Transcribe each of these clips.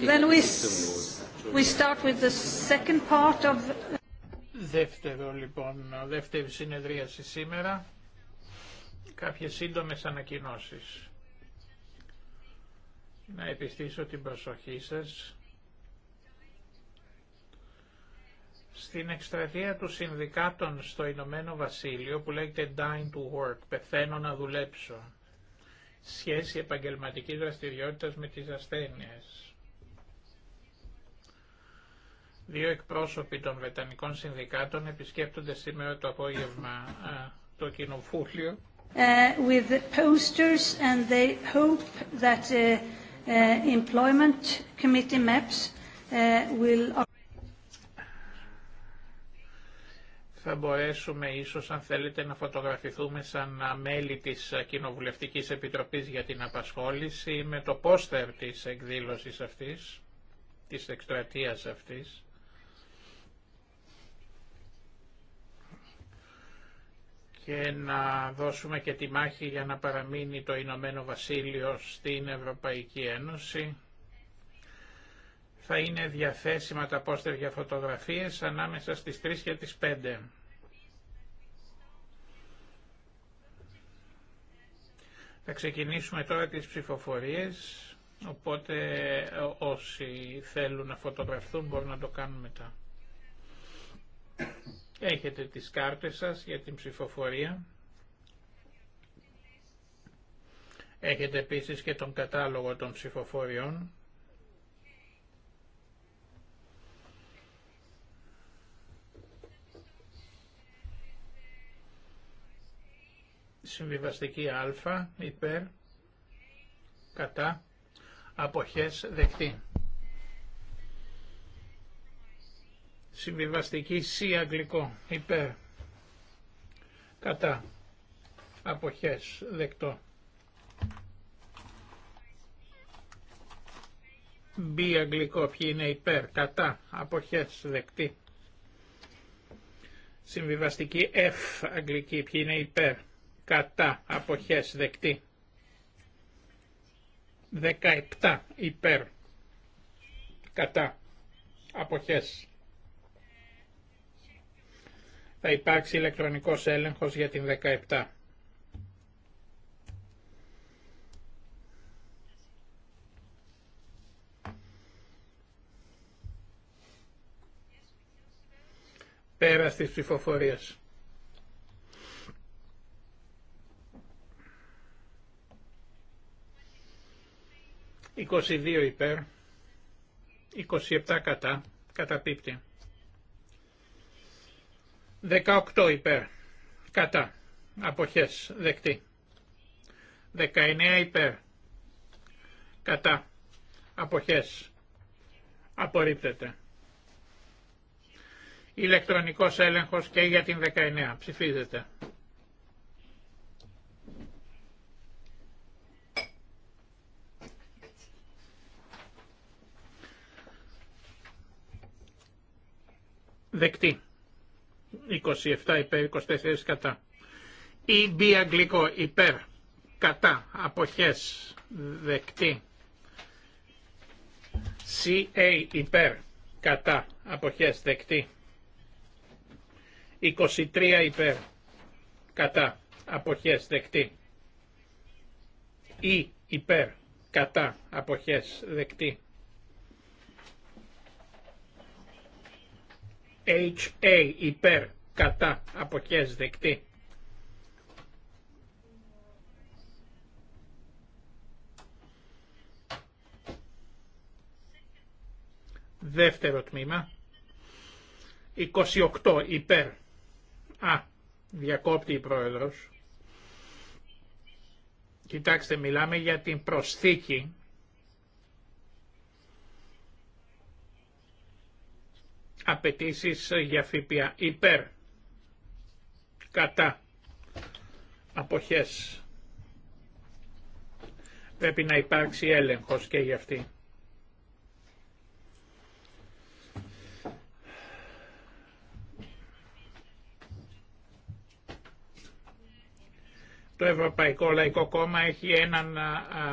Then with Δεύτερο λοιπόν, δεύτερη συνεδρίαση σήμερα. Κάποιες σύντομες ανακοινώσεις. Να επιστήσω την προσοχή σας στην εκστρατεία του συνδικάτων στο Ηνωμένο Βασίλειο που λέγεται "Dying to Work, πεθαίνω να δουλέψω σχέση επαγγελματικής δραστηριότητας με τις ασθένειες. Δύο εκπρόσωποι των Βετανικών Συνδικάτων επισκέπτονται σήμερα το απόγευμα το Κοινοβούλιο ε, with posters and they hope that ε, ε, Employment Committee will θα μπορέσουμε ίσως αν θέλετε να φωτογραφηθούμε σαν μέλη της Κοινοβουλευτικής Επιτροπής για την Απασχόληση με το πόστερ της εκδήλωσης αυτής, της εκστρατείας αυτής. και να δώσουμε και τη μάχη για να παραμείνει το Ηνωμένο Βασίλειο στην Ευρωπαϊκή Ένωση θα είναι διαθέσιμα τα πόστερ για φωτογραφίες ανάμεσα στις 3 και τις 5. Θα ξεκινήσουμε τώρα τις ψηφοφορίες, οπότε όσοι θέλουν να φωτογραφθούν μπορούν να το κάνουν μετά. Έχετε τις κάρτες σας για την ψηφοφορία. Έχετε επίσης και τον κατάλογο των ψηφοφοριών. Συμβιβαστική α υπέρ κατά αποχές δεκτή. Συμβιβαστική C αγγλικό υπέρ κατά αποχές δεκτό. B αγγλικό ποιοι είναι υπέρ κατά αποχές δεκτή. Συμβιβαστική F αγγλική ποιοι είναι υπέρ κατά αποχές δεκτή. 17 υπέρ κατά αποχές. Θα υπάρξει ηλεκτρονικός έλεγχος για την 17. Πέρα στις ψηφοφορίες. 22 υπέρ, 27 κατά, καταπίπτει. 18 υπέρ, κατά, αποχές, δεκτή. 19 υπέρ, κατά, αποχές, απορρίπτεται. Ηλεκτρονικός έλεγχος και για την 19, ψηφίζεται. Δεκτή. 27 υπέρ, 24 κατά. Ή μπι αγγλικό υπέρ, κατά, αποχές, δεκτή. CA υπέρ, κατά, αποχές, δεκτή. 23 υπέρ, κατά, αποχές, δεκτή. Ή e υπέρ, κατά, αποχές, δεκτή. HA υπέρ κατά αποχές δεκτή. Δεύτερο τμήμα. 28 υπέρ. Α, διακόπτη η πρόεδρος. Κοιτάξτε, μιλάμε για την προσθήκη Απαιτήσει για ΦΠΑ υπέρ. Κατά. Αποχές. Πρέπει να υπάρξει έλεγχος και για αυτή. Το Ευρωπαϊκό Λαϊκό Κόμμα έχει έναν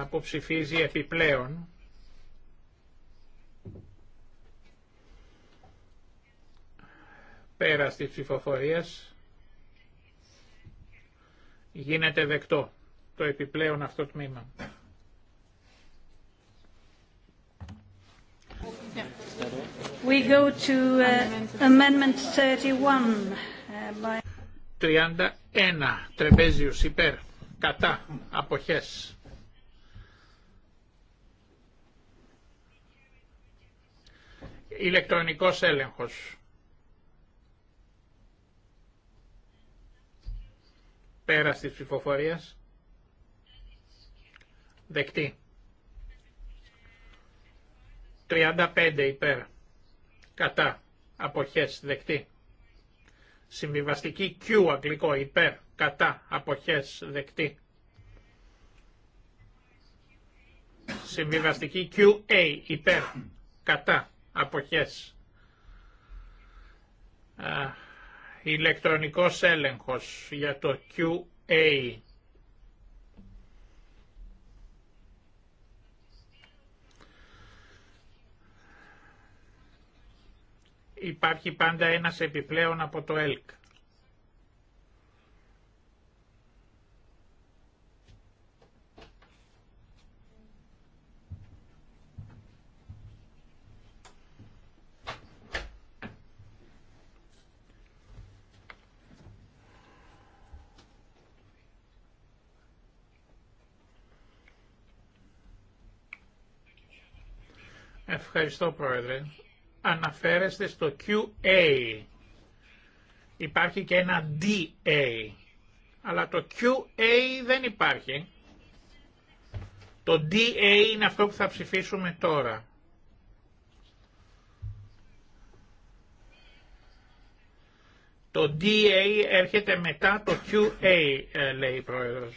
που ψηφίζει επιπλέον. Πέρα τη ψηφοφορία γίνεται δεκτό το επιπλέον αυτό τμήμα. We go to uh, amendment 31 uh, by 31. υπέρ. Κατά. Αποχές. Ηλεκτρονικός έλεγχος. Πέρα της ψηφοφορίας. Δεκτή. 35 υπέρ. Κατά. Αποχές. Δεκτή. Συμβιβαστική Q αγγλικό υπέρ. Κατά. Αποχές. Δεκτή. Συμβιβαστική QA υπέρ. Κατά. Αποχές ηλεκτρονικός έλεγχος για το QA. Υπάρχει πάντα ένας επιπλέον από το ΕΛΚ. Ευχαριστώ Πρόεδρε. Αναφέρεστε στο QA. Υπάρχει και ένα DA. Αλλά το QA δεν υπάρχει. Το DA είναι αυτό που θα ψηφίσουμε τώρα. Το DA έρχεται μετά το QA, ε, λέει η Πρόεδρος.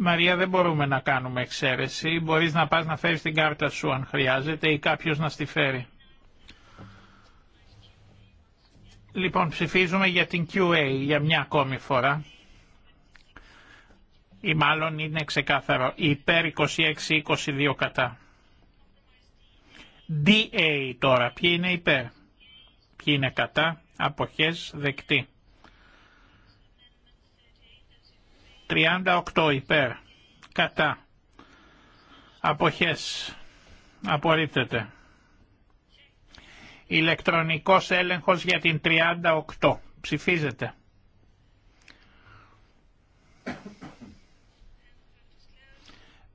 Μαρία δεν μπορούμε να κάνουμε εξαίρεση. Μπορείς να πας να φέρεις την κάρτα σου αν χρειάζεται ή κάποιος να στη φέρει. Λοιπόν, ψηφίζουμε για την QA για μια ακόμη φορά. Ή μάλλον είναι ξεκάθαρο. Υπέρ 26-22 κατά. DA τώρα. Ποιοι είναι υπέρ. Ποιοι είναι κατά. Αποχές δεκτή. 38 υπέρ. Κατά. Αποχές. Απορρίπτεται. Ηλεκτρονικός έλεγχος για την 38. Ψηφίζεται.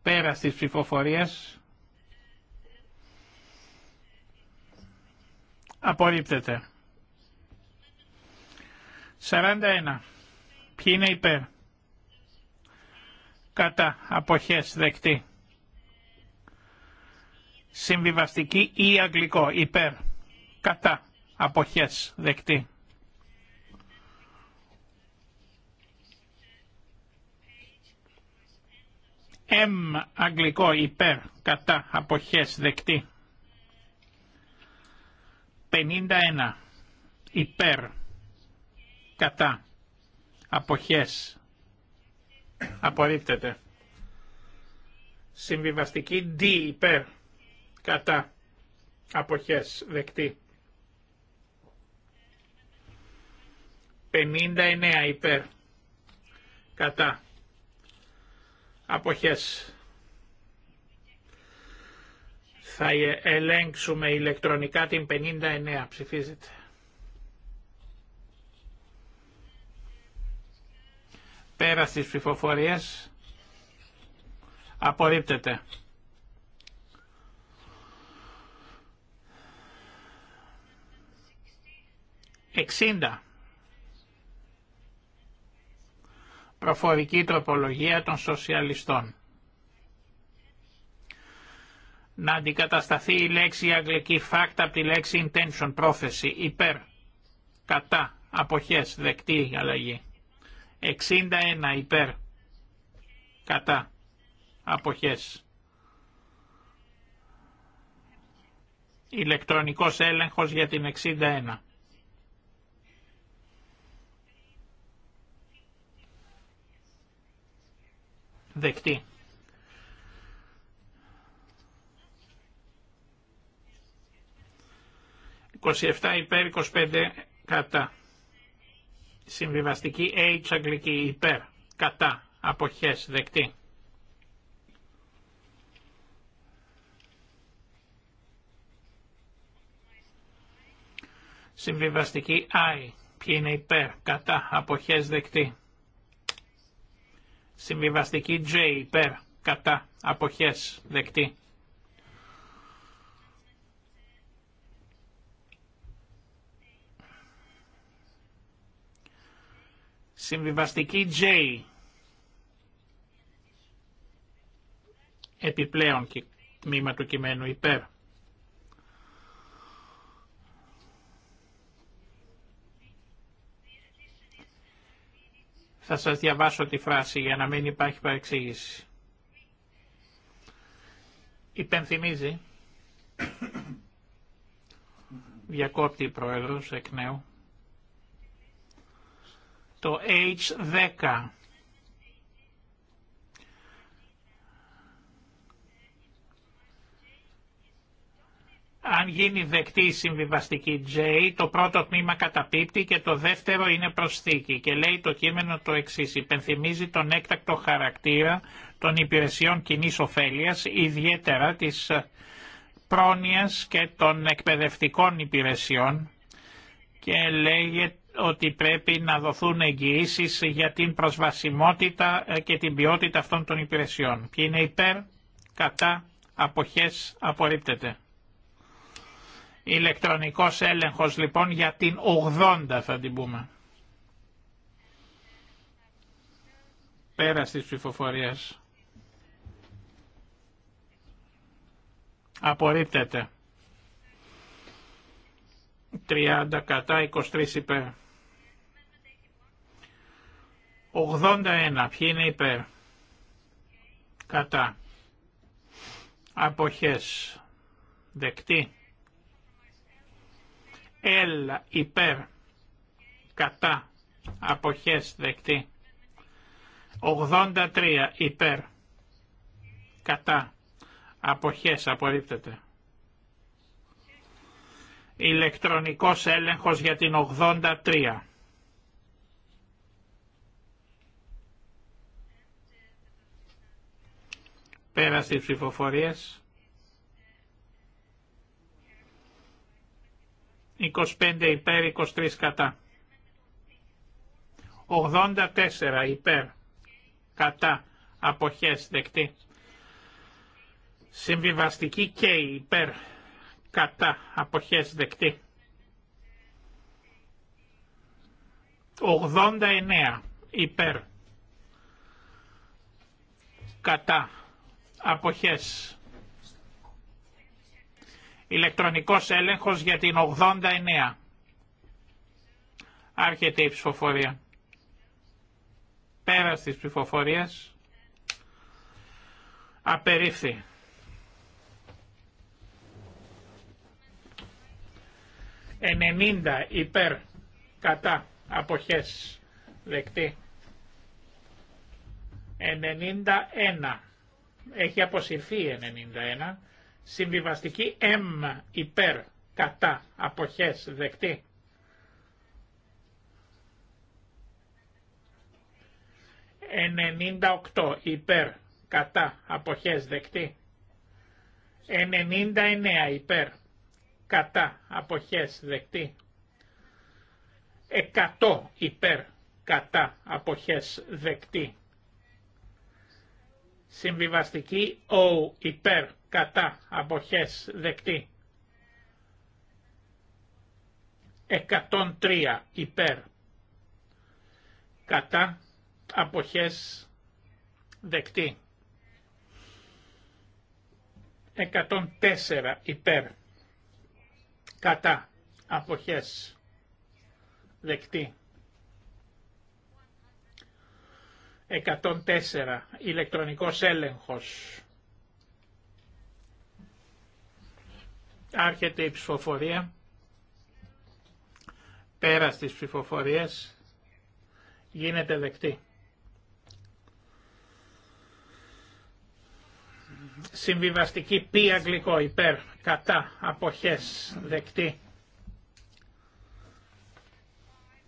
Πέρα στις ψηφοφορίες. Απορρίπτεται. 41. Ποιοι είναι υπέρ κατά αποχές δεκτή. Συμβιβαστική ή αγγλικό υπέρ κατά αποχές δεκτή. M αγγλικό υπέρ κατά αποχές δεκτή. 51 υπέρ κατά αποχές Απορρίπτεται. Συμβιβαστική D υπέρ. Κατά. Αποχές. Δεκτή. 59 υπέρ. Κατά. Αποχές. Θα ελέγξουμε ηλεκτρονικά την 59. Ψηφίζεται. Πέρα της ψηφοφορίας. Απορρίπτεται. Εξήντα. Προφορική τροπολογία των σοσιαλιστών. Να αντικατασταθεί η λέξη η αγγλική fact από τη λέξη intention, πρόθεση, υπέρ, κατά, αποχές, δεκτή αλλαγή. 61 υπέρ. Κατά. Αποχές. Ηλεκτρονικός έλεγχος για την 61. Δεκτή. «27 υπέρ 25 κατά». Συμβιβαστική H αγγλική υπέρ. Κατά. Αποχές δεκτή. Συμβιβαστική I. Ποιοι είναι υπέρ. Κατά. Αποχές δεκτή. Συμβιβαστική J υπέρ. Κατά. Αποχές δεκτή. Συμβιβαστική J. Επιπλέον τμήμα του κειμένου υπέρ. Θα σας διαβάσω τη φράση για να μην υπάρχει παρεξήγηση. Υπενθυμίζει, διακόπτει η Πρόεδρος εκ νέου, το H10. Αν γίνει δεκτή η συμβιβαστική J, το πρώτο τμήμα καταπίπτει και το δεύτερο είναι προσθήκη και λέει το κείμενο το εξή. Υπενθυμίζει τον έκτακτο χαρακτήρα των υπηρεσιών κοινή ωφέλεια, ιδιαίτερα τη πρόνοια και των εκπαιδευτικών υπηρεσιών και λέγεται ότι πρέπει να δοθούν εγγυήσει για την προσβασιμότητα ε, και την ποιότητα αυτών των υπηρεσιών. Ποιοι είναι υπέρ, κατά, αποχές, απορρίπτεται. Ηλεκτρονικός έλεγχος λοιπόν για την 80 θα την πούμε. Πέρα της ψηφοφορίας. Απορρίπτεται. 30 κατά 23 υπέρ. 81. Ποιοι είναι υπέρ. Κατά. Αποχές. Δεκτή. ΕΛΑ υπέρ. Κατά. Αποχές. Δεκτή. 83. Υπέρ. Κατά. Αποχές. Απορρίπτεται. Ηλεκτρονικός έλεγχος για την 83. Πέρασε στις ψηφοφορίες 25 υπέρ, 23 κατά. 84 υπέρ, κατά, αποχές δεκτή. Συμβιβαστική και υπέρ, κατά, αποχές δεκτή. 89 υπέρ, κατά, αποχές. Ηλεκτρονικός έλεγχος για την 89. Άρχεται η ψηφοφορία. Πέρας της ψηφοφορίας. Απερίφθη. Ενενήντα υπέρ κατά αποχές δεκτή. Ενενήντα ένα έχει αποσυρθεί 91, συμβιβαστική M υπέρ, κατά, αποχές, δεκτή. «98 υπέρ, κατά, αποχές, δεκτή». «99 υπέρ, κατά, αποχές, δεκτή». «100 υπέρ, κατά, αποχές, δεκτή». Συμβιβαστική O υπέρ κατά αποχές δεκτή. 103 υπέρ κατά αποχές δεκτή. 104 υπέρ κατά αποχές δεκτή. 104. Ηλεκτρονικός έλεγχος. Άρχεται η ψηφοφορία. Πέρα στις ψηφοφορίες γίνεται δεκτή. Συμβιβαστική πι αγγλικό υπέρ, κατά, αποχές, δεκτή.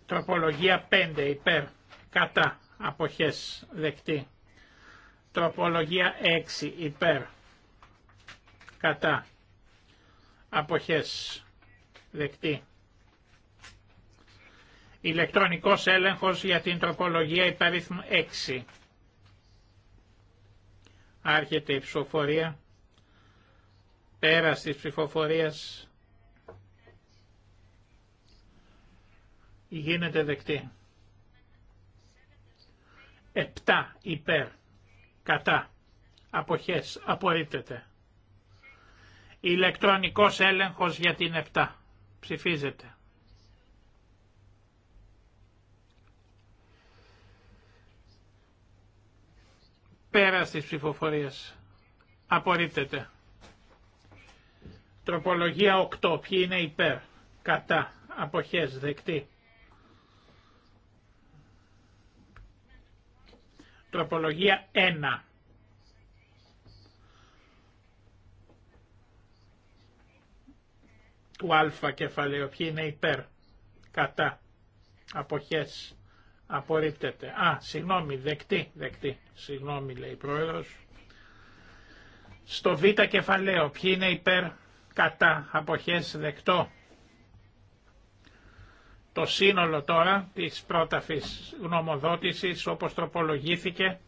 Τροπολογία 5 υπέρ, κατά, αποχές δεκτή. Τροπολογία 6 υπέρ κατά αποχές δεκτή. Ηλεκτρονικός έλεγχος για την τροπολογία υπαρίθμου 6. Άρχεται η ψηφοφορία. Πέρας της ψηφοφορίας γίνεται δεκτή. Επτά υπέρ κατά αποχές απορρίπτεται. Ηλεκτρονικός έλεγχος για την επτά. ψηφίζεται. Πέρα στις ψηφοφορίες. Απορρίπτεται. Τροπολογία 8. Ποιοι είναι υπέρ. Κατά. Αποχές. Δεκτή. Τροπολογία 1. του α κεφαλαίου, ποιοι είναι υπέρ, κατά, αποχές, απορρίπτεται. Α, συγγνώμη, δεκτή, δεκτή, συγγνώμη λέει η πρόεδρος. Στο β κεφαλαίο, ποιοι είναι υπέρ, κατά, αποχές, δεκτό. Το σύνολο τώρα της πρόταφης γνωμοδότησης όπως τροπολογήθηκε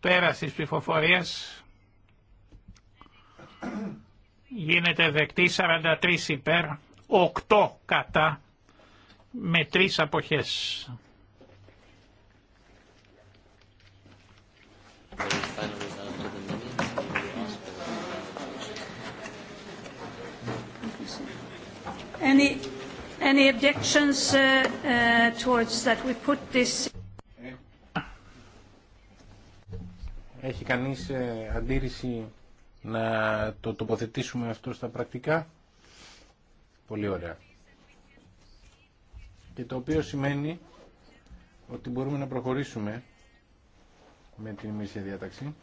πέρας της ψηφοφορίας γίνεται δεκτή 43 υπέρ, 8 κατά με τρεις αποχές. Έχει κανείς ε, αντίρρηση να το τοποθετήσουμε αυτό στα πρακτικά. Πολύ ωραία. Και το οποίο σημαίνει ότι μπορούμε να προχωρήσουμε με την ημερήσια διάταξη.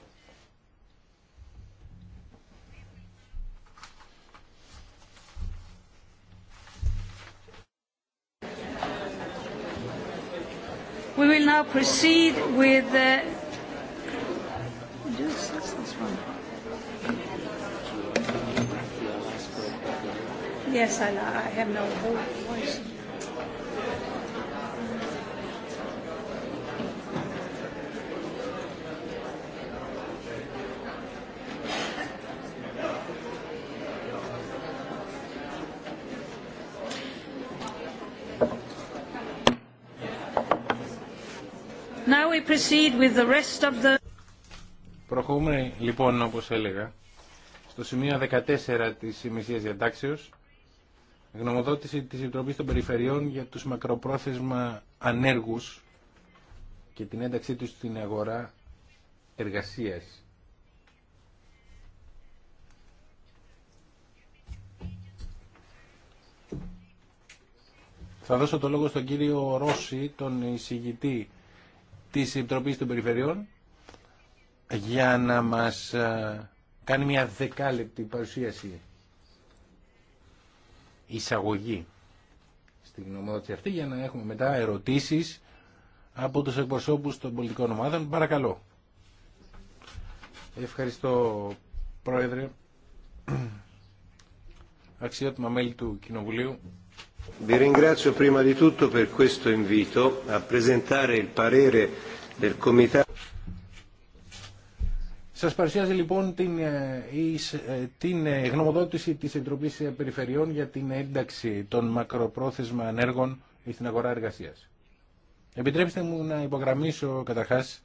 will now proceed with the Yes, I, I have no voice. Προχωρούμε λοιπόν όπως έλεγα στο σημείο 14 της ημισίας διατάξεω. γνωμοδότηση της Επιτροπή των Περιφερειών για τους μακροπρόθεσμα ανέργους και την ένταξή τους στην αγορά εργασίας. Θα δώσω το λόγο στον κύριο Ρώση, τον εισηγητή Τη Επιτροπή των Περιφερειών για να μας ε, κάνει μια δεκάλεπτη παρουσίαση εισαγωγή στην γνωμοδότηση αυτή για να έχουμε μετά ερωτήσεις από τους εκπροσώπους των πολιτικών ομάδων. Παρακαλώ. Ευχαριστώ Πρόεδρε, αξιότιμα μέλη του Κοινοβουλίου. Vi ringrazio prima di tutto per questo invito a presentare il Σας παρουσιάζει λοιπόν την, ε, ε, την ε, γνωμοδότηση της Επιτροπής Περιφερειών για την ένταξη των μακροπρόθεσμα ανέργων στην αγορά εργασίας. Επιτρέψτε μου να υπογραμμίσω καταρχάς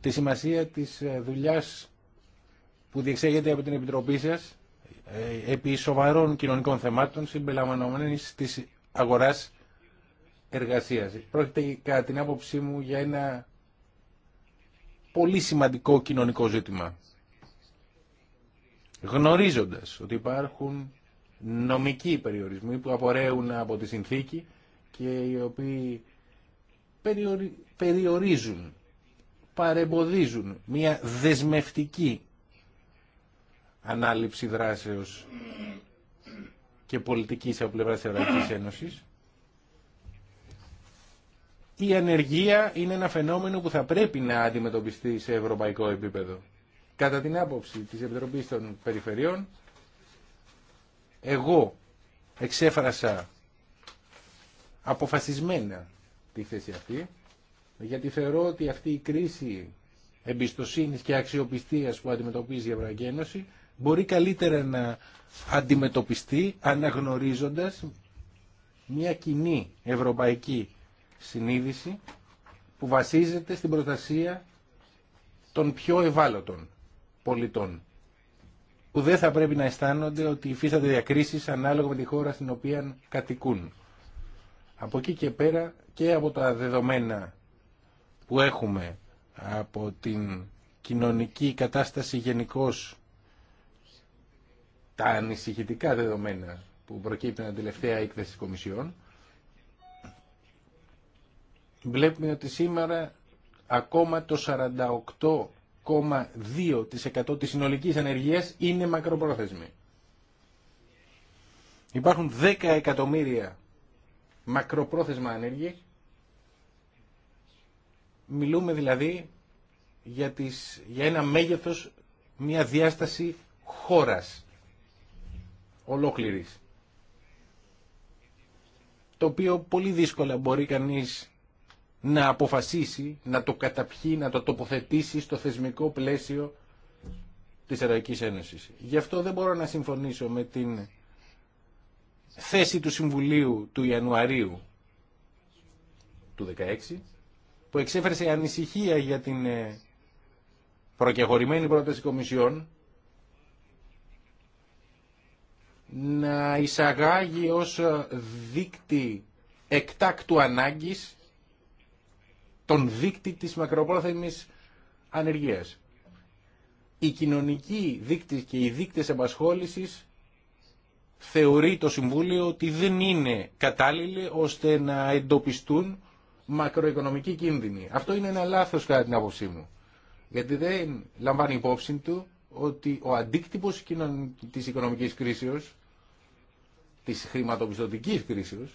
τη σημασία της δουλειάς που διεξέγεται από την Επιτροπή σας ε, επί σοβαρών κοινωνικών θεμάτων συμπεριλαμβανομένης της αγοράς εργασίας. Πρόκειται κατά την άποψή μου για ένα πολύ σημαντικό κοινωνικό ζήτημα. Γνωρίζοντας ότι υπάρχουν νομικοί περιορισμοί που απορρέουν από τη συνθήκη και οι οποίοι περιορίζουν, παρεμποδίζουν μια δεσμευτική ανάληψη δράσεως και πολιτικής από πλευράς της Ευρωπαϊκής Ένωσης. Η ανεργία είναι ένα φαινόμενο που θα πρέπει να αντιμετωπιστεί σε ευρωπαϊκό επίπεδο. Κατά την άποψη της Επιτροπής των Περιφερειών, εγώ εξέφρασα αποφασισμένα τη θέση αυτή, γιατί θεωρώ ότι αυτή η κρίση εμπιστοσύνης και αξιοπιστίας που αντιμετωπίζει η Ευρωπαϊκή Ένωση μπορεί καλύτερα να αντιμετωπιστεί αναγνωρίζοντας μια κοινή ευρωπαϊκή συνείδηση που βασίζεται στην προστασία των πιο ευάλωτων πολιτών που δεν θα πρέπει να αισθάνονται ότι υφίστανται διακρίσεις ανάλογα με τη χώρα στην οποία κατοικούν. Από εκεί και πέρα και από τα δεδομένα που έχουμε από την κοινωνική κατάσταση γενικώ τα ανησυχητικά δεδομένα που προκύπτουν την τελευταία έκθεση της Κομισιόν, βλέπουμε ότι σήμερα ακόμα το 48,2% της συνολικής ανεργίας είναι μακροπρόθεσμη. Υπάρχουν 10 εκατομμύρια μακροπρόθεσμα ανέργη. Μιλούμε δηλαδή για, τις, για ένα μέγεθος, μια διάσταση χώρας ολόκληρης. Το οποίο πολύ δύσκολα μπορεί κανείς να αποφασίσει, να το καταπιεί, να το τοποθετήσει στο θεσμικό πλαίσιο της Ευρωπαϊκής Ένωσης. Γι' αυτό δεν μπορώ να συμφωνήσω με την θέση του Συμβουλίου του Ιανουαρίου του 2016 που εξέφερσε ανησυχία για την ε, προκεχωρημένη πρόταση Κομισιόν να εισαγάγει ως δίκτυ εκτάκτου ανάγκης τον δίκτυ της μακροπρόθεσμης ανεργίας. η κοινωνική δείκτες και οι δείκτες επασχόλησης θεωρεί το Συμβούλιο ότι δεν είναι κατάλληλοι ώστε να εντοπιστούν μακροοικονομικοί κίνδυνοι. Αυτό είναι ένα λάθος κατά την άποψή μου. Γιατί δεν λαμβάνει υπόψη του ότι ο αντίκτυπος της οικονομικής κρίσεως της χρηματοπιστωτικής κρίσεως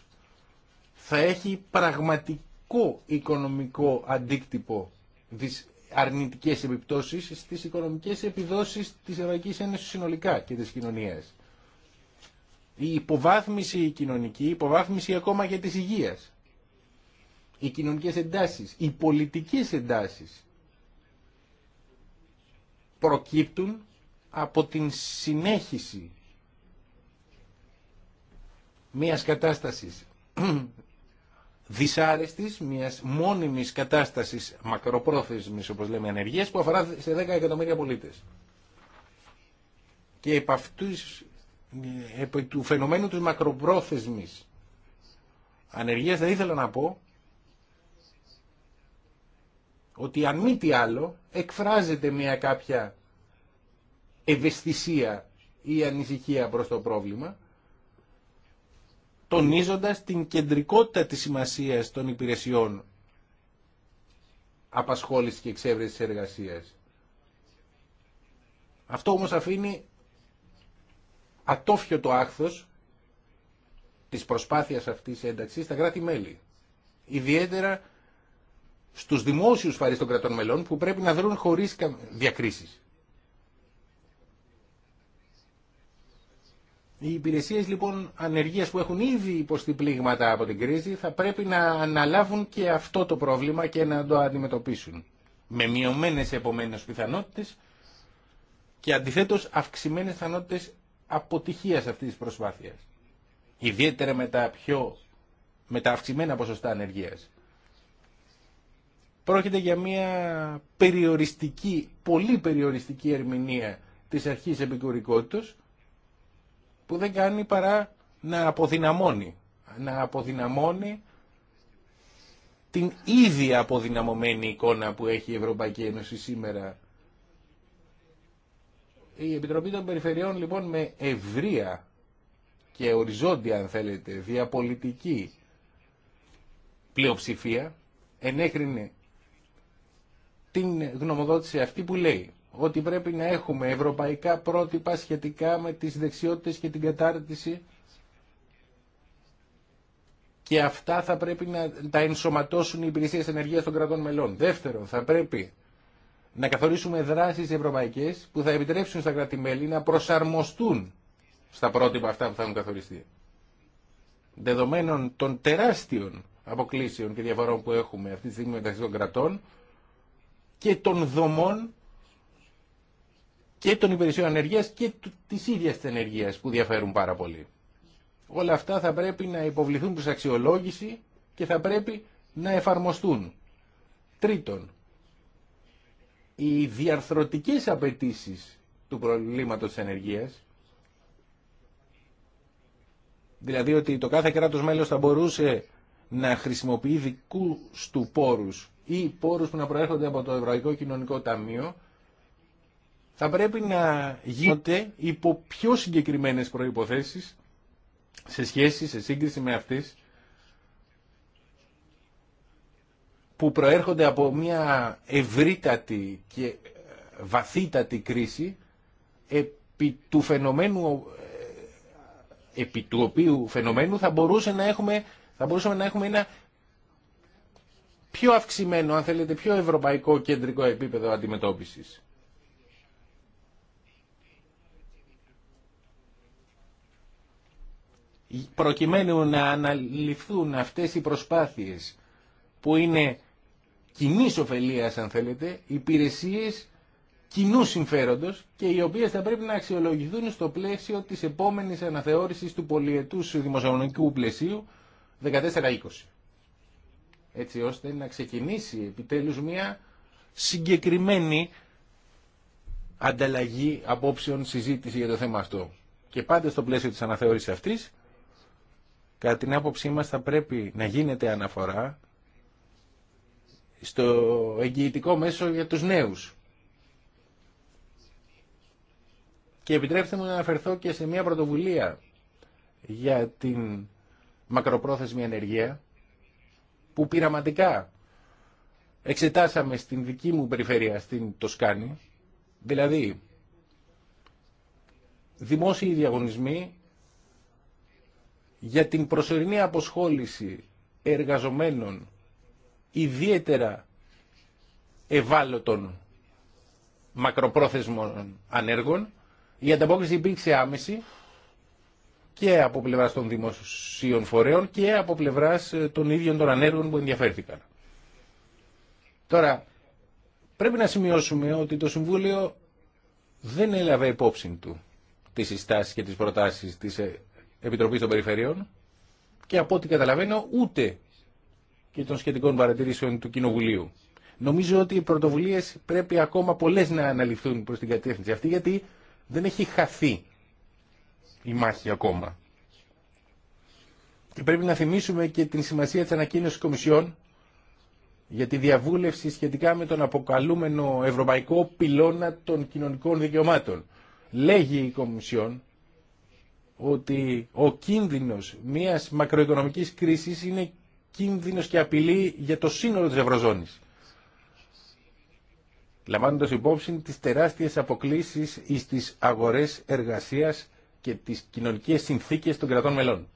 θα έχει πραγματικό οικονομικό αντίκτυπο της αρνητικές επιπτώσεις στις οικονομικές επιδόσεις της Ευρωπαϊκής Ένωσης συνολικά και της κοινωνίας. Η υποβάθμιση κοινωνική, η υποβάθμιση ακόμα και της υγείας. Οι κοινωνικές εντάσεις, οι πολιτικές εντάσεις προκύπτουν από την συνέχιση μιας κατάστασης δυσάρεστης, μιας μόνιμης κατάστασης μακροπρόθεσμης, όπως λέμε, ανεργίας, που αφορά σε 10 εκατομμύρια πολίτες. Και επ' αυτούς, επ του φαινομένου της μακροπρόθεσμης ανεργίας, θα ήθελα να πω ότι αν μη τι άλλο, εκφράζεται μια κάποια ευαισθησία ή ανησυχία προς το πρόβλημα, τονίζοντας την κεντρικότητα της σημασίας των υπηρεσιών απασχόλησης και εξέβρεσης της εργασίας. Αυτό όμως αφήνει ατόφιο το άχθος της προσπάθειας αυτής ένταξης στα κράτη-μέλη. Ιδιαίτερα στους δημόσιους φαρείς των κρατών μελών που πρέπει να δρουν χωρίς διακρίσεις. Οι υπηρεσίες λοιπόν ανεργίας που έχουν ήδη υποστεί πλήγματα από την κρίση θα πρέπει να αναλάβουν και αυτό το πρόβλημα και να το αντιμετωπίσουν. Με μειωμένες επομένως πιθανότητες και αντιθέτως αυξημένες πιθανότητες αποτυχίας αυτής της προσπάθειας. Ιδιαίτερα με τα, πιο, με αυξημένα ποσοστά ανεργίας. Πρόκειται για μια περιοριστική, πολύ περιοριστική ερμηνεία της αρχής επικουρικότητας που δεν κάνει παρά να αποδυναμώνει. Να αποδυναμώνει την ήδη αποδυναμωμένη εικόνα που έχει η Ευρωπαϊκή Ένωση σήμερα. Η Επιτροπή των Περιφερειών λοιπόν με ευρεία και οριζόντια αν θέλετε διαπολιτική πλειοψηφία ενέχρινε την γνωμοδότηση αυτή που λέει ότι πρέπει να έχουμε ευρωπαϊκά πρότυπα σχετικά με τις δεξιότητες και την κατάρτιση και αυτά θα πρέπει να τα ενσωματώσουν οι υπηρεσίες ενεργείας των κρατών μελών. Δεύτερον, θα πρέπει να καθορίσουμε δράσεις ευρωπαϊκές που θα επιτρέψουν στα κράτη-μέλη να προσαρμοστούν στα πρότυπα αυτά που θα έχουν καθοριστεί. Δεδομένων των τεράστιων αποκλήσεων και διαφορών που έχουμε αυτή τη στιγμή μεταξύ των κρατών και των δομών και των υπηρεσιών ανεργίας και της ίδιας της ενεργείας που διαφέρουν πάρα πολύ. Όλα αυτά θα πρέπει να υποβληθούν προς αξιολόγηση και θα πρέπει να εφαρμοστούν. Τρίτον, οι διαρθρωτικές απαιτήσει του προβλήματος της ενεργείας, δηλαδή ότι το κάθε κράτος μέλος θα μπορούσε να χρησιμοποιεί δικού του πόρους ή πόρους που να προέρχονται από το Ευρωπαϊκό Κοινωνικό Ταμείο, θα πρέπει να γίνονται υπό πιο συγκεκριμένες προϋποθέσεις σε σχέση, σε σύγκριση με αυτές που προέρχονται από μια ευρύτατη και βαθύτατη κρίση επί του φαινομένου ε, επί του οποίου φαινομένου θα, μπορούσε να έχουμε, θα μπορούσαμε να έχουμε ένα πιο αυξημένο, αν θέλετε, πιο ευρωπαϊκό κεντρικό επίπεδο αντιμετώπισης. προκειμένου να αναλυφθούν αυτές οι προσπάθειες που είναι κοινή ωφελία, αν θέλετε, υπηρεσίες κοινού συμφέροντος και οι οποίες θα πρέπει να αξιολογηθούν στο πλαίσιο της επόμενης αναθεώρησης του πολιετούς δημοσιονομικού πλαισίου 14-20. Έτσι ώστε να ξεκινήσει επιτέλους μια συγκεκριμένη ανταλλαγή απόψεων συζήτηση για το θέμα αυτό. Και πάντα στο πλαίσιο της αναθεώρησης αυτής Κατά την άποψή μας θα πρέπει να γίνεται αναφορά στο εγγυητικό μέσο για τους νέους. Και επιτρέψτε μου να αναφερθώ και σε μια πρωτοβουλία για την μακροπρόθεσμη ενεργεία που πειραματικά εξετάσαμε στην δική μου περιφέρεια, στην Τοσκάνη. Δηλαδή, δημόσιοι διαγωνισμοί για την προσωρινή αποσχόληση εργαζομένων ιδιαίτερα ευάλωτων μακροπρόθεσμων ανέργων. Η ανταπόκριση υπήρξε άμεση και από πλευράς των δημοσίων φορέων και από πλευράς ε, των ίδιων των ανέργων που ενδιαφέρθηκαν. Τώρα, πρέπει να σημειώσουμε ότι το Συμβούλιο δεν έλαβε υπόψη του τις συστάσεις και τις προτάσεις της ε, Επιτροπή των Περιφερειών και από ό,τι καταλαβαίνω ούτε και των σχετικών παρατηρήσεων του Κοινοβουλίου. Νομίζω ότι οι πρωτοβουλίε πρέπει ακόμα πολλέ να αναλυθούν προ την κατεύθυνση αυτή, γιατί δεν έχει χαθεί η μάχη ακόμα. Και πρέπει να θυμίσουμε και την σημασία τη ανακοίνωση Κομισιόν για τη διαβούλευση σχετικά με τον αποκαλούμενο ευρωπαϊκό πυλώνα των κοινωνικών δικαιωμάτων. Λέγει η Κομισιόν ότι ο κίνδυνος μιας μακροοικονομικής κρίσης είναι κίνδυνος και απειλή για το σύνολο της Ευρωζώνης. Λαμβάνοντας υπόψη τις τεράστιες αποκλήσεις τις αγορές εργασίας και τις κοινωνικές συνθήκες των κρατών μελών.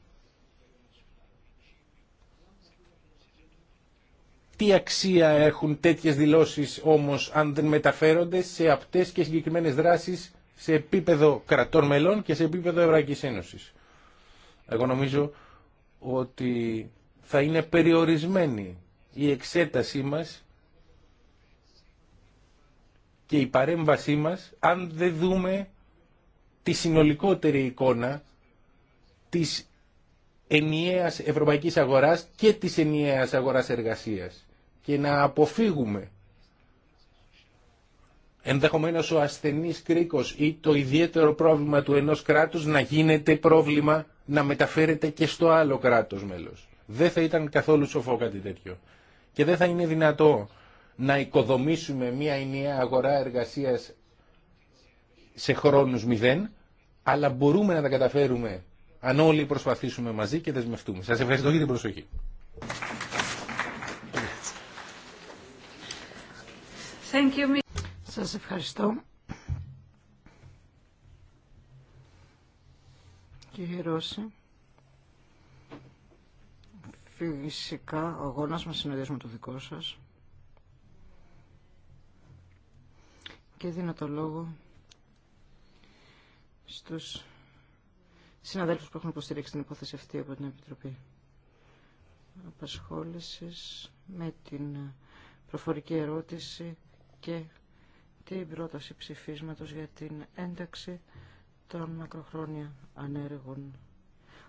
Τι αξία έχουν τέτοιες δηλώσεις όμως αν δεν μεταφέρονται σε απτές και συγκεκριμένες δράσεις σε επίπεδο κρατών μελών και σε επίπεδο Ευρωπαϊκής Ένωσης. Εγώ νομίζω ότι θα είναι περιορισμένη η εξέτασή μας και η παρέμβασή μας αν δεν δούμε τη συνολικότερη εικόνα της ενιαίας ευρωπαϊκής αγοράς και της ενιαίας αγοράς εργασίας και να αποφύγουμε ενδεχομένως ο ασθενής κρίκος ή το ιδιαίτερο πρόβλημα του ενός κράτους να γίνεται πρόβλημα να μεταφέρεται και στο άλλο κράτος μέλος. Δεν θα ήταν καθόλου σοφό κάτι τέτοιο. Και δεν θα είναι δυνατό να οικοδομήσουμε μια ενιαία αγορά εργασίας σε χρόνους μηδέν, αλλά μπορούμε να τα καταφέρουμε αν όλοι προσπαθήσουμε μαζί και δεσμευτούμε. Σας ευχαριστώ για την προσοχή. Σας ευχαριστώ. Κύριε Ρώση. Φυσικά ο αγώνας μας συνοδεύει με το δικό σας. Και δίνω το λόγο στους συναδέλφους που έχουν υποστηρίξει την υπόθεση αυτή από την Επιτροπή Απασχόλησης με την προφορική ερώτηση και την πρόταση ψηφίσματος για την ένταξη των μακροχρόνια ανέργων.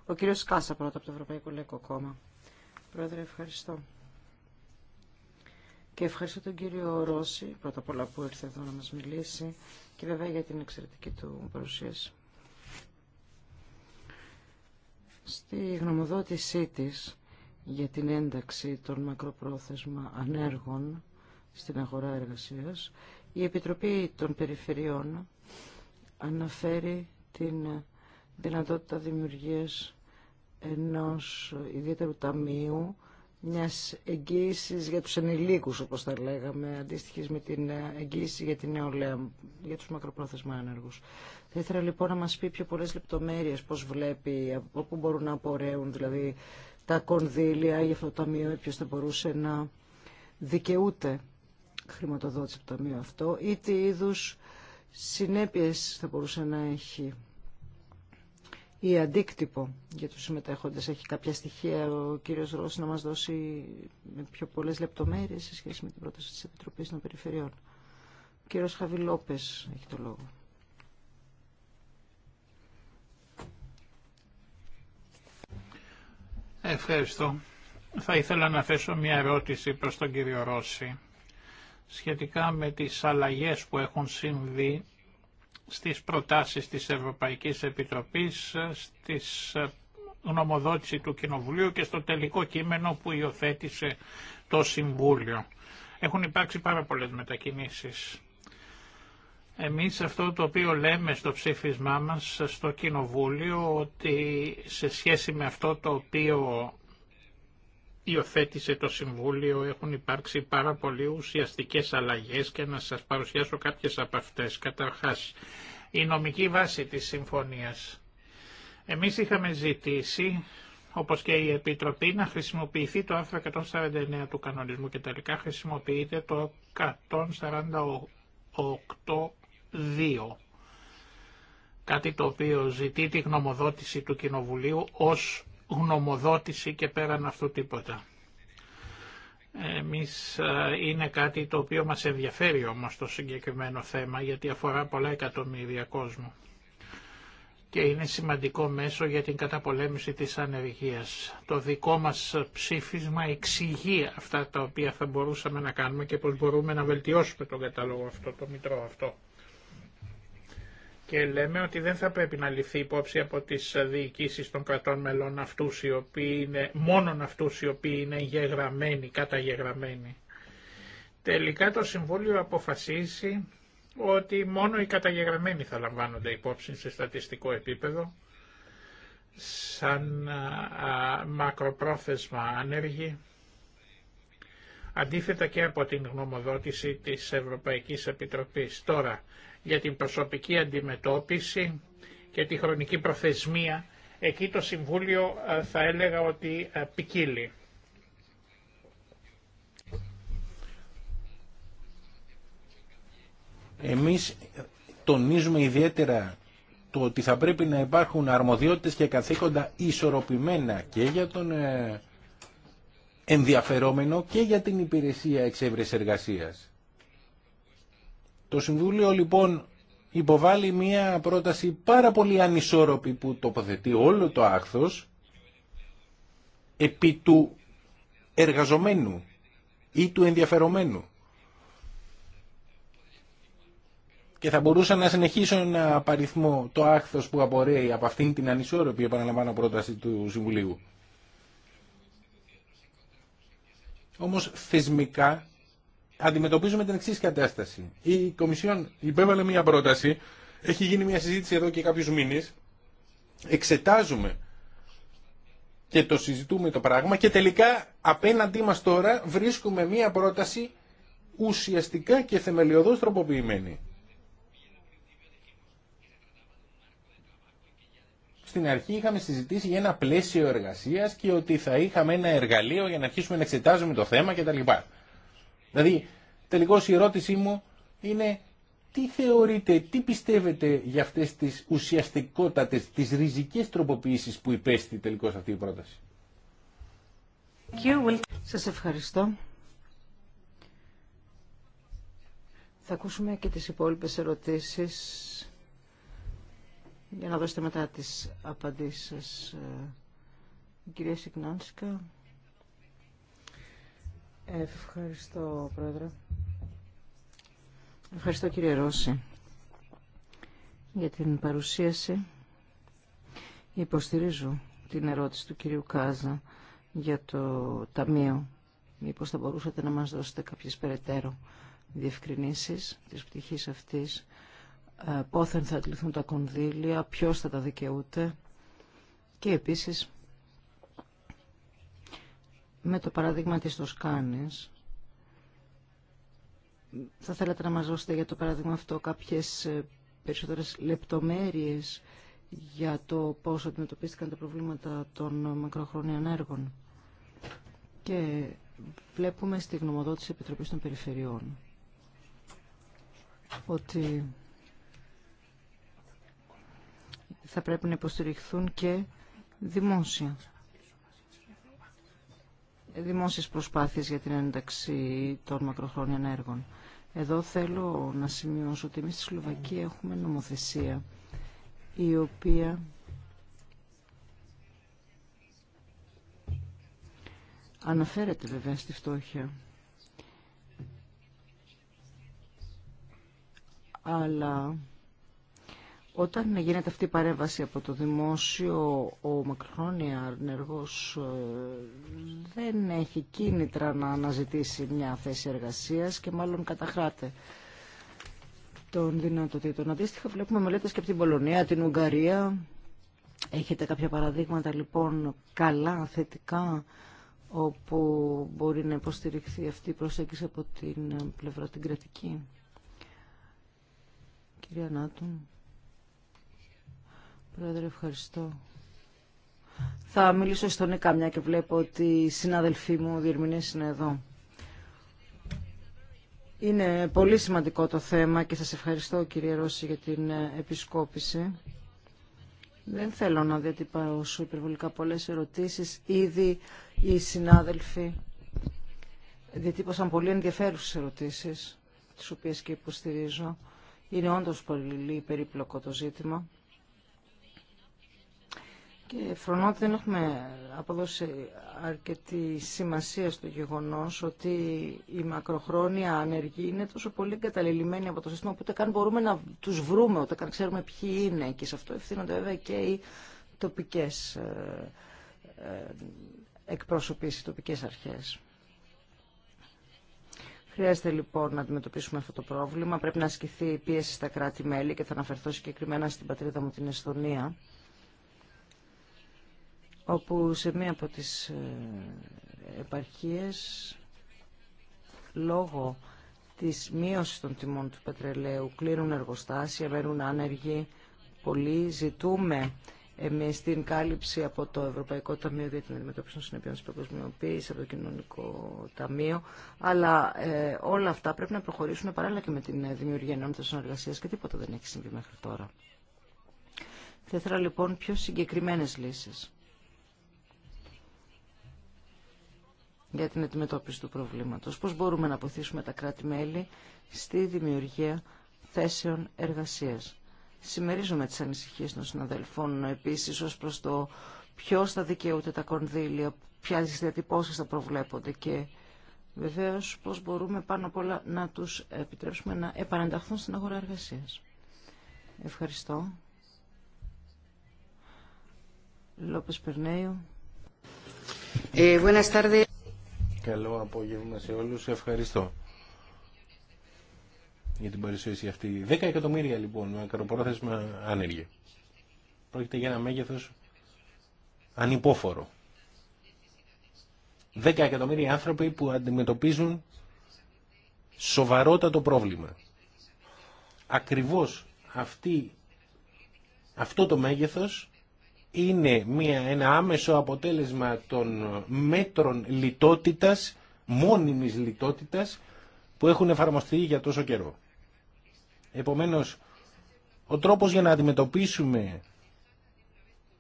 Ο κύριος Κάσα πρώτα από το Ευρωπαϊκό Λαϊκό Κόμμα. Πρόεδρε, ευχαριστώ. Και ευχαριστώ τον κύριο Ρώση, πρώτα απ' όλα που ήρθε εδώ να μας μιλήσει και βέβαια για την εξαιρετική του παρουσίαση. Στη γνωμοδότησή της για την ένταξη των μακροπρόθεσμα ανέργων στην αγορά εργασίας, η Επιτροπή των Περιφερειών αναφέρει την δυνατότητα δημιουργίας ενός ιδιαίτερου ταμείου μιας εγγύησης για τους ενηλίκους, όπως τα λέγαμε, αντίστοιχης με την εγγύηση για την νεολαία, για τους μακροπρόθεσμα άνεργους. Θα ήθελα λοιπόν να μας πει πιο πολλές λεπτομέρειες πώς βλέπει, από πού μπορούν να απορρέουν, δηλαδή τα κονδύλια για αυτό το ταμείο, ποιος θα μπορούσε να δικαιούται χρηματοδότηση από το ταμείο αυτό ή τι είδους συνέπειες θα μπορούσε να έχει ή αντίκτυπο για τους συμμετέχοντες. Έχει κάποια στοιχεία ο κύριος Ρώση να μας δώσει με πιο πολλές λεπτομέρειες σε σχέση με την πρόταση της Επιτροπής των Περιφερειών. Ο κύριος Χαβιλόπες έχει το λόγο. Ευχαριστώ. Θα ήθελα να θέσω μια ερώτηση προς τον κύριο Ρώση σχετικά με τις αλλαγές που έχουν συμβεί στις προτάσεις της Ευρωπαϊκής Επιτροπής, στις ε, γνωμοδότηση του Κοινοβουλίου και στο τελικό κείμενο που υιοθέτησε το Συμβούλιο. Έχουν υπάρξει πάρα πολλές μετακινήσεις. Εμείς αυτό το οποίο λέμε στο ψήφισμά μας στο Κοινοβούλιο ότι σε σχέση με αυτό το οποίο υιοθέτησε το Συμβούλιο, έχουν υπάρξει πάρα πολύ ουσιαστικές αλλαγές και να σας παρουσιάσω κάποιες από αυτές. Καταρχάς, η νομική βάση της συμφωνίας. Εμείς είχαμε ζητήσει, όπως και η Επιτροπή, να χρησιμοποιηθεί το άρθρο 149 του κανονισμού και τελικά χρησιμοποιείται το 148.2. Κάτι το οποίο ζητεί τη γνωμοδότηση του Κοινοβουλίου ως γνωμοδότηση και πέραν αυτού τίποτα. Εμείς ε, είναι κάτι το οποίο μας ενδιαφέρει όμως το συγκεκριμένο θέμα γιατί αφορά πολλά εκατομμύρια κόσμου και είναι σημαντικό μέσο για την καταπολέμηση της ανεργίας. Το δικό μας ψήφισμα εξηγεί αυτά τα οποία θα μπορούσαμε να κάνουμε και πώς μπορούμε να βελτιώσουμε τον κατάλογο αυτό, το μητρό αυτό και λέμε ότι δεν θα πρέπει να ληφθεί υπόψη από τις διοικήσεις των κρατών μελών αυτούς οι οποίοι είναι, μόνον αυτούς οι οποίοι είναι γεγραμμένοι, καταγεγραμμένοι. Τελικά το Συμβούλιο αποφασίζει ότι μόνο οι καταγεγραμμένοι θα λαμβάνονται υπόψη σε στατιστικό επίπεδο σαν α, μακροπρόθεσμα άνεργοι αντίθετα και από την γνωμοδότηση της Ευρωπαϊκής Επιτροπής. Τώρα, για την προσωπική αντιμετώπιση και τη χρονική προθεσμία. Εκεί το Συμβούλιο ε, θα έλεγα ότι ε, ποικίλει. Εμείς τονίζουμε ιδιαίτερα το ότι θα πρέπει να υπάρχουν αρμοδιότητες και καθήκοντα ισορροπημένα και για τον ε, ενδιαφερόμενο και για την υπηρεσία εξέβρεση εργασίας. Το Συμβούλιο λοιπόν υποβάλλει μια πρόταση πάρα πολύ ανισόρροπη που τοποθετεί όλο το άκθος επί του εργαζομένου ή του ενδιαφερομένου. Και θα μπορούσα να συνεχίσω να απαριθμό το άκθος που απορρέει από αυτήν την ανισόρροπη επαναλαμβάνω πρόταση του Συμβουλίου. Όμως θεσμικά αντιμετωπίζουμε την εξή κατάσταση. Η Κομισιόν υπέβαλε μια πρόταση, έχει γίνει μια συζήτηση εδώ και κάποιους μήνες, εξετάζουμε και το συζητούμε το πράγμα και τελικά απέναντί μας τώρα βρίσκουμε μια πρόταση ουσιαστικά και θεμελιωδώς τροποποιημένη. Στην αρχή είχαμε συζητήσει για ένα πλαίσιο εργασίας και ότι θα είχαμε ένα εργαλείο για να αρχίσουμε να εξετάζουμε το θέμα κτλ. Δηλαδή τελικώ η ερώτησή μου είναι τι θεωρείτε, τι πιστεύετε για αυτές τις ουσιαστικότατες, τις ριζικές τροποποιήσεις που υπέστη τελικώς αυτή η πρόταση. Σας ευχαριστώ. Θα ακούσουμε και τις υπόλοιπες ερωτήσεις για να δώσετε μετά τις απαντήσεις σας. Ε, κυρία Σιγνάνσκα. Ευχαριστώ, Πρόεδρε. Ευχαριστώ κύριε Ρώση για την παρουσίαση. Υποστηρίζω την ερώτηση του κυρίου Κάζα για το Ταμείο. Μήπως θα μπορούσατε να μας δώσετε κάποιες περαιτέρω διευκρινήσεις της πτυχής αυτής. Ε, πόθεν θα τληθούν τα κονδύλια, ποιος θα τα δικαιούται. Και επίσης, με το παράδειγμα της Τοσκάνης, θα θέλατε να μας δώσετε για το παράδειγμα αυτό κάποιες ε, περισσότερες λεπτομέρειες για το πώς αντιμετωπίστηκαν τα προβλήματα των μακροχρόνιων έργων. Και βλέπουμε στη γνωμοδότηση Επιτροπής των Περιφερειών ότι θα πρέπει να υποστηριχθούν και δημόσια δημόσιες προσπάθειες για την ένταξη των μακροχρόνιων έργων. Εδώ θέλω να σημειώσω ότι εμείς στη Σλοβακία έχουμε νομοθεσία η οποία αναφέρεται βέβαια στη φτώχεια αλλά όταν γίνεται αυτή η παρέμβαση από το δημόσιο, ο μακρόνια ενεργός ε, δεν έχει κίνητρα να αναζητήσει μια θέση εργασίας και μάλλον καταχράται των δυνατοτήτων. Αντίστοιχα βλέπουμε μελέτες και από την Πολωνία, την Ουγγαρία. Έχετε κάποια παραδείγματα λοιπόν καλά, θετικά, όπου μπορεί να υποστηριχθεί αυτή η προσέγγιση από την πλευρά την κρατική. Κυρία Πρόεδρε, ευχαριστώ. Θα μιλήσω στον Ικαμιά και βλέπω ότι οι συνάδελφοί μου διερμηνείς είναι εδώ. Είναι πολύ σημαντικό το θέμα και σας ευχαριστώ κύριε Ρώση για την ε, επισκόπηση. Δεν θέλω να σού υπερβολικά πολλές ερωτήσεις. Ήδη οι συνάδελφοι διατύπωσαν πολύ ενδιαφέρουσες ερωτήσεις, τις οποίες και υποστηρίζω. Είναι όντως πολύ περίπλοκο το ζήτημα. Και φρονώ ότι δεν έχουμε αποδώσει αρκετή σημασία στο γεγονός ότι η μακροχρόνια ανεργή είναι τόσο πολύ εγκαταλελειμμένη από το σύστημα που ούτε καν μπορούμε να τους βρούμε, ούτε καν ξέρουμε ποιοι είναι. Και σε αυτό ευθύνονται βέβαια και οι τοπικές ε, ε, εκπρόσωποι, οι τοπικές αρχές. Χρειάζεται λοιπόν να αντιμετωπίσουμε αυτό το πρόβλημα. Πρέπει να ασκηθεί η πίεση στα κράτη-μέλη και θα αναφερθώ συγκεκριμένα στην πατρίδα μου την Εσθονία όπου σε μία από τις ε, επαρχίες λόγω της μείωσης των τιμών του πετρελαίου κλείνουν εργοστάσια, μένουν άνεργοι πολλοί. Ζητούμε εμείς την κάλυψη από το Ευρωπαϊκό Ταμείο για την Αντιμετώπιση των Συνεπειών της Παγκοσμιοποίησης, από το Κοινωνικό Ταμείο, αλλά ε, όλα αυτά πρέπει να προχωρήσουν παράλληλα και με την ε, δημιουργία ενότητας συνεργασίας και τίποτα δεν έχει συμβεί μέχρι τώρα. Θα ήθελα λοιπόν πιο συγκεκριμένες λύσεις για την αντιμετώπιση του προβλήματος. Πώς μπορούμε να αποθήσουμε τα κράτη-μέλη στη δημιουργία θέσεων εργασίας. Συμμερίζομαι τις ανησυχίες των συναδελφών επίσης ως προς το ποιος θα δικαιούται τα κονδύλια, ποιες διατυπώσεις θα προβλέπονται και βεβαίως πώς μπορούμε πάνω απ' όλα να τους επιτρέψουμε να επαναταχθούν στην αγορά εργασίας. Ευχαριστώ. Λόπες Περνέιο. Ε, Καλό απόγευμα σε όλους. Ευχαριστώ για την παρουσίαση αυτή. 10 εκατομμύρια λοιπόν μακροπρόθεσμα άνεργοι. Πρόκειται για ένα μέγεθος ανυπόφορο. 10 εκατομμύρια άνθρωποι που αντιμετωπίζουν σοβαρότατο πρόβλημα. Ακριβώς αυτή, αυτό το μέγεθος είναι μια, ένα άμεσο αποτέλεσμα των μέτρων λιτότητας, μόνιμης λιτότητας, που έχουν εφαρμοστεί για τόσο καιρό. Επομένως, ο τρόπος για να αντιμετωπίσουμε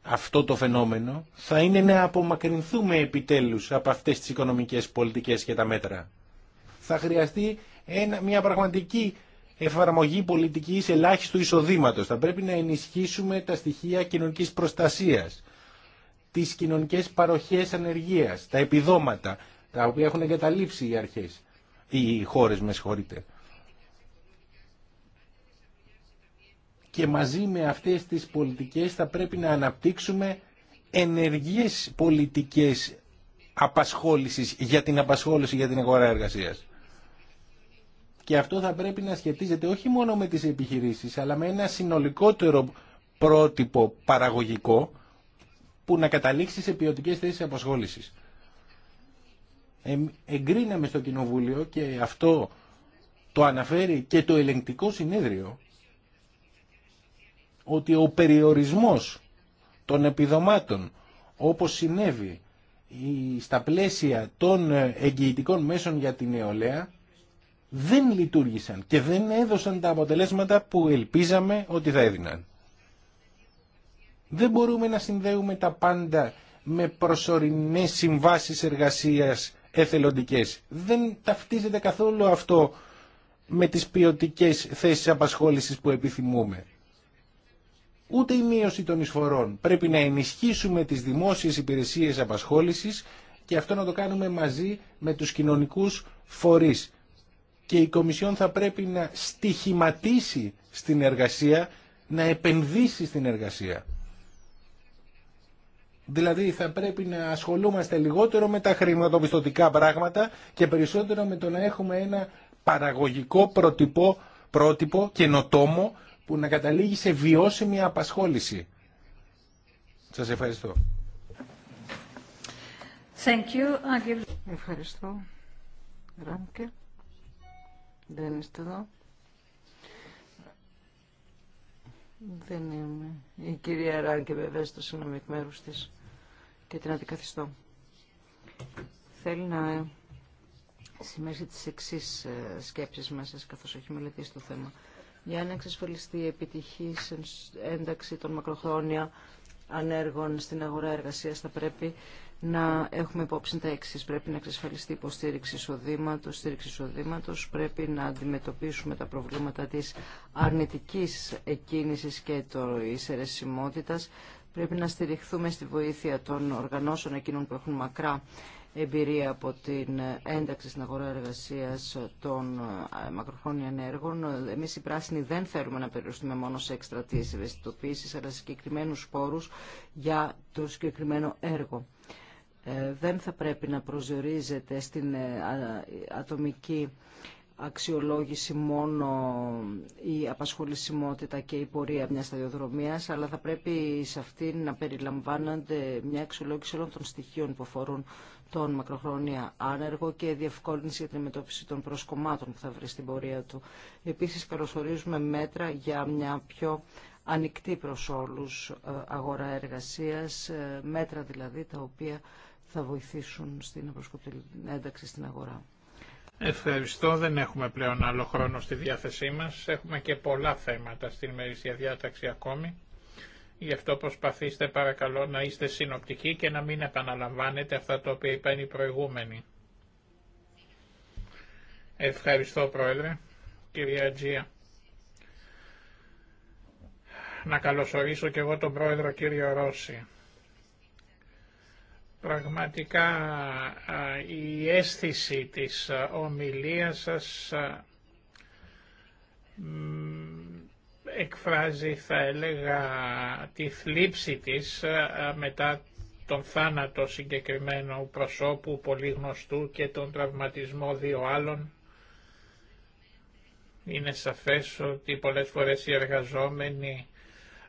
αυτό το φαινόμενο θα είναι να απομακρυνθούμε επιτέλους από αυτές τις οικονομικές πολιτικές και τα μέτρα. Θα χρειαστεί ένα, μια πραγματική εφαρμογή πολιτικής ελάχιστου εισοδήματο. Θα πρέπει να ενισχύσουμε τα στοιχεία κοινωνικής προστασίας, τις κοινωνικές παροχές ανεργίας, τα επιδόματα, τα οποία έχουν εγκαταλείψει οι αρχές, οι χώρες με συγχωρείτε. Και μαζί με αυτές τις πολιτικές θα πρέπει να αναπτύξουμε ενεργείες πολιτικές απασχόλησης για την απασχόληση για την αγορά εργασίας και αυτό θα πρέπει να σχετίζεται όχι μόνο με τις επιχειρήσεις αλλά με ένα συνολικότερο πρότυπο παραγωγικό που να καταλήξει σε ποιοτικέ θέσει απασχόληση. Ε, εγκρίναμε στο Κοινοβούλιο και αυτό το αναφέρει και το ελεγκτικό συνέδριο ότι ο περιορισμός των επιδομάτων όπως συνέβη στα πλαίσια των ε, εγγυητικών μέσων για την νεολαία δεν λειτουργήσαν και δεν έδωσαν τα αποτελέσματα που ελπίζαμε ότι θα έδιναν. Δεν μπορούμε να συνδέουμε τα πάντα με προσωρινές συμβάσεις εργασίας εθελοντικές. Δεν ταυτίζεται καθόλου αυτό με τις ποιοτικέ θέσεις απασχόλησης που επιθυμούμε. Ούτε η μείωση των εισφορών. Πρέπει να ενισχύσουμε τις δημόσιες υπηρεσίες απασχόλησης και αυτό να το κάνουμε μαζί με τους κοινωνικούς φορείς και η Κομισιόν θα πρέπει να στοιχηματίσει στην εργασία, να επενδύσει στην εργασία. Δηλαδή θα πρέπει να ασχολούμαστε λιγότερο με τα χρηματοπιστωτικά πράγματα και περισσότερο με το να έχουμε ένα παραγωγικό πρότυπο, πρότυπο καινοτόμο που να καταλήγει σε βιώσιμη απασχόληση. Σας ευχαριστώ. Thank you. Ευχαριστώ. Δεν είστε εδώ. Δεν είμαι. Η κυρία Ράγκε, βέβαια στο σύνομαι εκ μέρους της και την αντικαθιστώ. Θέλει να σημαίνει τις εξής ε, σκέψεις μέσα καθώς έχει μελετήσει το θέμα. Για να εξασφαλιστεί η επιτυχής ένταξη των μακροχρόνια ανέργων στην αγορά εργασίας θα πρέπει να έχουμε υπόψη τα εξή. Πρέπει να εξασφαλιστεί υποστήριξη εισοδήματο, στήριξη εισοδήματο. Πρέπει να αντιμετωπίσουμε τα προβλήματα τη αρνητική εκκίνηση και τη αιρεσιμότητα. Πρέπει να στηριχθούμε στη βοήθεια των οργανώσεων εκείνων που έχουν μακρά εμπειρία από την ένταξη στην αγορά εργασία των ε, μακροχρόνιων ενέργων. Εμεί, οι πράσινοι δεν θέλουμε να περιοριστούμε μόνο σε εκστρατείε ευαισθητοποίηση, αλλά σε συγκεκριμένους πόρους για το συγκεκριμένο έργο. Ε, δεν θα πρέπει να προσδιορίζεται στην ε, ατομική αξιολόγηση μόνο η απασχολησιμότητα και η πορεία μιας σταδιοδρομίας, αλλά θα πρέπει σε αυτή να περιλαμβάνονται μια αξιολόγηση όλων των στοιχείων που αφορούν τον μακροχρόνια άνεργο και διευκόλυνση για την αντιμετώπιση των προσκομμάτων που θα βρει στην πορεία του. Επίσης, καλωσορίζουμε μέτρα για μια πιο ανοιχτή προς όλους ε, αγορά εργασίας, μέτρα δηλαδή τα οποία θα βοηθήσουν στην ένταξη στην αγορά. Ευχαριστώ. Δεν έχουμε πλέον άλλο χρόνο στη διάθεσή μας. Έχουμε και πολλά θέματα στην ημερήσια διάταξη ακόμη. Γι' αυτό προσπαθήστε παρακαλώ να είστε συνοπτικοί και να μην επαναλαμβάνετε αυτά τα οποία είπαν οι προηγούμενοι. Ευχαριστώ Πρόεδρε, κυρία Ατζία. Να καλωσορίσω και εγώ τον Πρόεδρο κύριο Ρώση. Πραγματικά η αίσθηση της ομιλίας σας εκφράζει θα έλεγα τη θλίψη της μετά τον θάνατο συγκεκριμένου προσώπου πολύ γνωστού και τον τραυματισμό δύο άλλων. Είναι σαφές ότι πολλές φορές οι εργαζόμενοι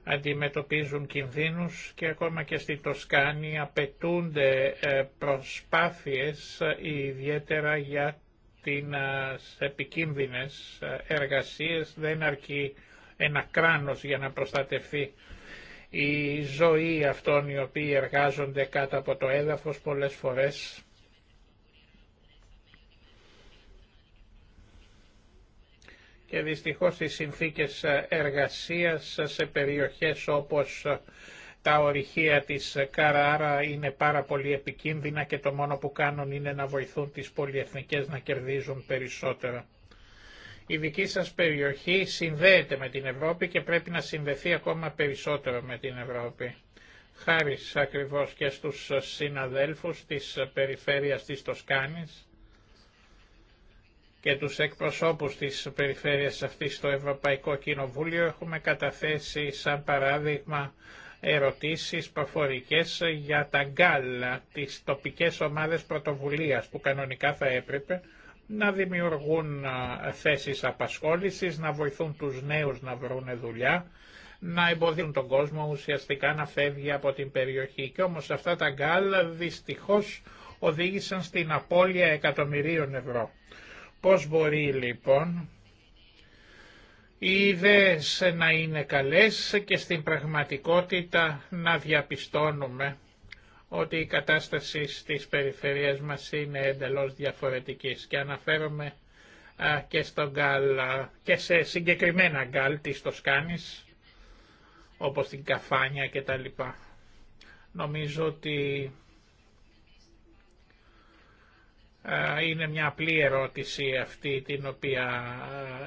αντιμετωπίζουν κινδύνους και ακόμα και στη Τοσκάνη απαιτούνται ε, προσπάθειες ε, ιδιαίτερα για την ε, επικίνδυνες εργασίες. Δεν αρκεί ένα κράνος για να προστατευτεί η ζωή αυτών οι οποίοι εργάζονται κάτω από το έδαφος πολλές φορές και δυστυχώς οι συνθήκες εργασίας σε περιοχές όπως τα ορυχεία της Καράρα είναι πάρα πολύ επικίνδυνα και το μόνο που κάνουν είναι να βοηθούν τις πολυεθνικές να κερδίζουν περισσότερα. Η δική σας περιοχή συνδέεται με την Ευρώπη και πρέπει να συνδεθεί ακόμα περισσότερο με την Ευρώπη. Χάρη ακριβώς και στους συναδέλφους της περιφέρειας της Τοσκάνης, και τους εκπροσώπους της περιφέρειας αυτής στο Ευρωπαϊκό Κοινοβούλιο έχουμε καταθέσει σαν παράδειγμα ερωτήσεις παφορικές για τα γκάλα, τις τοπικές ομάδες πρωτοβουλίας που κανονικά θα έπρεπε να δημιουργούν θέσεις απασχόλησης, να βοηθούν τους νέους να βρουν δουλειά, να εμποδίζουν τον κόσμο ουσιαστικά να φεύγει από την περιοχή. Και όμως αυτά τα γκάλα δυστυχώς οδήγησαν στην απώλεια εκατομμυρίων ευρώ. Πώς μπορεί λοιπόν οι ιδέες να είναι καλές και στην πραγματικότητα να διαπιστώνουμε ότι η κατάσταση στις περιφερειές μας είναι εντελώς διαφορετικής και αναφέρομαι και, στον γκάλ, και σε συγκεκριμένα γκάλ της Τοσκάνης, όπως την Καφάνια κτλ. Νομίζω ότι ε, είναι μια απλή ερώτηση αυτή την οποία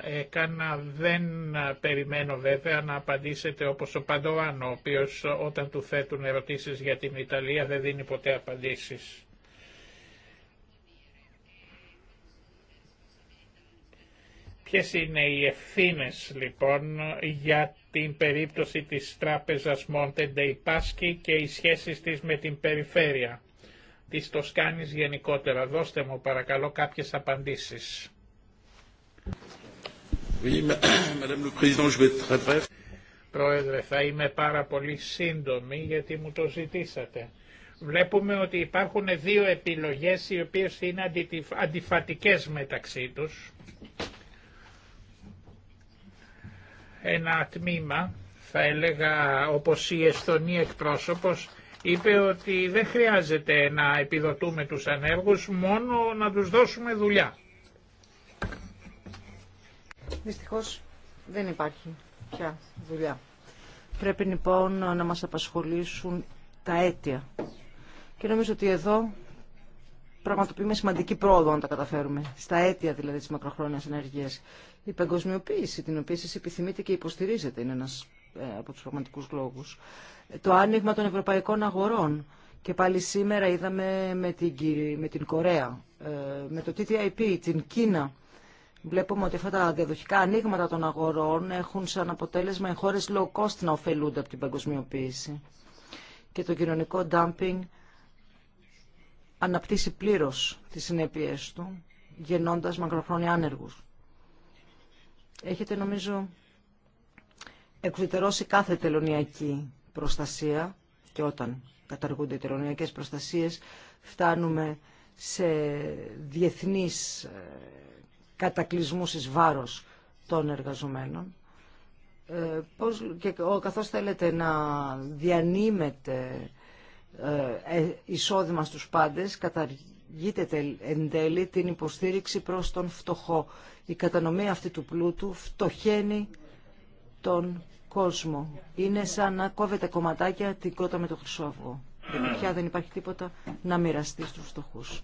ε, έκανα. Δεν ε, περιμένω βέβαια να απαντήσετε όπως ο Παντοάν, ο οποίος όταν του θέτουν ερωτήσεις για την Ιταλία δεν δίνει ποτέ απαντήσεις. Ποιες είναι οι ευθύνες λοιπόν για την περίπτωση της τράπεζας Monte dei Paschi και οι σχέσεις της με την περιφέρεια της Τοσκάνης γενικότερα. Δώστε μου παρακαλώ κάποιες απαντήσεις. Πρόεδρε, θα είμαι πάρα πολύ σύντομη γιατί μου το ζητήσατε. Βλέπουμε ότι υπάρχουν δύο επιλογές οι οποίες είναι αντιφατικές μεταξύ τους. Ένα τμήμα, θα έλεγα όπως η Εστονία εκπρόσωπος, είπε ότι δεν χρειάζεται να επιδοτούμε τους ανέργους, μόνο να τους δώσουμε δουλειά. Δυστυχώς δεν υπάρχει πια δουλειά. Πρέπει λοιπόν να μας απασχολήσουν τα αίτια. Και νομίζω ότι εδώ πραγματοποιούμε σημαντική πρόοδο αν τα καταφέρουμε. Στα αίτια δηλαδή της μακροχρόνιας ενεργείας. Η παγκοσμιοποίηση την οποία εσείς επιθυμείτε και υποστηρίζετε είναι ένας από τους πραγματικούς λόγους. Το άνοιγμα των ευρωπαϊκών αγορών. Και πάλι σήμερα είδαμε με την, με την Κορέα, ε, με το TTIP, την Κίνα. Βλέπουμε ότι αυτά τα διαδοχικά ανοίγματα των αγορών έχουν σαν αποτέλεσμα οι χώρες low cost να ωφελούνται από την παγκοσμιοποίηση. Και το κοινωνικό dumping αναπτύσσει πλήρως τις συνέπειες του, γεννώντας μακροχρόνια άνεργους. Έχετε νομίζω εξουδετερώσει κάθε τελωνιακή προστασία και όταν καταργούνται οι τελωνιακές προστασίες φτάνουμε σε διεθνείς ε, κατακλυσμούς εις βάρος των εργαζομένων. Ε, και ο, καθώς θέλετε να διανύμετε ε, ε εισόδημα στους πάντες, καταργείτε εν τέλει την υποστήριξη προς τον φτωχό. Η κατανομή αυτή του πλούτου φτωχαίνει τον κόσμο. Είναι σαν να κόβεται κομματάκια την κότα με το χρυσό αυγό. δεν υπάρχει τίποτα να μοιραστεί στους φτωχούς.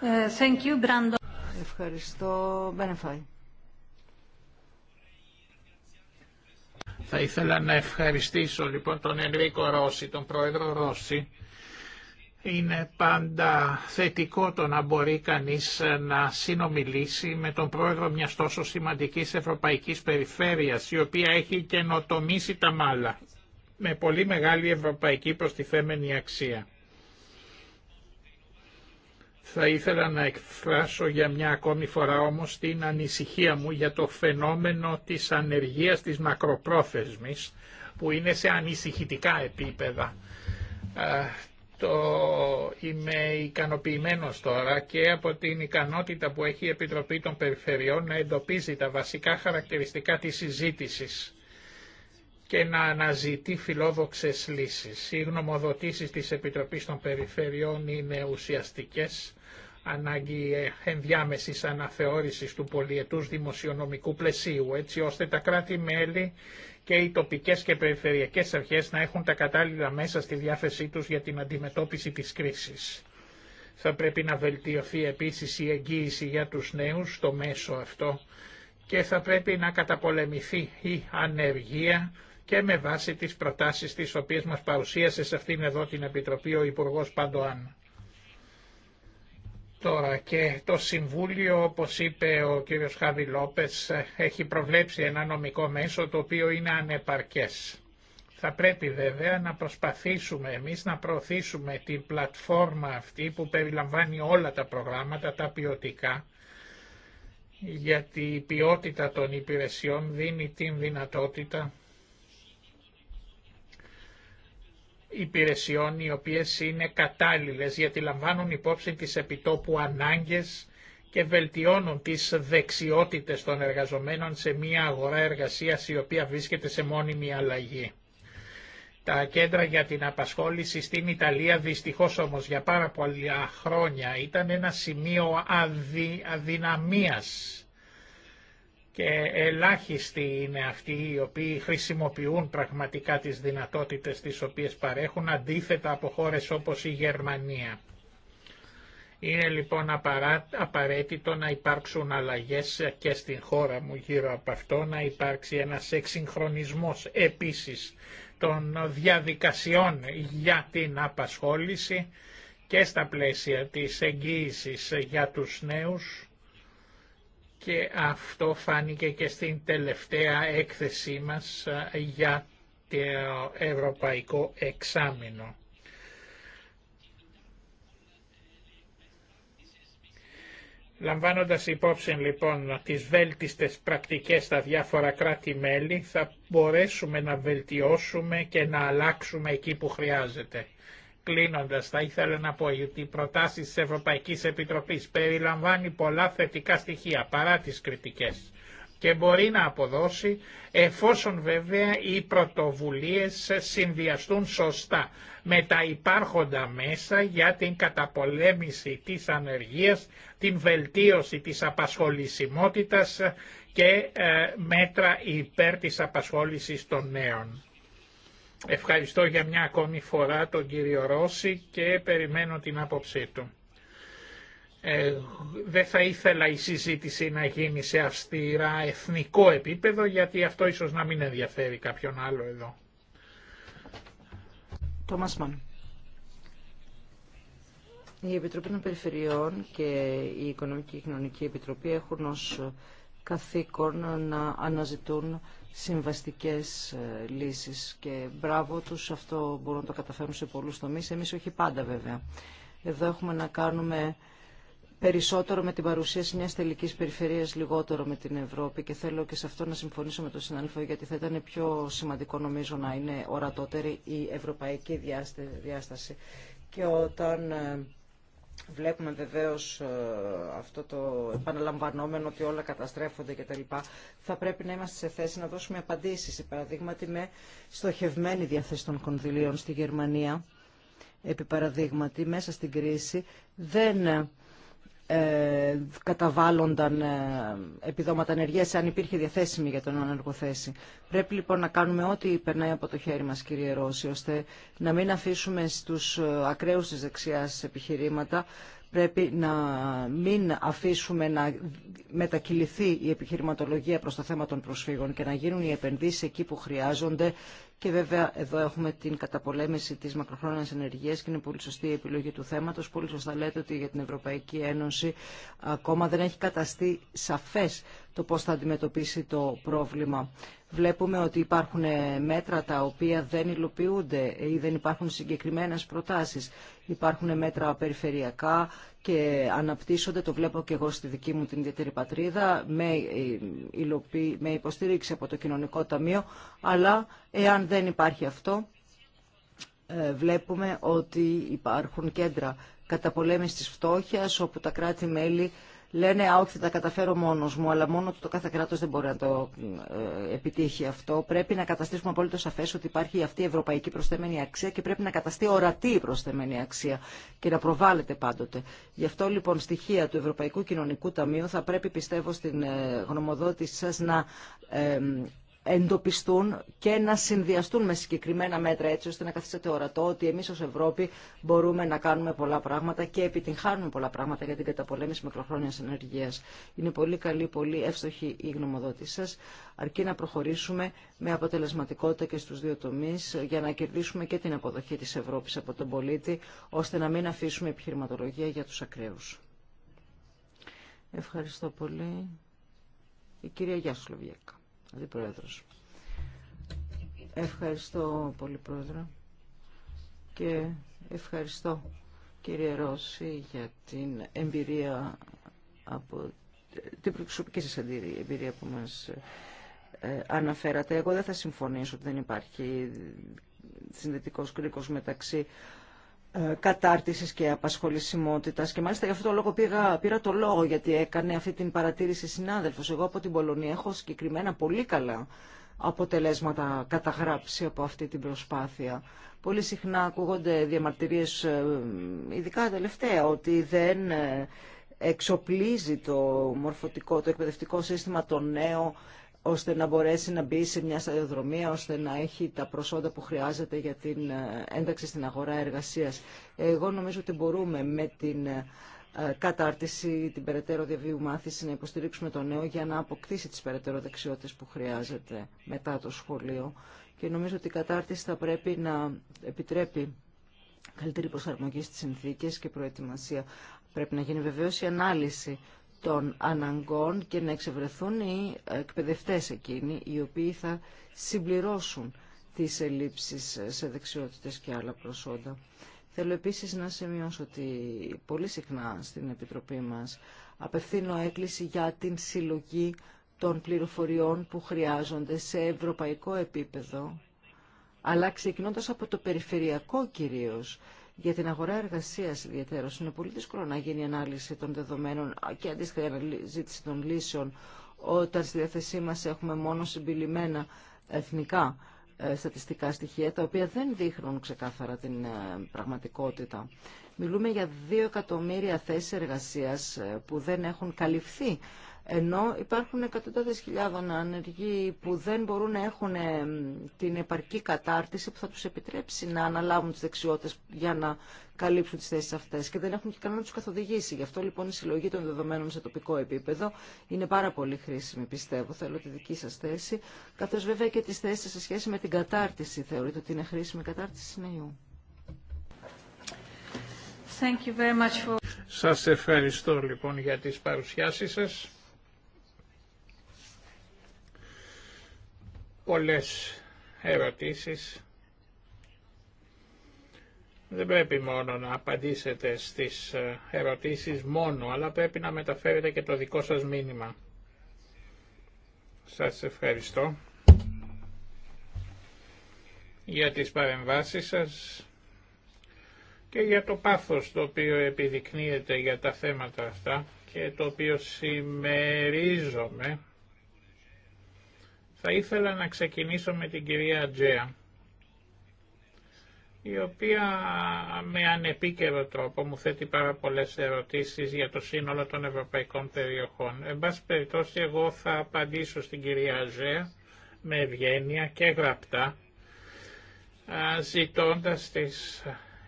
Ε, Ευχαριστώ. Μπενεφάι. Θα ήθελα να ευχαριστήσω λοιπόν τον Ενρίκο Ρώση, τον πρόεδρο Ρώση, είναι πάντα θετικό το να μπορεί κανείς να συνομιλήσει με τον πρόεδρο μιας τόσο σημαντικής ευρωπαϊκής περιφέρειας, η οποία έχει καινοτομήσει τα μάλα, με πολύ μεγάλη ευρωπαϊκή προστιθέμενη αξία. Θα ήθελα να εκφράσω για μια ακόμη φορά όμως την ανησυχία μου για το φαινόμενο της ανεργίας της μακροπρόθεσμης που είναι σε ανησυχητικά επίπεδα το είμαι ικανοποιημένος τώρα και από την ικανότητα που έχει η Επιτροπή των Περιφερειών να εντοπίζει τα βασικά χαρακτηριστικά της συζήτησης και να αναζητεί φιλόδοξες λύσεις. Οι γνωμοδοτήσεις της Επιτροπής των Περιφερειών είναι ουσιαστικές, ανάγκη ενδιάμεσης αναθεώρησης του πολιετούς δημοσιονομικού πλαισίου, έτσι ώστε τα κράτη-μέλη και οι τοπικές και περιφερειακές αρχές να έχουν τα κατάλληλα μέσα στη διάθεσή τους για την αντιμετώπιση της κρίσης. Θα πρέπει να βελτιωθεί επίσης η εγγύηση για τους νέους στο μέσο αυτό και θα πρέπει να καταπολεμηθεί η ανεργία και με βάση τις προτάσεις τις οποίες μας παρουσίασε σε αυτήν εδώ την Επιτροπή ο Υπουργός Παντοάν. Τώρα και το Συμβούλιο, όπως είπε ο κύριος Χάβη Λόπες, έχει προβλέψει ένα νομικό μέσο το οποίο είναι ανεπαρκές. Θα πρέπει βέβαια να προσπαθήσουμε εμείς να προωθήσουμε την πλατφόρμα αυτή που περιλαμβάνει όλα τα προγράμματα, τα ποιοτικά, γιατί η ποιότητα των υπηρεσιών δίνει την δυνατότητα υπηρεσιών οι οποίες είναι κατάλληλες γιατί λαμβάνουν υπόψη τις επιτόπου ανάγκες και βελτιώνουν τις δεξιότητες των εργαζομένων σε μια αγορά εργασίας η οποία βρίσκεται σε μόνιμη αλλαγή. Τα κέντρα για την απασχόληση στην Ιταλία δυστυχώς όμως για πάρα πολλά χρόνια ήταν ένα σημείο αδυ, αδυναμίας και ελάχιστοι είναι αυτοί οι οποίοι χρησιμοποιούν πραγματικά τις δυνατότητες τις οποίες παρέχουν αντίθετα από χώρες όπως η Γερμανία. Είναι λοιπόν απαραίτητο να υπάρξουν αλλαγές και στην χώρα μου γύρω από αυτό, να υπάρξει ένας εξυγχρονισμός επίσης των διαδικασιών για την απασχόληση και στα πλαίσια της εγγύησης για τους νέους και αυτό φάνηκε και στην τελευταία έκθεσή μας ε, για το Ευρωπαϊκό Εξάμεινο. Λαμβάνοντας υπόψη λοιπόν τις βέλτιστες πρακτικές στα διάφορα κράτη-μέλη θα μπορέσουμε να βελτιώσουμε και να αλλάξουμε εκεί που χρειάζεται. Κλείνοντα θα ήθελα να πω ότι οι προτάσεις τη Ευρωπαϊκή Επιτροπής περιλαμβάνει πολλά θετικά στοιχεία παρά τις κριτικές και μπορεί να αποδώσει εφόσον βέβαια οι πρωτοβουλίες συνδυαστούν σωστά με τα υπάρχοντα μέσα για την καταπολέμηση της ανεργίας, την βελτίωση της απασχολησιμότητας και ε, μέτρα υπέρ της απασχόλησης των νέων. Ευχαριστώ για μια ακόμη φορά τον κύριο Ρώση και περιμένω την άποψή του. Ε, δεν θα ήθελα η συζήτηση να γίνει σε αυστηρά εθνικό επίπεδο γιατί αυτό ίσως να μην ενδιαφέρει κάποιον άλλο εδώ. Τόμας Μαν. Η Επιτροπή των Περιφερειών και η Οικονομική και Κοινωνική Επιτροπή έχουν ως καθήκον να αναζητούν συμβαστικές ε, λύσεις και μπράβο τους, αυτό μπορούν να το καταφέρουν σε πολλούς τομείς, εμείς όχι πάντα βέβαια. Εδώ έχουμε να κάνουμε περισσότερο με την παρουσίαση μιας τελικής περιφερεια λιγότερο με την Ευρώπη και θέλω και σε αυτό να συμφωνήσω με τον συνάδελφο γιατί θα ήταν πιο σημαντικό νομίζω να είναι ορατότερη η ευρωπαϊκή διάσταση και όταν ε, Βλέπουμε βεβαίως ε, αυτό το επαναλαμβανόμενο ότι όλα καταστρέφονται κτλ. Θα πρέπει να είμαστε σε θέση να δώσουμε απαντήσεις, σε παραδείγματι με στοχευμένη διαθέση των κονδυλίων στη Γερμανία, επί μέσα στην κρίση δεν ε, ε, καταβάλλονταν ε, επιδόματα ενεργείας αν υπήρχε διαθέσιμη για τον ανεργοθέση. Πρέπει λοιπόν να κάνουμε ό,τι περνάει από το χέρι μας κύριε Ρώση, ώστε να μην αφήσουμε στους ε, ακραίους της δεξιάς επιχειρήματα πρέπει να μην αφήσουμε να μετακυληθεί η επιχειρηματολογία προς το θέμα των προσφύγων και να γίνουν οι επενδύσεις εκεί που χρειάζονται και βέβαια εδώ έχουμε την καταπολέμηση της μακροχρόνιας ενεργείας και είναι πολύ σωστή η επιλογή του θέματος. Πολύ σωστά λέτε ότι για την Ευρωπαϊκή Ένωση ακόμα δεν έχει καταστεί σαφές το πώς θα αντιμετωπίσει το πρόβλημα. Βλέπουμε ότι υπάρχουν μέτρα τα οποία δεν υλοποιούνται ή δεν υπάρχουν συγκεκριμένες προτάσεις. Υπάρχουν μέτρα περιφερειακά και αναπτύσσονται, το βλέπω και εγώ στη δική μου την ιδιαίτερη πατρίδα, με, ε, με υποστήριξη από το Κοινωνικό Ταμείο, αλλά εάν δεν υπάρχει αυτό, ε, βλέπουμε ότι υπάρχουν κέντρα καταπολέμησης της φτώχειας, όπου τα κράτη-μέλη λένε «Α, όχι, θα τα καταφέρω μόνος μου», αλλά μόνο το κάθε κράτος δεν μπορεί να το ε, επιτύχει αυτό. Πρέπει να καταστήσουμε απόλυτο σαφές ότι υπάρχει αυτή η ευρωπαϊκή προσθέμενη αξία και πρέπει να καταστεί ορατή η προσθέμενη αξία και να προβάλλεται πάντοτε. Γι' αυτό λοιπόν στοιχεία του Ευρωπαϊκού Κοινωνικού Ταμείου θα πρέπει πιστεύω στην ε, γνωμοδότηση σας να ε, εντοπιστούν και να συνδυαστούν με συγκεκριμένα μέτρα έτσι ώστε να καθίσετε ορατό ότι εμείς ως Ευρώπη μπορούμε να κάνουμε πολλά πράγματα και επιτυγχάνουμε πολλά πράγματα για την καταπολέμηση μικροχρόνιας ενεργείας. Είναι πολύ καλή, πολύ εύστοχη η γνωμοδότηση σας, αρκεί να προχωρήσουμε με αποτελεσματικότητα και στους δύο τομείς για να κερδίσουμε και την αποδοχή της Ευρώπης από τον πολίτη, ώστε να μην αφήσουμε επιχειρηματολογία για τους ακραίους. Ευχαριστώ πολύ. Η κυρία Γιάσου Αντιπρόεδρος. Ευχαριστώ πολύ, Πρόεδρε. Και ευχαριστώ, κύριε Ρώση, για την εμπειρία από την προσωπική σας εμπειρία που μας ε, αναφέρατε. Εγώ δεν θα συμφωνήσω ότι δεν υπάρχει συνδετικός κρίκος μεταξύ ε, κατάρτισης και απασχολησιμότητας και μάλιστα για αυτό το λόγο πήγα, πήρα το λόγο γιατί έκανε αυτή την παρατήρηση συνάδελφος. Εγώ από την Πολωνία έχω συγκεκριμένα πολύ καλά αποτελέσματα καταγράψει από αυτή την προσπάθεια. Πολύ συχνά ακούγονται διαμαρτυρίες, ε, ειδικά τελευταία, ότι δεν ε, εξοπλίζει το μορφωτικό, το εκπαιδευτικό σύστημα το νέο ώστε να μπορέσει να μπει σε μια σταδιοδρομία, ώστε να έχει τα προσόντα που χρειάζεται για την ε, ένταξη στην αγορά εργασίας. Εγώ νομίζω ότι μπορούμε με την ε, κατάρτιση, την περαιτέρω διαβίου μάθηση, να υποστηρίξουμε το νέο για να αποκτήσει τις περαιτέρω δεξιότητες που χρειάζεται μετά το σχολείο. Και νομίζω ότι η κατάρτιση θα πρέπει να επιτρέπει καλύτερη προσαρμογή στις συνθήκες και προετοιμασία. Πρέπει να γίνει βεβαίως η ανάλυση των αναγκών και να εξευρεθούν οι εκπαιδευτές εκείνοι οι οποίοι θα συμπληρώσουν τις ελλείψεις σε δεξιότητες και άλλα προσόντα. Θέλω επίσης να σημειώσω ότι πολύ συχνά στην Επιτροπή μας απευθύνω έκκληση για την συλλογή των πληροφοριών που χρειάζονται σε ευρωπαϊκό επίπεδο, αλλά ξεκινώντας από το περιφερειακό κυρίως, για την αγορά εργασίας ιδιαίτερως. Είναι πολύ δύσκολο να γίνει η ανάλυση των δεδομένων και αντίστοιχα η αναζήτηση των λύσεων όταν στη διάθεσή μας έχουμε μόνο συμπιλημένα εθνικά ε, στατιστικά στοιχεία, τα οποία δεν δείχνουν ξεκάθαρα την ε, πραγματικότητα. Μιλούμε για δύο εκατομμύρια θέσεις εργασίας ε, που δεν έχουν καλυφθεί ενώ υπάρχουν εκατοντάδες χιλιάδων ανεργοί που δεν μπορούν να έχουν ε, την επαρκή κατάρτιση που θα τους επιτρέψει να αναλάβουν τις δεξιότητες για να καλύψουν τις θέσεις αυτές και δεν έχουν και κανένα να τους καθοδηγήσει. Γι' αυτό λοιπόν η συλλογή των δεδομένων σε τοπικό επίπεδο είναι πάρα πολύ χρήσιμη πιστεύω. Θέλω τη δική σας θέση, καθώς βέβαια και τις θέσεις σε σχέση με την κατάρτιση. Θεωρείτε ότι είναι χρήσιμη κατάρτιση νέου. Thank Σας ευχαριστώ λοιπόν για τις παρουσιάσεις σας. πολλές ερωτήσεις. Δεν πρέπει μόνο να απαντήσετε στις ε, ερωτήσεις μόνο, αλλά πρέπει να μεταφέρετε και το δικό σας μήνυμα. Σας ευχαριστώ για τις παρεμβάσεις σας και για το πάθος το οποίο επιδεικνύεται για τα θέματα αυτά και το οποίο συμμερίζομαι θα ήθελα να ξεκινήσω με την κυρία Ατζέα, η οποία με ανεπίκαιρο τρόπο μου θέτει πάρα πολλές ερωτήσεις για το σύνολο των ευρωπαϊκών περιοχών. Εν πάση περιπτώσει, εγώ θα απαντήσω στην κυρία Ατζέα με ευγένεια και γραπτά, ζητώντας της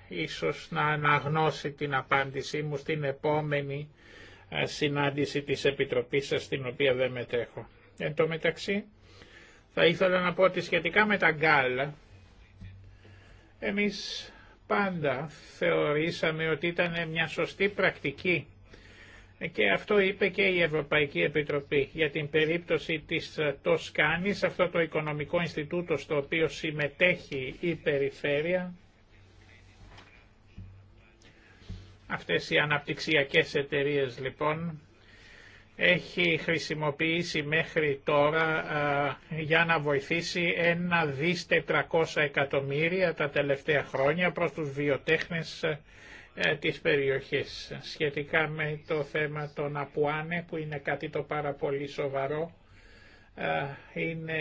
ίσως να αναγνώσει την απάντησή μου στην επόμενη συνάντηση της Επιτροπής σας, στην οποία δεν μετέχω. Εν τω μεταξύ, θα ήθελα να πω ότι σχετικά με τα γκάλ, εμείς πάντα θεωρήσαμε ότι ήταν μια σωστή πρακτική ε, και αυτό είπε και η Ευρωπαϊκή Επιτροπή για την περίπτωση της Τοσκάνης, αυτό το οικονομικό Ινστιτούτο στο οποίο συμμετέχει η περιφέρεια. Αυτές οι αναπτυξιακές εταιρείες λοιπόν έχει χρησιμοποιήσει μέχρι τώρα για να βοηθήσει ένα δις 400 εκατομμύρια τα τελευταία χρόνια προς τους βιοτέχνες της περιοχής. Σχετικά με το θέμα των Απουάνε που είναι κάτι το πάρα πολύ σοβαρό είναι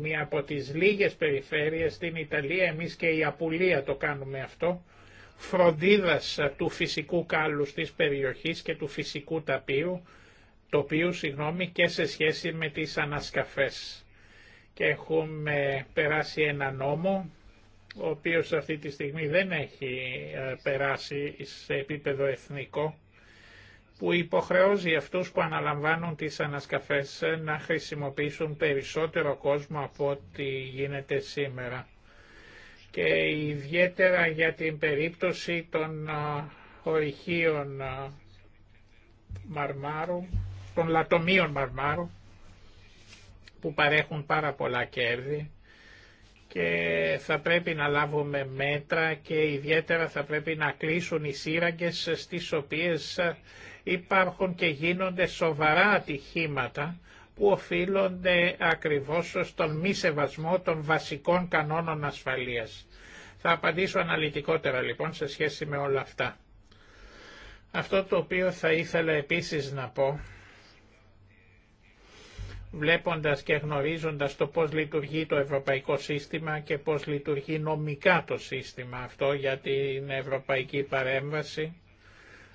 μία από τις λίγες περιφέρειες στην Ιταλία, εμείς και η Απουλία το κάνουμε αυτό, φροντίδας του φυσικού κάλου της περιοχής και του φυσικού ταπείου οποίο, συγγνώμη, και σε σχέση με τις ανασκαφές. Και έχουμε περάσει ένα νόμο, ο οποίος αυτή τη στιγμή δεν έχει ε, περάσει σε επίπεδο εθνικό, που υποχρεώζει αυτούς που αναλαμβάνουν τις ανασκαφές ε, να χρησιμοποιήσουν περισσότερο κόσμο από ό,τι γίνεται σήμερα. Και ιδιαίτερα για την περίπτωση των ε, ορυχείων μαρμάρου των λατομείων μαρμάρου που παρέχουν πάρα πολλά κέρδη και θα πρέπει να λάβουμε μέτρα και ιδιαίτερα θα πρέπει να κλείσουν οι σύραγγες στις οποίες υπάρχουν και γίνονται σοβαρά ατυχήματα που οφείλονται ακριβώς στον μη σεβασμό των βασικών κανόνων ασφαλείας. Θα απαντήσω αναλυτικότερα λοιπόν σε σχέση με όλα αυτά. Αυτό το οποίο θα ήθελα επίσης να πω βλέποντας και γνωρίζοντας το πώς λειτουργεί το ευρωπαϊκό σύστημα και πώς λειτουργεί νομικά το σύστημα αυτό για την ευρωπαϊκή παρέμβαση,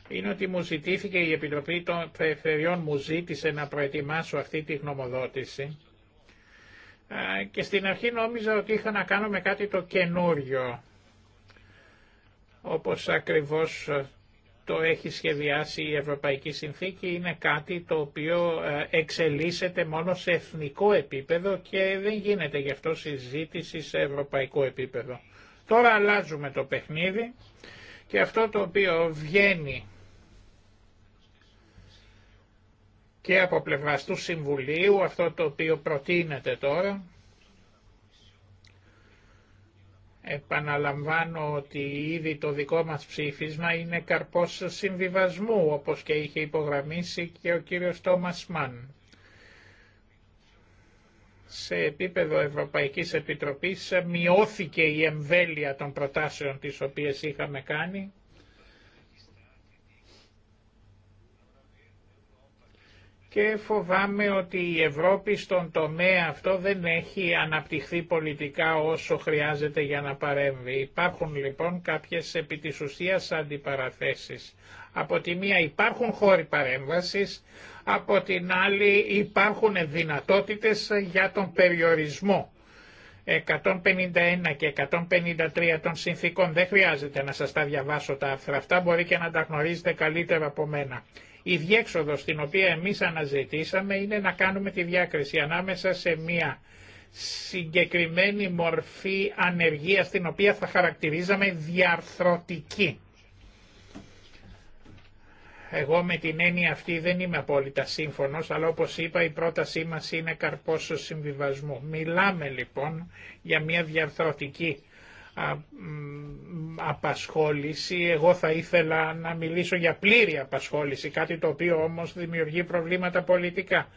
είναι ότι μου ζητήθηκε η Επιτροπή των Περιφερειών μου ζήτησε να προετοιμάσω αυτή τη γνωμοδότηση και στην αρχή νόμιζα ότι είχα να κάνω με κάτι το καινούριο όπως ακριβώς το έχει σχεδιάσει η Ευρωπαϊκή Συνθήκη είναι κάτι το οποίο ε, εξελίσσεται μόνο σε εθνικό επίπεδο και δεν γίνεται γι' αυτό συζήτηση σε ευρωπαϊκό επίπεδο. Τώρα αλλάζουμε το παιχνίδι και αυτό το οποίο βγαίνει και από πλευράς του Συμβουλίου, αυτό το οποίο προτείνεται τώρα, Επαναλαμβάνω ότι ήδη το δικό μας ψήφισμα είναι καρπός συμβιβασμού, όπως και είχε υπογραμμίσει και ο κύριος Τόμας Μαν. Σε επίπεδο Ευρωπαϊκής Επιτροπής μειώθηκε η εμβέλεια των προτάσεων τις οποίες είχαμε κάνει και φοβάμαι ότι η Ευρώπη στον τομέα αυτό δεν έχει αναπτυχθεί πολιτικά όσο χρειάζεται για να παρέμβει. Υπάρχουν λοιπόν κάποιες επί της ουσίας αντιπαραθέσεις. Από τη μία υπάρχουν χώροι παρέμβασης, από την άλλη υπάρχουν δυνατότητες για τον περιορισμό. 151 και 153 των συνθήκων δεν χρειάζεται να σας τα διαβάσω τα άρθρα αυτά, μπορεί και να τα γνωρίζετε καλύτερα από μένα. Η διέξοδος την οποία εμείς αναζητήσαμε είναι να κάνουμε τη διάκριση ανάμεσα σε μια συγκεκριμένη μορφή ανεργίας την οποία θα χαρακτηρίζαμε διαρθρωτική. Εγώ με την έννοια αυτή δεν είμαι απόλυτα σύμφωνος, αλλά όπως είπα η πρότασή μας είναι καρπός συμβιβασμού. Μιλάμε λοιπόν για μια διαρθρωτική απασχόληση. Εγώ θα ήθελα να μιλήσω για πλήρη απασχόληση, κάτι το οποίο όμως δημιουργεί προβλήματα πολιτικά.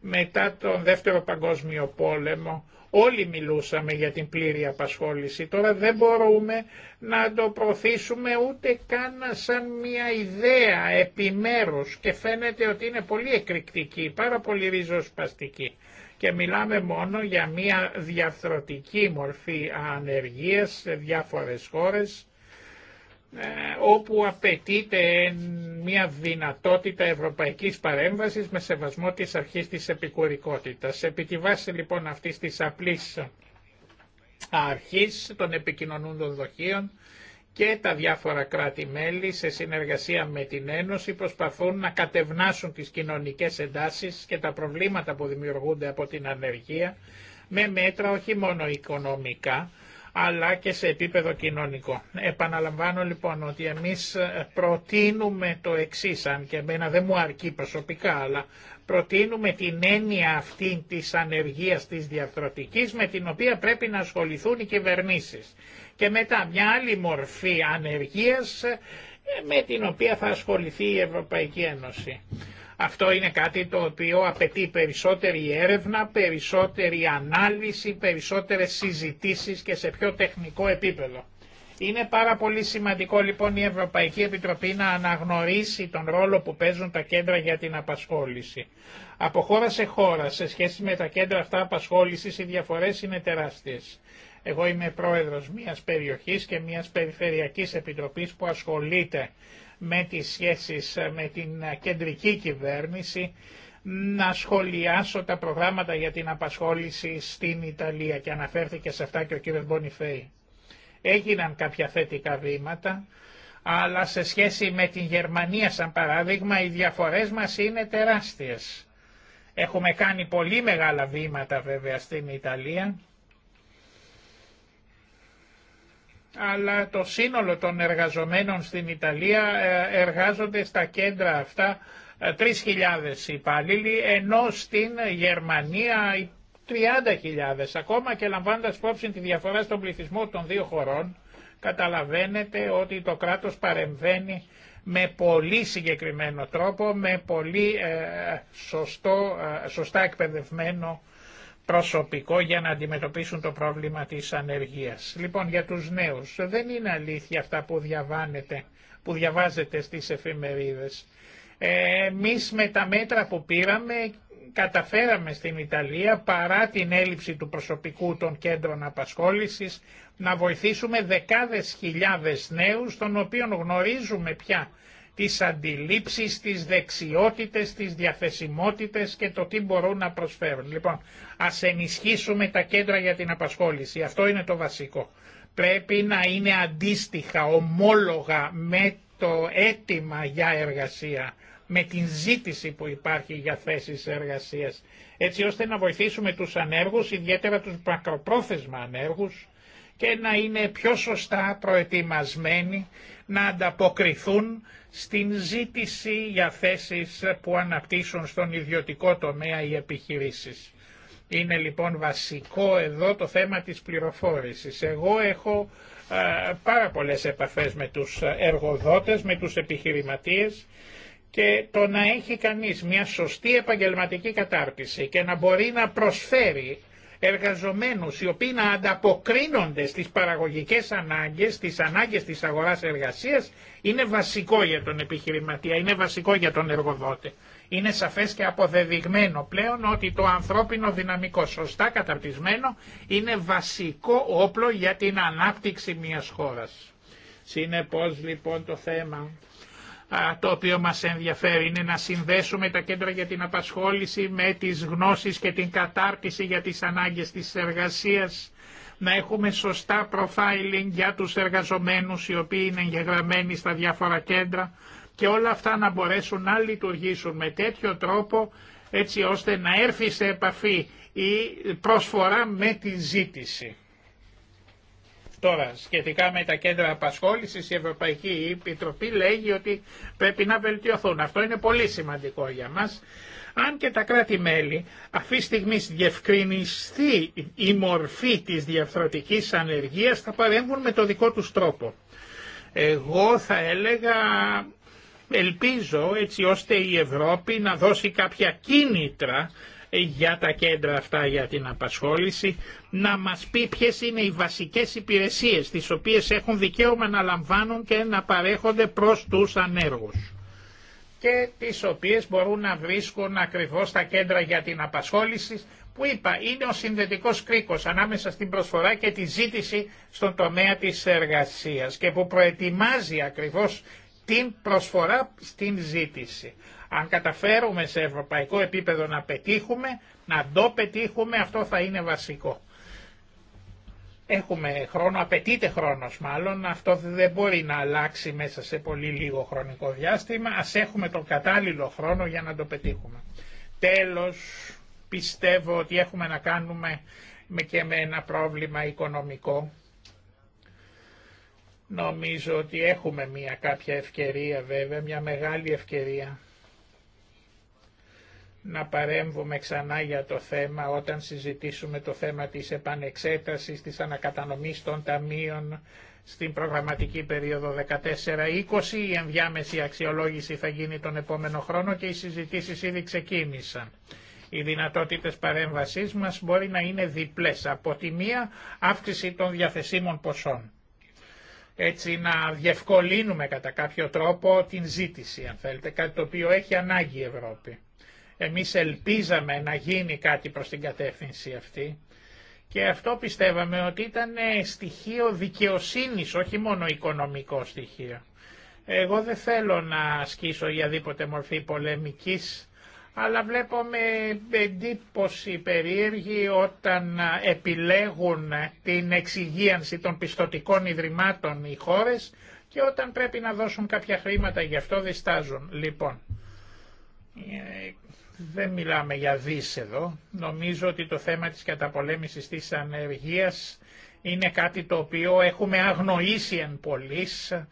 Μετά τον Δεύτερο Παγκόσμιο Πόλεμο όλοι μιλούσαμε για την πλήρη απασχόληση. Τώρα δεν μπορούμε να το προωθήσουμε ούτε καν σαν μια ιδέα επιμέρους και φαίνεται ότι είναι πολύ εκρηκτική, πάρα πολύ ριζοσπαστική και μιλάμε μόνο για μια διαφθρωτική μορφή ανεργίας σε διάφορες χώρες ε, όπου απαιτείται μια δυνατότητα ευρωπαϊκής παρέμβασης με σεβασμό της αρχής της επικουρικότητας. Επί τη βάση λοιπόν αυτής της απλής αρχής των επικοινωνούντων δοχείων και τα διάφορα κράτη-μέλη σε συνεργασία με την Ένωση προσπαθούν να κατευνάσουν τις κοινωνικές εντάσεις και τα προβλήματα που δημιουργούνται από την ανεργία με μέτρα όχι μόνο οικονομικά αλλά και σε επίπεδο κοινωνικό. Επαναλαμβάνω λοιπόν ότι εμείς προτείνουμε το εξή, αν και εμένα δεν μου αρκεί προσωπικά, αλλά προτείνουμε την έννοια αυτή της ανεργίας της διαφθορτικής με την οποία πρέπει να ασχοληθούν οι κυβερνήσεις και μετά μια άλλη μορφή ανεργίας ε, με την οποία θα ασχοληθεί η Ευρωπαϊκή Ένωση. Αυτό είναι κάτι το οποίο απαιτεί περισσότερη έρευνα, περισσότερη ανάλυση, περισσότερες συζητήσεις και σε πιο τεχνικό επίπεδο. Είναι πάρα πολύ σημαντικό λοιπόν η Ευρωπαϊκή Επιτροπή να αναγνωρίσει τον ρόλο που παίζουν τα κέντρα για την απασχόληση. Από χώρα σε χώρα σε σχέση με τα κέντρα αυτά απασχόλησης οι διαφορές είναι τεράστιες. Εγώ είμαι πρόεδρος μιας περιοχής και μιας περιφερειακής επιτροπής που ασχολείται με τις σχέσεις με την κεντρική κυβέρνηση να σχολιάσω τα προγράμματα για την απασχόληση στην Ιταλία και αναφέρθηκε σε αυτά και ο κύριος Μπονιφέη. Έγιναν κάποια θετικά βήματα, αλλά σε σχέση με την Γερμανία σαν παράδειγμα οι διαφορές μας είναι τεράστιες. Έχουμε κάνει πολύ μεγάλα βήματα βέβαια στην Ιταλία αλλά το σύνολο των εργαζομένων στην Ιταλία ε, εργάζονται στα κέντρα αυτά 3.000 ε, υπάλληλοι, ενώ στην Γερμανία 30.000. Ακόμα και λαμβάνοντας υπόψη τη διαφορά στον πληθυσμό των δύο χωρών, καταλαβαίνετε ότι το κράτος παρεμβαίνει με πολύ συγκεκριμένο τρόπο, με πολύ ε, σωστό, σωστά εκπαιδευμένο προσωπικό για να αντιμετωπίσουν το πρόβλημα της ανεργίας. Λοιπόν, για τους νέους, δεν είναι αλήθεια αυτά που, διαβάνετε, που διαβάζετε στις εφημερίδες. Ε, εμείς με τα μέτρα που πήραμε καταφέραμε στην Ιταλία παρά την έλλειψη του προσωπικού των κέντρων απασχόλησης να βοηθήσουμε δεκάδες χιλιάδες νέους των οποίων γνωρίζουμε πια τις αντιλήψεις, τις δεξιότητες, τις διαθεσιμότητες και το τι μπορούν να προσφέρουν. Λοιπόν, ας ενισχύσουμε τα κέντρα για την απασχόληση. Αυτό είναι το βασικό. Πρέπει να είναι αντίστοιχα, ομόλογα με το αίτημα για εργασία, με την ζήτηση που υπάρχει για θέσεις εργασίας, έτσι ώστε να βοηθήσουμε τους ανέργους, ιδιαίτερα τους μακροπρόθεσμα ανέργους, και να είναι πιο σωστά προετοιμασμένοι να ανταποκριθούν στην ζήτηση για θέσεις που αναπτύσσουν στον ιδιωτικό τομέα οι επιχειρήσεις. Είναι λοιπόν βασικό εδώ το θέμα της πληροφόρησης. Εγώ έχω ε, πάρα πολλές επαφές με τους εργοδότες, με τους επιχειρηματίες και το να έχει κανείς μια σωστή επαγγελματική κατάρτιση και να μπορεί να προσφέρει εργαζομένους οι οποίοι να ανταποκρίνονται στις παραγωγικές ανάγκες, στις ανάγκες της αγοράς εργασίας είναι βασικό για τον επιχειρηματία, είναι βασικό για τον εργοδότη. Είναι σαφές και αποδεδειγμένο πλέον ότι το ανθρώπινο δυναμικό σωστά καταρτισμένο είναι βασικό όπλο για την ανάπτυξη μιας χώρας. Συνεπώς λοιπόν το θέμα το οποίο μας ενδιαφέρει είναι να συνδέσουμε τα κέντρα για την απασχόληση με τις γνώσεις και την κατάρτιση για τις ανάγκες της εργασίας, να έχουμε σωστά profiling για τους εργαζομένους οι οποίοι είναι εγγεγραμμένοι στα διάφορα κέντρα και όλα αυτά να μπορέσουν να λειτουργήσουν με τέτοιο τρόπο έτσι ώστε να έρθει σε επαφή η προσφορά με τη ζήτηση. Τώρα, σχετικά με τα κέντρα απασχόληση, η Ευρωπαϊκή Επιτροπή λέγει ότι πρέπει να βελτιωθούν. Αυτό είναι πολύ σημαντικό για μας. Αν και τα κράτη-μέλη αυτή τη στιγμή διευκρινιστεί η μορφή της διαφθορτικής ανεργίας, θα παρέμβουν με το δικό τους τρόπο. Εγώ θα έλεγα ελπίζω έτσι ώστε η Ευρώπη να δώσει κάποια κίνητρα για τα κέντρα αυτά για την απασχόληση να μας πει ποιες είναι οι βασικές υπηρεσίες τις οποίες έχουν δικαίωμα να λαμβάνουν και να παρέχονται προς τους ανέργους και τις οποίες μπορούν να βρίσκουν ακριβώς τα κέντρα για την απασχόληση που είπα είναι ο συνδετικός κρίκος ανάμεσα στην προσφορά και τη ζήτηση στον τομέα της εργασίας και που προετοιμάζει ακριβώς την προσφορά στην ζήτηση. Αν καταφέρουμε σε ευρωπαϊκό επίπεδο να πετύχουμε, να το πετύχουμε, αυτό θα είναι βασικό. Έχουμε χρόνο, απαιτείται χρόνος μάλλον, αυτό δεν μπορεί να αλλάξει μέσα σε πολύ λίγο χρονικό διάστημα, ας έχουμε τον κατάλληλο χρόνο για να το πετύχουμε. Τέλος, πιστεύω ότι έχουμε να κάνουμε και με ένα πρόβλημα οικονομικό. Νομίζω ότι έχουμε μια κάποια ευκαιρία βέβαια, μια μεγάλη ευκαιρία να παρέμβουμε ξανά για το θέμα όταν συζητήσουμε το θέμα της επανεξέτασης, της ανακατανομής των ταμείων στην προγραμματική περίοδο 14-20. Η ενδιάμεση αξιολόγηση θα γίνει τον επόμενο χρόνο και οι συζητήσεις ήδη ξεκίνησαν. Οι δυνατότητες παρέμβασής μας μπορεί να είναι διπλές. Από τη μία αύξηση των διαθεσίμων ποσών. Έτσι να διευκολύνουμε κατά κάποιο τρόπο την ζήτηση, αν θέλετε, κάτι το οποίο έχει ανάγκη η Ευρώπη. Εμείς ελπίζαμε να γίνει κάτι προς την κατεύθυνση αυτή και αυτό πιστεύαμε ότι ήταν στοιχείο δικαιοσύνης, όχι μόνο οικονομικό στοιχείο. Εγώ δεν θέλω να ασκήσω οποιαδήποτε μορφή πολεμικής, αλλά βλέπω με εντύπωση περίεργη όταν επιλέγουν την εξυγίανση των πιστοτικών ιδρυμάτων οι χώρες και όταν πρέπει να δώσουν κάποια χρήματα γι' αυτό διστάζουν. Λοιπόν, ε, δεν μιλάμε για δις εδώ. Νομίζω ότι το θέμα της καταπολέμησης της ανεργίας είναι κάτι το οποίο έχουμε αγνοήσει εν πολλής ε,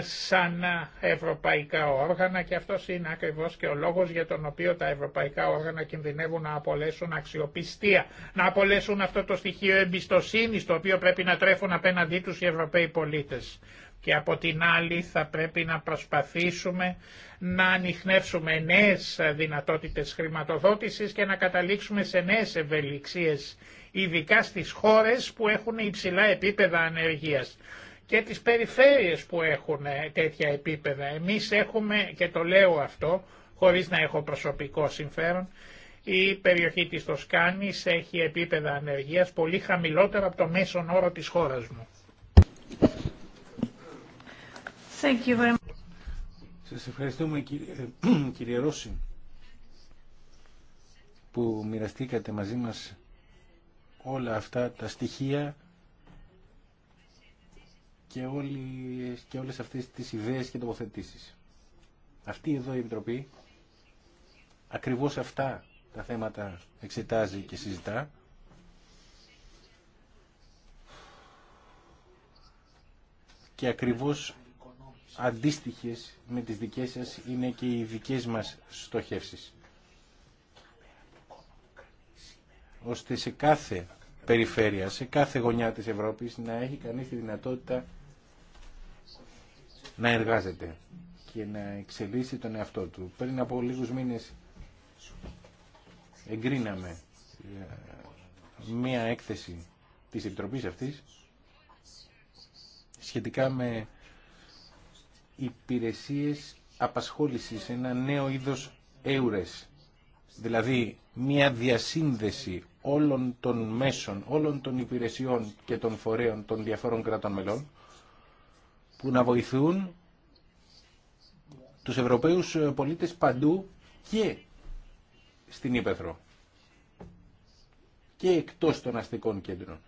σαν ευρωπαϊκά όργανα και αυτός είναι ακριβώς και ο λόγος για τον οποίο τα ευρωπαϊκά όργανα κινδυνεύουν να απολέσουν αξιοπιστία, να απολέσουν αυτό το στοιχείο εμπιστοσύνης το οποίο πρέπει να τρέφουν απέναντί τους οι Ευρωπαίοι πολίτες. Και από την άλλη θα πρέπει να προσπαθήσουμε να ανοιχνεύσουμε νέες δυνατότητες χρηματοδότησης και να καταλήξουμε σε νέες ευελιξίες, ειδικά στις χώρες που έχουν υψηλά επίπεδα ανεργίας και τις περιφέρειες που έχουν ε, τέτοια επίπεδα. Εμείς έχουμε, και το λέω αυτό, χωρίς να έχω προσωπικό συμφέρον, η περιοχή της Τοσκάνης έχει επίπεδα ανεργίας πολύ χαμηλότερα από το μέσον όρο της χώρας μου. Σας ευχαριστούμε κύριε Ρώση που μοιραστήκατε μαζί μας όλα αυτά τα στοιχεία και, όλοι και όλες αυτές τις ιδέες και τοποθετήσεις. Αυτή εδώ η Επιτροπή ακριβώς αυτά τα θέματα εξετάζει και συζητά. Και ακριβώς αντίστοιχες με τις δικές σας είναι και οι δικές μας στοχεύσεις. Ώστε σε κάθε περιφέρεια, σε κάθε γωνιά της Ευρώπης να έχει κανείς τη δυνατότητα να εργάζεται και να εξελίσσει τον εαυτό του. Πριν από λίγους μήνες εγκρίναμε ε, μία έκθεση της Επιτροπής αυτής σχετικά με υπηρεσίες απασχόλησης, ένα νέο είδος έουρες, δηλαδή μια διασύνδεση όλων των μέσων, όλων των υπηρεσιών και των φορέων των διαφόρων κρατών μελών, που να βοηθούν τους Ευρωπαίους πολίτες παντού και στην Ήπεθρο και εκτός των αστικών κέντρων.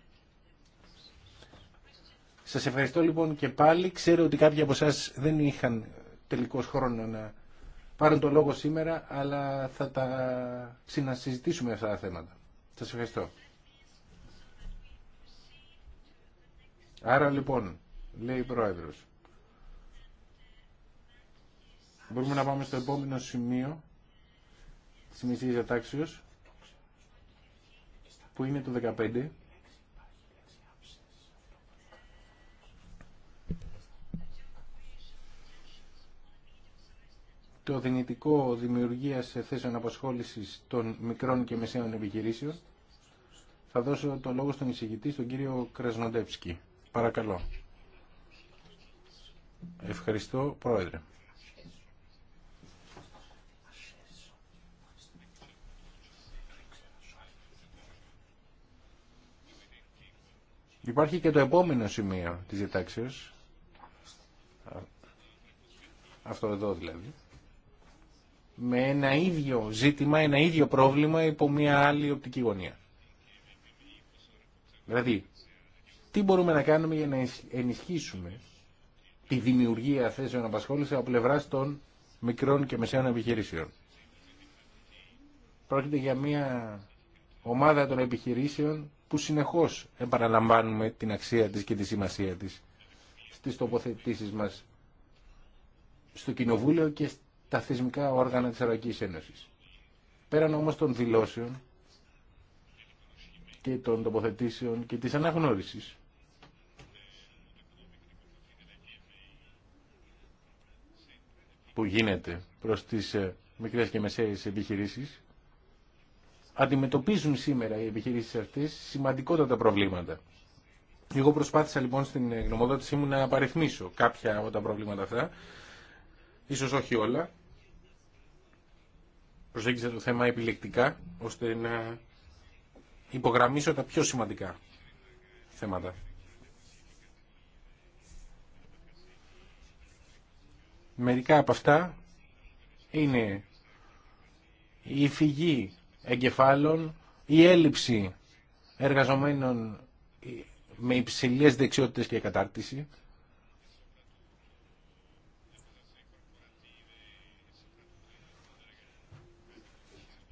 Σας ευχαριστώ λοιπόν και πάλι. Ξέρω ότι κάποιοι από εσά δεν είχαν τελικώ χρόνο να πάρουν το λόγο σήμερα, αλλά θα τα συνασυζητήσουμε αυτά τα θέματα. Σας ευχαριστώ. Άρα λοιπόν, λέει η πρόεδρο. μπορούμε να πάμε στο επόμενο σημείο της μισής διατάξεως, που είναι το 15. το δυνητικό δημιουργία θέσεων απασχόληση των μικρών και μεσαίων επιχειρήσεων. Θα δώσω το λόγο στον εισηγητή, στον κύριο Κρασνοντέψκη. Παρακαλώ. Ευχαριστώ, Πρόεδρε. Υπάρχει και το επόμενο σημείο της διατάξεως. Αυτό εδώ δηλαδή με ένα ίδιο ζήτημα, ένα ίδιο πρόβλημα υπό μια άλλη οπτική γωνία. Δηλαδή, τι μπορούμε να κάνουμε για να ενισχύσουμε τη δημιουργία θέσεων απασχόληση από πλευρά των μικρών και μεσαίων επιχειρήσεων. Πρόκειται για μια ομάδα των επιχειρήσεων που συνεχώς επαναλαμβάνουμε την αξία της και τη σημασία της στις τοποθετήσεις μας στο Κοινοβούλιο και τα θεσμικά όργανα της Ευρωπαϊκής Ένωσης. Πέραν όμως των δηλώσεων και των τοποθετήσεων και της αναγνώρισης που γίνεται προς τις ε, μικρές και μεσαίες επιχειρήσεις αντιμετωπίζουν σήμερα οι επιχειρήσεις αυτές σημαντικότατα προβλήματα. Εγώ προσπάθησα λοιπόν στην γνωμοδότησή μου να απαριθμίσω κάποια από τα προβλήματα αυτά, ίσως όχι όλα, προσέγγισα το θέμα επιλεκτικά, ώστε να υπογραμμίσω τα πιο σημαντικά θέματα. Μερικά από αυτά είναι η φυγή εγκεφάλων, η έλλειψη εργαζομένων με υψηλές δεξιότητες και κατάρτιση,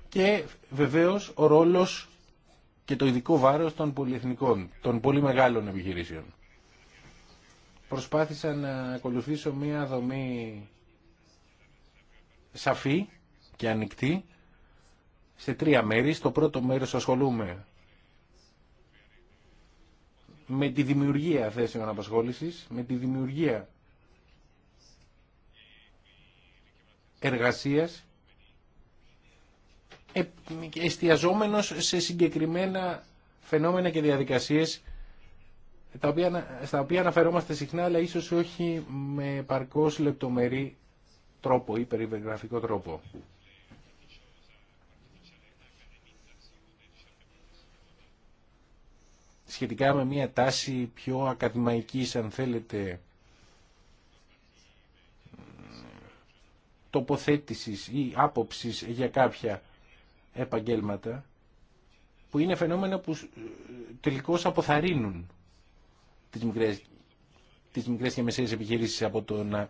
και βεβαίως ο ρόλος και το ειδικό βάρος των πολυεθνικών, των πολύ μεγάλων επιχειρήσεων. Προσπάθησα να ακολουθήσω μία δομή σαφή και ανοιχτή σε τρία μέρη. Στο πρώτο μέρος ασχολούμαι με τη δημιουργία θέσεων απασχόλησης, με τη δημιουργία εργασίας εστιαζόμενος σε συγκεκριμένα φαινόμενα και διαδικασίες τα οποία, στα οποία αναφερόμαστε συχνά αλλά ίσως όχι με παρκώς λεπτομερή τρόπο ή περιγραφικό τρόπο. Σχετικά με μια τάση πιο ακαδημαϊκής αν θέλετε τοποθέτησης ή άποψης για κάποια επαγγέλματα που είναι φαινόμενα που τελικώς αποθαρρύνουν τις μικρές, τις μικρές και μεσαίες επιχειρήσεις από το να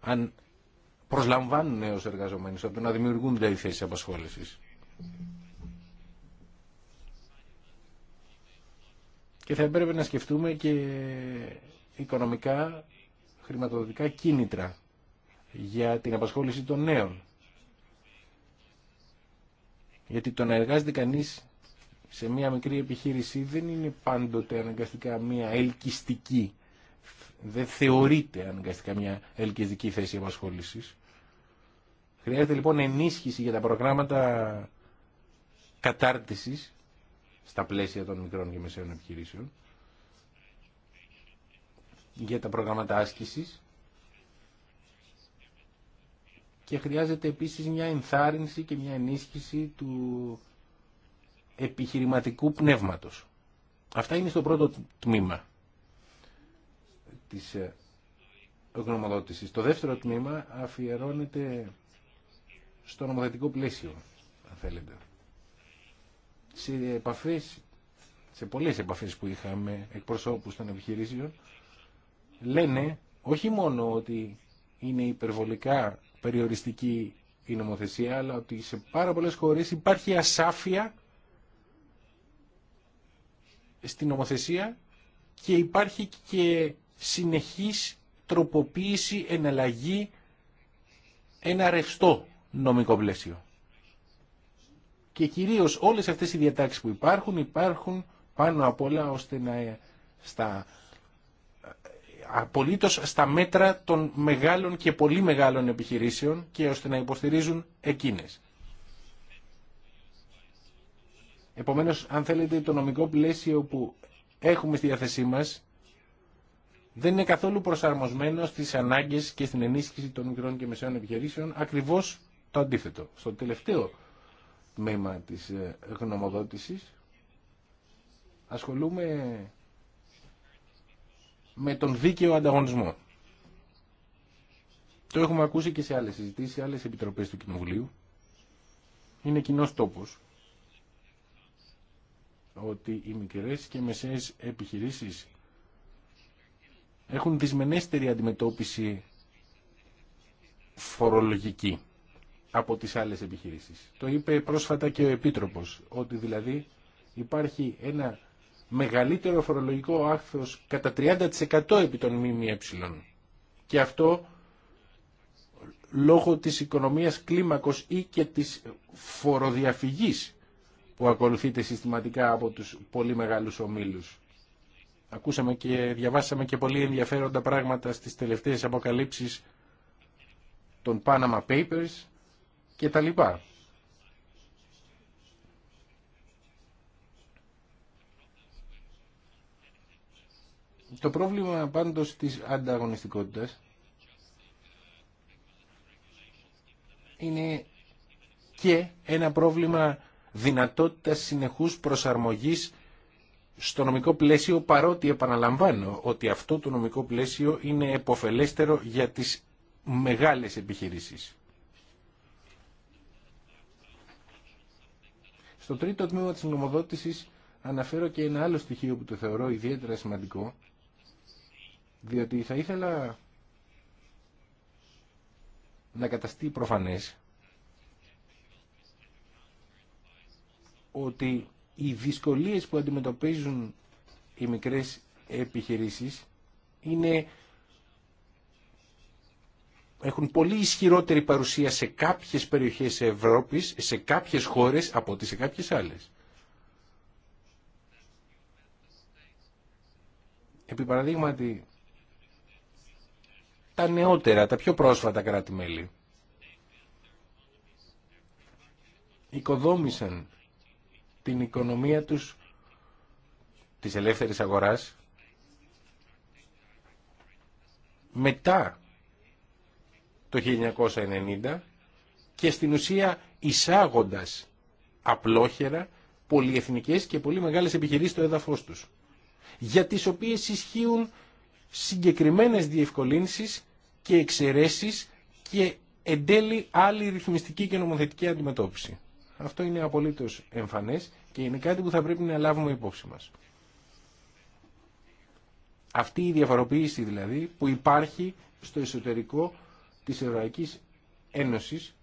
αν προσλαμβάνουν νέους εργαζομένους, από το να δημιουργούν δηλαδή θέσεις απασχόλησης. Και θα έπρεπε να σκεφτούμε και οικονομικά, χρηματοδοτικά κίνητρα για την απασχόληση των νέων. Γιατί το να εργάζεται κανεί σε μια μικρή επιχείρηση δεν είναι πάντοτε αναγκαστικά μια ελκυστική, δεν θεωρείται αναγκαστικά μια ελκυστική θέση απασχόληση. Χρειάζεται λοιπόν ενίσχυση για τα προγράμματα κατάρτιση στα πλαίσια των μικρών και μεσαίων επιχειρήσεων, για τα προγράμματα άσκησης και χρειάζεται επίσης μια ενθάρρυνση και μια ενίσχυση του επιχειρηματικού πνεύματος. Αυτά είναι στο πρώτο τμήμα της ε, γνωμοδότησης. Το δεύτερο τμήμα αφιερώνεται στο νομοθετικό πλαίσιο, αν θέλετε. Σε επαφές, σε πολλές επαφές που είχαμε εκπροσώπους των επιχειρήσεων, λένε όχι μόνο ότι είναι υπερβολικά περιοριστική η νομοθεσία, αλλά ότι σε πάρα πολλές χώρες υπάρχει ασάφεια στην νομοθεσία και υπάρχει και συνεχής τροποποίηση, εναλλαγή, ένα ρευστό νομικό πλαίσιο. Και κυρίως όλες αυτές οι διατάξεις που υπάρχουν, υπάρχουν πάνω απ' όλα ώστε να, στα απολύτως στα μέτρα των μεγάλων και πολύ μεγάλων επιχειρήσεων και ώστε να υποστηρίζουν εκείνες. Επομένως, αν θέλετε, το νομικό πλαίσιο που έχουμε στη διάθεσή μας δεν είναι καθόλου προσαρμοσμένο στις ανάγκες και στην ενίσχυση των μικρών και μεσαίων επιχειρήσεων, ακριβώς το αντίθετο. Στο τελευταίο μέμα της ε, γνωμοδότησης ασχολούμαι με τον δίκαιο ανταγωνισμό. Το έχουμε ακούσει και σε άλλες συζητήσεις, σε άλλες επιτροπές του Κοινοβουλίου. Είναι κοινό τόπος ότι οι μικρές και μεσαίες επιχειρήσεις έχουν δυσμενέστερη αντιμετώπιση φορολογική από τις άλλες επιχειρήσεις. Το είπε πρόσφατα και ο Επίτροπος, ότι δηλαδή υπάρχει ένα μεγαλύτερο φορολογικό άχθος κατά 30% επί των ΜΜΕ. Και αυτό λόγω της οικονομίας κλίμακος ή και της φοροδιαφυγής που ακολουθείται συστηματικά από τους πολύ μεγάλους ομίλους. Ακούσαμε και διαβάσαμε και πολύ ενδιαφέροντα πράγματα στις τελευταίες αποκαλύψεις των Panama Papers και τα λοιπά. Το πρόβλημα πάντως της ανταγωνιστικότητας είναι και ένα πρόβλημα δυνατότητας συνεχούς προσαρμογής στο νομικό πλαίσιο παρότι επαναλαμβάνω ότι αυτό το νομικό πλαίσιο είναι εποφελέστερο για τις μεγάλες επιχειρήσεις. Στο τρίτο τμήμα της νομοδότησης αναφέρω και ένα άλλο στοιχείο που το θεωρώ ιδιαίτερα σημαντικό διότι θα ήθελα να καταστεί προφανές ότι οι δυσκολίες που αντιμετωπίζουν οι μικρές επιχειρήσεις είναι, έχουν πολύ ισχυρότερη παρουσία σε κάποιες περιοχές της Ευρώπης, σε κάποιες χώρες από ότι σε κάποιες άλλες. Επί τα νεότερα, τα πιο πρόσφατα κράτη-μέλη. Οικοδόμησαν την οικονομία τους της ελεύθερης αγοράς μετά το 1990 και στην ουσία εισάγοντας απλόχερα πολυεθνικές και πολύ μεγάλες επιχειρήσεις στο έδαφος τους για τις οποίες ισχύουν συγκεκριμένες διευκολύνσεις και εξαιρέσεις και εν τέλει άλλη ρυθμιστική και νομοθετική αντιμετώπιση. Αυτό είναι απολύτως εμφανές και είναι κάτι που θα πρέπει να λάβουμε υπόψη μας. Αυτή η διαφοροποίηση δηλαδή που υπάρχει στο εσωτερικό της Ευρωπαϊκής Ένωσης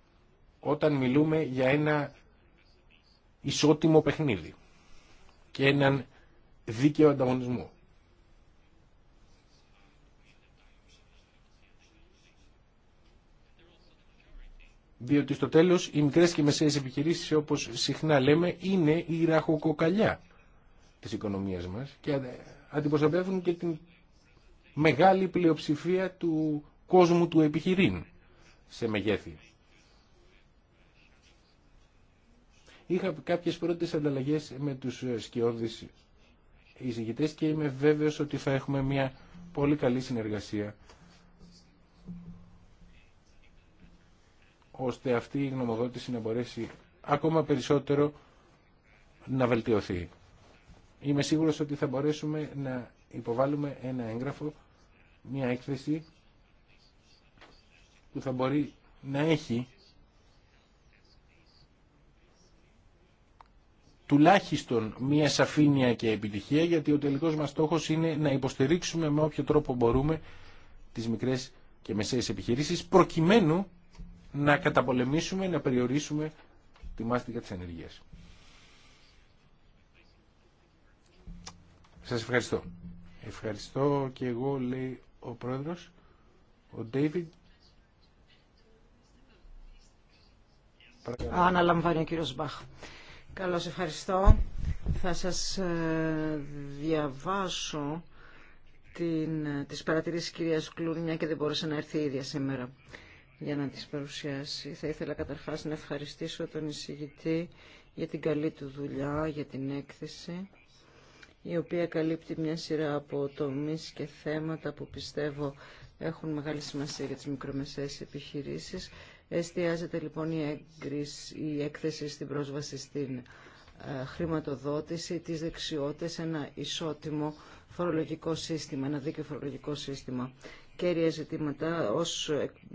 όταν μιλούμε για ένα ισότιμο παιχνίδι και έναν δίκαιο ανταγωνισμό. Διότι στο τέλος οι μικρές και μεσαίες επιχειρήσεις όπως συχνά λέμε είναι η ραχοκοκαλιά της οικονομίας μας και αντιπροσωπεύουν και την μεγάλη πλειοψηφία του κόσμου του επιχειρήν σε μεγέθη. Είχα κάποιες πρώτες ανταλλαγές με τους ε, σκιώδεις εισηγητές και είμαι βέβαιος ότι θα έχουμε μια πολύ καλή συνεργασία ώστε αυτή η γνωμοδότηση να μπορέσει ακόμα περισσότερο να βελτιωθεί. Είμαι σίγουρος ότι θα μπορέσουμε να υποβάλουμε ένα έγγραφο, μια έκθεση που θα μπορεί να έχει τουλάχιστον μια σαφήνεια και επιτυχία γιατί ο τελικός μας στόχος είναι να υποστηρίξουμε με όποιο τρόπο μπορούμε τις μικρές και μεσαίες επιχειρήσεις προκειμένου να καταπολεμήσουμε, να περιορίσουμε τη μάστιγα της ενεργείας. Σας ευχαριστώ. Ευχαριστώ και εγώ, λέει ο πρόεδρος, ο Ντέιβιντ. Αναλαμβάνει ο κύριος Μπαχ. Καλώς ευχαριστώ. Θα σας ε, διαβάσω την, τις παρατηρήσεις κυρίας Κλούνια και δεν μπορούσε να έρθει η ίδια σήμερα για να τις παρουσιάσει. Θα ήθελα καταρχάς να ευχαριστήσω τον εισηγητή για την καλή του δουλειά, για την έκθεση, η οποία καλύπτει μια σειρά από τομείς και θέματα που πιστεύω έχουν μεγάλη σημασία για τις μικρομεσαίες επιχειρήσεις. Εστιάζεται λοιπόν η, η έκθεση στην πρόσβαση στην ε, χρηματοδότηση, τις δεξιότητες, ένα ισότιμο φορολογικό σύστημα, ένα δίκαιο φορολογικό σύστημα κέρια ζητήματα. Ως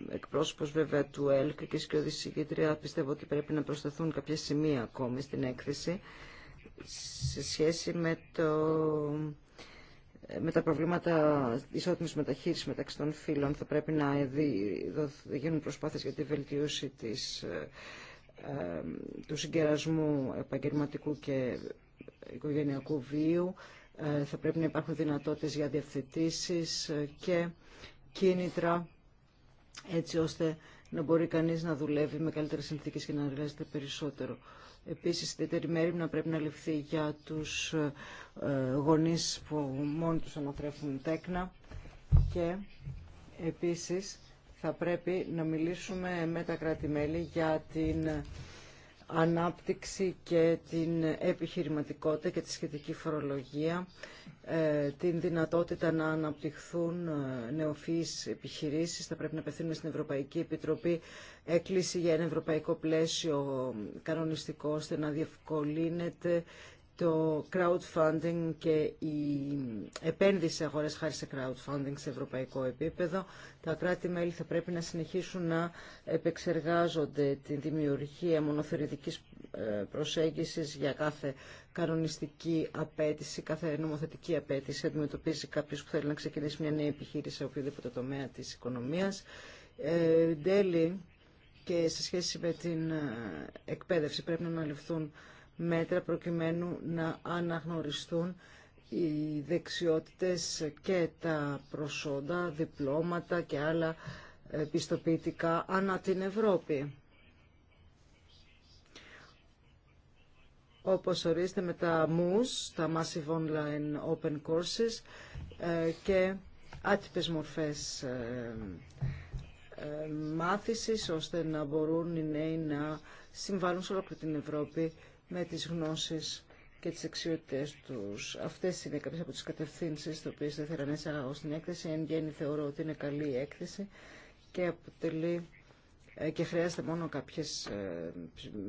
εκπρόσωπος βέβαια του ΕΛΚ και σκιώδης συγκέντρια πιστεύω ότι πρέπει να προσταθούν κάποια σημεία ακόμη στην έκθεση σε σχέση με, το, με τα προβλήματα ισότιμης μεταχείρισης μεταξύ των φύλων. Θα πρέπει να γίνουν προσπάθειες για τη βελτίωση της, ε, του συγκερασμού επαγγελματικού και οικογενειακού βίου. Ε, θα πρέπει να υπάρχουν δυνατότητες για διευθετήσεις ε, και κίνητρα έτσι ώστε να μπορεί κανείς να δουλεύει με καλύτερες συνθήκες και να εργάζεται περισσότερο. Επίσης, ιδιαίτερη μέρη να πρέπει να ληφθεί για τους ε, γονείς που μόνοι τους ανατρέφουν τέκνα και επίσης θα πρέπει να μιλήσουμε με τα κράτη-μέλη για την ανάπτυξη και την επιχειρηματικότητα και τη σχετική φορολογία, ε, την δυνατότητα να αναπτυχθούν ε, νεοφυείς επιχειρήσεις. Θα πρέπει να απευθύνουμε στην Ευρωπαϊκή Επιτροπή έκκληση για ένα ευρωπαϊκό πλαίσιο ε, κανονιστικό, ώστε να διευκολύνεται το crowdfunding και η επένδυση σε αγορές χάρη σε crowdfunding σε ευρωπαϊκό επίπεδο. Τα κράτη-μέλη θα πρέπει να συνεχίσουν να επεξεργάζονται τη δημιουργία μονοθερητικής ε, προσέγγισης για κάθε κανονιστική απέτηση, κάθε νομοθετική απέτηση. Αντιμετωπίζει κάποιος που θέλει να ξεκινήσει μια νέα επιχείρηση σε οποιοδήποτε τομέα της οικονομίας. Ε, τέλει, και σε σχέση με την ε, εκπαίδευση πρέπει να αναλυφθούν μέτρα προκειμένου να αναγνωριστούν οι δεξιότητες και τα προσόντα, διπλώματα και άλλα ε, πιστοποιητικά ανά την Ευρώπη. όπως ορίζεται με τα MOOS, τα Massive Online Open Courses ε, και άτυπες μορφές ε, μάθησης ώστε να μπορούν οι νέοι να συμβάλλουν σε όλο την Ευρώπη με τις γνώσεις και τις αξιότητες τους. Αυτές είναι κάποιες από τις κατευθύνσεις τις οποίες δεν θέλω να στην έκθεση. Εν γέννη θεωρώ ότι είναι καλή η έκθεση και αποτελεί ε, και χρειάζεται μόνο κάποιες ε,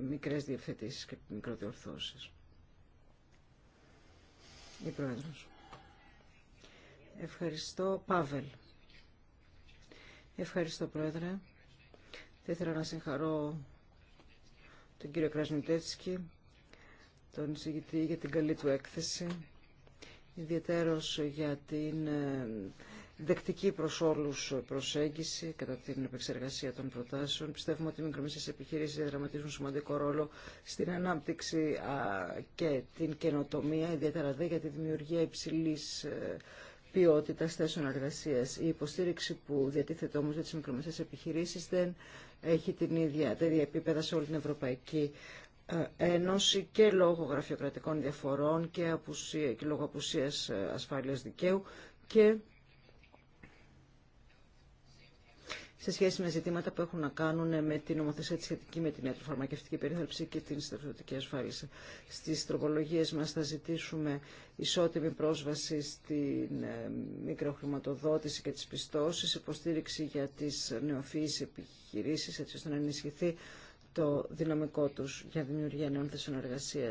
μικρές διευθετήσεις και μικροδιορθώσεις. Η Πρόεδρος. Ευχαριστώ. Πάβελ. Ευχαριστώ, Πρόεδρε. Θα ήθελα να συγχαρώ τον κύριο Κρασνιτέτσκι τον εισηγητή για την καλή του έκθεση, ιδιαίτερος για την ε, δεκτική προς όλους προσέγγιση κατά την επεξεργασία των προτάσεων. Πιστεύουμε ότι οι μικρομεσαίες επιχειρήσεις διαδραματίζουν σημαντικό ρόλο στην ανάπτυξη και την καινοτομία, ιδιαίτερα δε για τη δημιουργία υψηλής ε, ποιότητα θέσεων εργασία. Η υποστήριξη που διατίθεται όμω για τι μικρομεσαίε επιχειρήσει δεν έχει την ίδια, τα ίδια επίπεδα σε όλη την Ευρωπαϊκή Ένωση και λόγω γραφειοκρατικών διαφορών και, απουσία, και λόγω απουσίας ε, ασφάλειας δικαίου και σε σχέση με ζητήματα που έχουν να κάνουν με την νομοθεσία τη σχετική με την ιατροφαρμακευτική περιθάλψη και την συνταξιδοτική ασφάλιση. Στι τροπολογίε μα θα ζητήσουμε ισότιμη πρόσβαση στην ε, μικροχρηματοδότηση και τι πιστώσει, υποστήριξη για τι νεοφυεί επιχειρήσει, έτσι ώστε να ενισχυθεί το δυναμικό τους για δημιουργία νέων θέσεων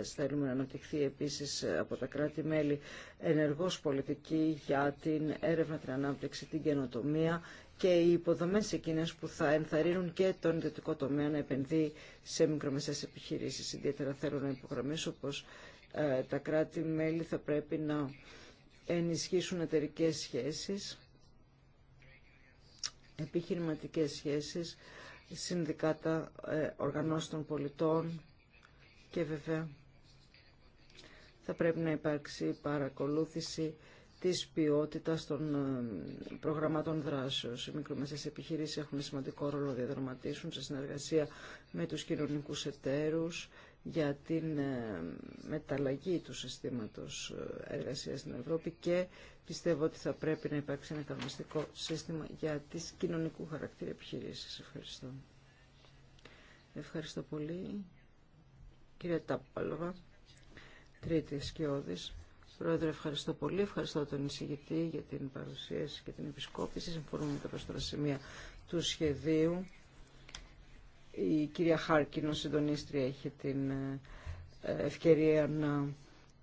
Θέλουμε να αναπτυχθεί επίσης από τα κράτη-μέλη ενεργός πολιτική για την έρευνα, την ανάπτυξη, την καινοτομία και οι υποδομές εκείνες που θα ενθαρρύνουν και τον ιδιωτικό τομέα να επενδύει σε μικρομεσαίες επιχειρήσεις. Ιδιαίτερα θέλω να υπογραμμίσω πως ε, τα κράτη-μέλη θα πρέπει να ενισχύσουν εταιρικές σχέσεις, επιχειρηματικές σχέσεις, συνδικάτα ε, οργανώσει των πολιτών και βέβαια θα πρέπει να υπάρξει παρακολούθηση της ποιότητας των ε, προγραμμάτων δράσεως. Οι μικρομεσαίες επιχειρήσεις έχουν σημαντικό ρόλο να διαδραματίσουν σε συνεργασία με τους κοινωνικούς εταίρους, για την ε, μεταλλαγή του συστήματος ε, εργασίας στην Ευρώπη και πιστεύω ότι θα πρέπει να υπάρξει ένα κανονιστικό σύστημα για τις κοινωνικού χαρακτήρα επιχειρήσεις. Ευχαριστώ. Ευχαριστώ πολύ. Κύριε Τάπαλοβα, τρίτη σκιώδης. Πρόεδρε, ευχαριστώ πολύ. Ευχαριστώ τον εισηγητή για την παρουσίαση και την επισκόπηση. Συμφωνούμε με τα προστασία του σχεδίου. Η κυρία Χάρκινο, συντονίστρια, έχει την ε, ευκαιρία να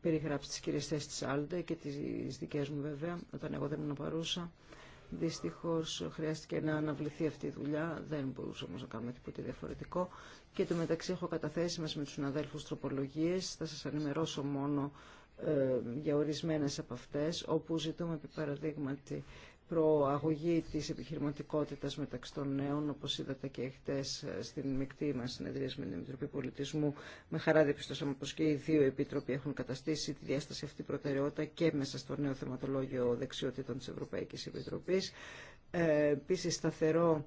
περιγράψει τις κυρίες θέσεις της Άλντε και τις δικές μου βέβαια, όταν εγώ δεν ήμουν παρούσα. Δυστυχώς χρειάστηκε να αναβληθεί αυτή η δουλειά, δεν μπορούσα όμως να κάνουμε τίποτε διαφορετικό. Και το μεταξύ έχω καταθέσει μας με τους συναδέλφους τροπολογίες, θα σας ενημερώσω μόνο ε, για ορισμένες από αυτές, όπου ζητούμε επί παραδείγματι προαγωγή της επιχειρηματικότητας μεταξύ των νέων, όπως είδατε και χτες ε, στην μεικτή μας συνεδρία με την Επιτροπή Πολιτισμού. Με χαρά διεπιστώσαμε πως και οι δύο επίτροποι έχουν καταστήσει τη διάσταση αυτή προτεραιότητα και μέσα στο νέο θεματολόγιο δεξιότητων της Ευρωπαϊκής Επιτροπής. Ε, Επίση σταθερό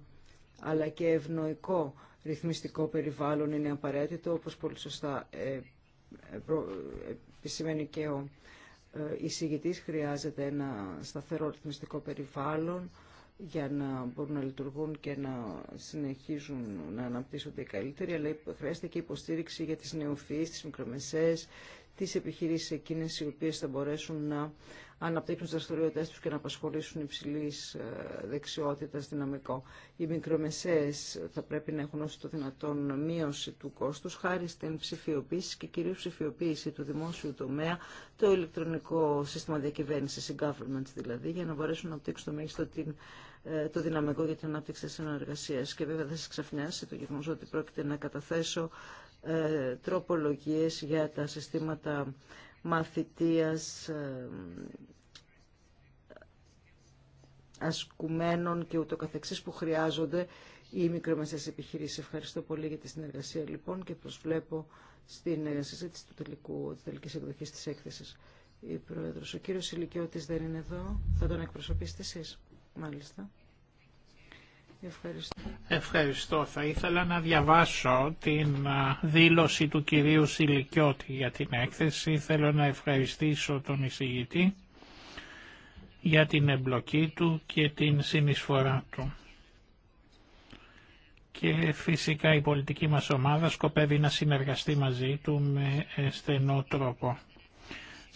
αλλά και ευνοϊκό ρυθμιστικό περιβάλλον είναι απαραίτητο, όπως πολύ σωστά ε, ε, επισημαίνει και ο ε, εισηγητής χρειάζεται ένα σταθερό ρυθμιστικό περιβάλλον για να μπορούν να λειτουργούν και να συνεχίζουν να αναπτύσσονται οι καλύτεροι, αλλά χρειάζεται και υποστήριξη για τις νεοφυείς, τις μικρομεσαίες, τις επιχειρήσεις εκείνες οι οποίες θα μπορέσουν να αναπτύξουν τι δραστηριότητε του και να απασχολήσουν υψηλή ε, δεξιότητα δυναμικό. Οι μικρομεσαίε θα πρέπει να έχουν όσο το δυνατόν μείωση του κόστου χάρη στην ψηφιοποίηση και κυρίω ψηφιοποίηση του δημόσιου τομέα, το ηλεκτρονικό σύστημα η e-government δηλαδή, για να μπορέσουν να απτύξουν το μέγιστο την ε, το δυναμικό για την ανάπτυξη της συνεργασίας. Και βέβαια θα σα ξαφνιάσει το γεγονό ότι πρόκειται να καταθέσω ε, τροπολογίες για τα συστήματα μαθητείας ε, ασκουμένων και ούτω καθεξής που χρειάζονται οι μικρομεσαίες επιχειρήσεις. Ευχαριστώ πολύ για τη συνεργασία λοιπόν και προσβλέπω στην ε, συζήτηση του τελικού, της τελικής εκδοχής της έκθεσης. Η Πρόεδρος, ο κύριος Ηλικιώτης δεν είναι εδώ, θα τον εκπροσωπήσετε εσείς, μάλιστα. Ευχαριστώ. Θα ήθελα να διαβάσω την δήλωση του κυρίου Σιλικιώτη για την έκθεση. Θέλω να ευχαριστήσω τον εισηγητή για την εμπλοκή του και την συνεισφορά του. Και φυσικά η πολιτική μας ομάδα σκοπεύει να συνεργαστεί μαζί του με στενό τρόπο.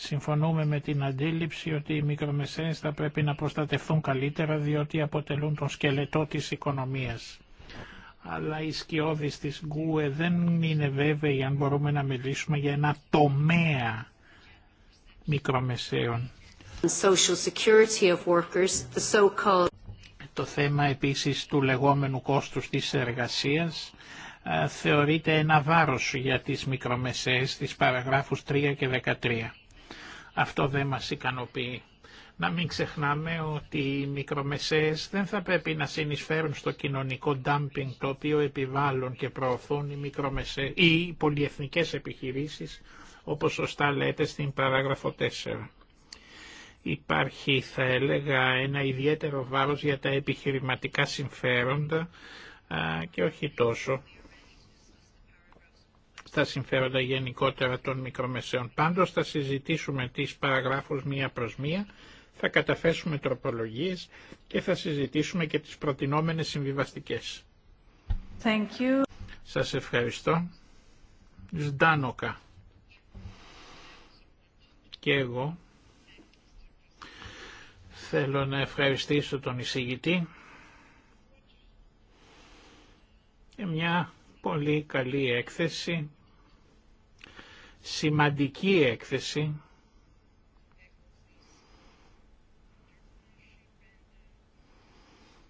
Συμφωνούμε με την αντίληψη ότι οι μικρομεσαίες θα πρέπει να προστατευτούν καλύτερα διότι αποτελούν τον σκελετό της οικονομίας. Αλλά οι σκιώδεις της ΓΚΟΕ δεν είναι βέβαιοι αν μπορούμε να μιλήσουμε για ένα τομέα μικρομεσαίων. Το θέμα επίσης του λεγόμενου κόστους της εργασίας ε, θεωρείται ένα βάρος για τις μικρομεσαίες, της παραγράφους 3 και 13. Αυτό δεν μας ικανοποιεί. Να μην ξεχνάμε ότι οι μικρομεσαίες δεν θα πρέπει να συνεισφέρουν στο κοινωνικό ντάμπινγκ το οποίο επιβάλλουν και προωθούν οι, μικρομεσαίες, οι πολυεθνικές επιχειρήσεις, όπως σωστά λέτε στην παράγραφο 4. Υπάρχει, θα έλεγα, ένα ιδιαίτερο βάρος για τα επιχειρηματικά συμφέροντα και όχι τόσο στα συμφέροντα γενικότερα των μικρομεσαίων. Πάντως θα συζητήσουμε τις παραγράφους μία προς μία, θα καταφέσουμε τροπολογίες και θα συζητήσουμε και τις προτινόμενες συμβιβαστικές. Thank Σας ευχαριστώ. Ζντάνοκα. Και εγώ θέλω να ευχαριστήσω τον εισηγητή και μια πολύ καλή έκθεση σημαντική έκθεση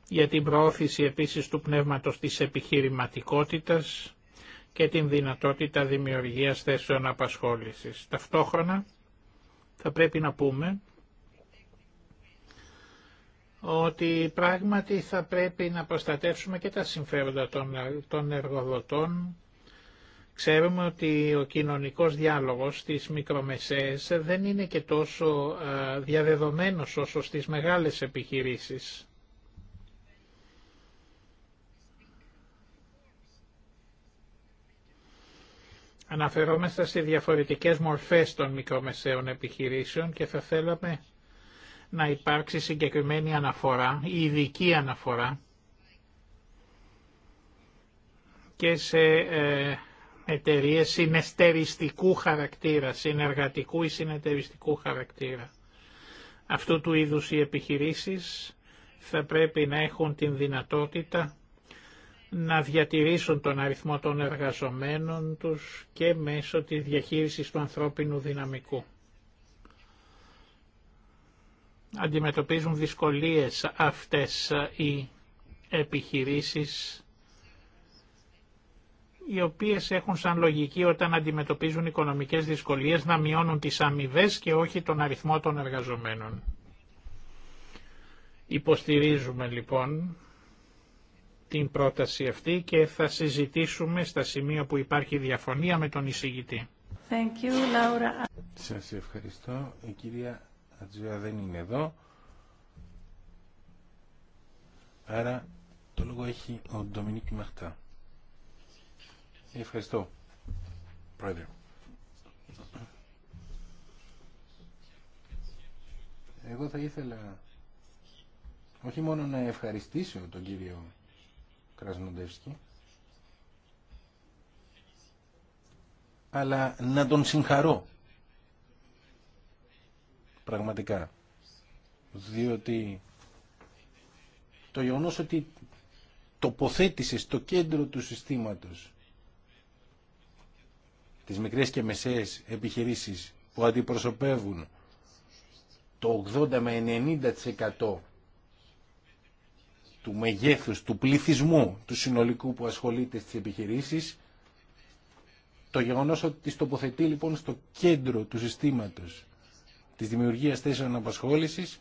για την προώθηση επίσης του πνεύματος της επιχειρηματικότητας και την δυνατότητα δημιουργίας θέσεων απασχόλησης. Ταυτόχρονα θα πρέπει να πούμε ότι πράγματι θα πρέπει να προστατεύσουμε και τα συμφέροντα των εργοδοτών Ξέρουμε ότι ο κοινωνικός διάλογος στις μικρομεσαίες δεν είναι και τόσο διαδεδομένος όσο στις μεγάλες επιχειρήσεις. Αναφερόμαστε σε διαφορετικές μορφές των μικρομεσαίων επιχειρήσεων και θα θέλαμε να υπάρξει συγκεκριμένη αναφορά, ειδική αναφορά και σε ε, Εταιρείε συνεστεριστικού χαρακτήρα, συνεργατικού ή συνεταιριστικού χαρακτήρα. Αυτού του είδους οι επιχειρήσεις θα πρέπει να έχουν την δυνατότητα να διατηρήσουν τον αριθμό των εργαζομένων τους και μέσω της διαχείρισης του ανθρώπινου δυναμικού. Αντιμετωπίζουν δυσκολίες αυτές οι επιχειρήσεις οι οποίες έχουν σαν λογική όταν αντιμετωπίζουν οικονομικές δυσκολίες να μειώνουν τις αμοιβέ και όχι τον αριθμό των εργαζομένων. Υποστηρίζουμε λοιπόν την πρόταση αυτή και θα συζητήσουμε στα σημεία που υπάρχει διαφωνία με τον εισηγητή. Thank ευχαριστώ. Η κυρία Ατζουά δεν είναι εδώ. Άρα το λόγο έχει ο Ντομινίκ Μαχτά. Ευχαριστώ, Πρόεδρε. Εγώ θα ήθελα όχι μόνο να ευχαριστήσω τον κύριο Κρασνοντεύσκη, αλλά να τον συγχαρώ. Πραγματικά. Διότι το γεγονό ότι τοποθέτησε στο κέντρο του συστήματος τις μικρές και μεσαίες επιχειρήσεις που αντιπροσωπεύουν το 80 με 90% του μεγέθους, του πληθυσμού του συνολικού που ασχολείται στις επιχειρήσεις, το γεγονός ότι τις τοποθετεί λοιπόν στο κέντρο του συστήματος της δημιουργίας θέσεων απασχόλησης,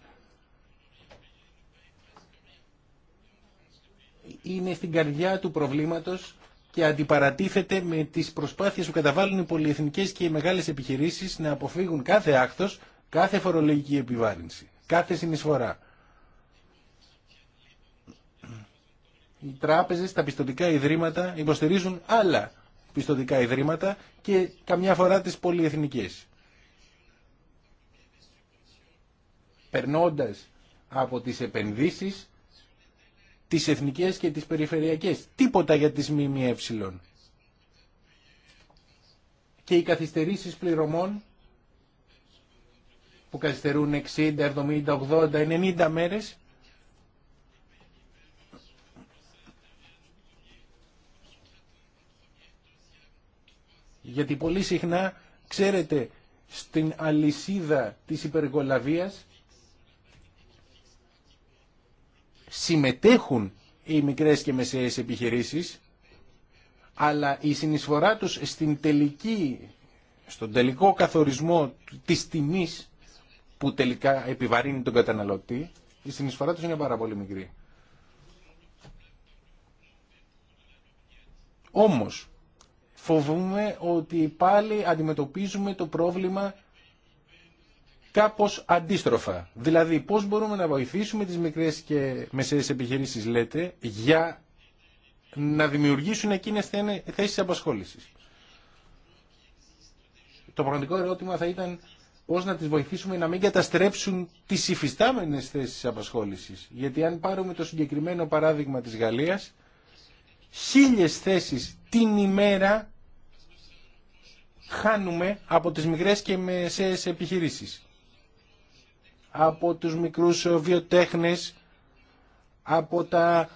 είναι στην καρδιά του προβλήματος και αντιπαρατίθεται με τις προσπάθειες που καταβάλουν οι πολυεθνικές και οι μεγάλες επιχειρήσεις να αποφύγουν κάθε άκτος, κάθε φορολογική επιβάρυνση, κάθε συνεισφορά. Οι τράπεζες, τα πιστοτικά ιδρύματα υποστηρίζουν άλλα πιστοτικά ιδρύματα και καμιά φορά τις πολυεθνικές. Περνώντας από τις επενδύσεις τις εθνικές και τις περιφερειακές. Τίποτα για τις ΜΜΕ. Και οι καθυστερήσεις πληρωμών που καθυστερούν 60, 70, 80, 90 μέρες γιατί πολύ συχνά ξέρετε στην αλυσίδα της υπεργολαβίας συμμετέχουν οι μικρές και μεσαίες επιχειρήσεις, αλλά η συνεισφορά τους στην τελική, στον τελικό καθορισμό της τιμής που τελικά επιβαρύνει τον καταναλωτή, η συνεισφορά τους είναι πάρα πολύ μικρή. Όμως, φοβούμε ότι πάλι αντιμετωπίζουμε το πρόβλημα κάπως αντίστροφα. Δηλαδή πώς μπορούμε να βοηθήσουμε τις μικρές και μεσαίες επιχειρήσεις λέτε για να δημιουργήσουν εκείνες θέσεις απασχόλησης. Το πραγματικό ερώτημα θα ήταν πώς να τις βοηθήσουμε να μην καταστρέψουν τις υφιστάμενες θέσεις απασχόλησης. Γιατί αν πάρουμε το συγκεκριμένο παράδειγμα της Γαλλίας, χίλιες θέσεις την ημέρα χάνουμε από τις μικρές και μεσαίες επιχειρήσεις από τους μικρούς βιοτέχνες, από τα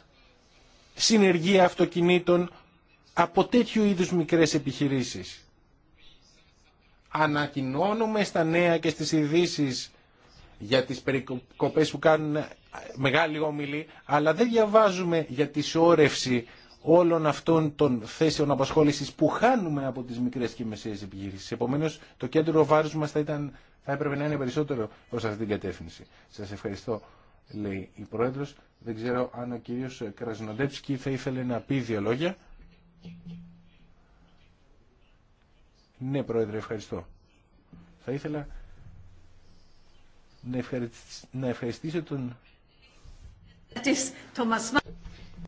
συνεργεία αυτοκινήτων, από τέτοιου είδους μικρές επιχειρήσεις. Ανακοινώνουμε στα νέα και στις ειδήσει για τις περικοπές που κάνουν μεγάλη όμιλη, αλλά δεν διαβάζουμε για τη σώρευση όλων αυτών των θέσεων απασχόλησης που χάνουμε από τις μικρές και μεσαίες επιχειρήσεις. Επομένως, το κέντρο βάρους μας θα, ήταν, θα έπρεπε να είναι περισσότερο ως αυτή την κατεύθυνση. Σας ευχαριστώ, λέει η Πρόεδρος. Δεν ξέρω αν ο κύριος Κρασνοντέψκι θα ήθελε να πει δύο λόγια. Ναι, Πρόεδρε, ευχαριστώ. Θα ήθελα να ευχαριστήσω τον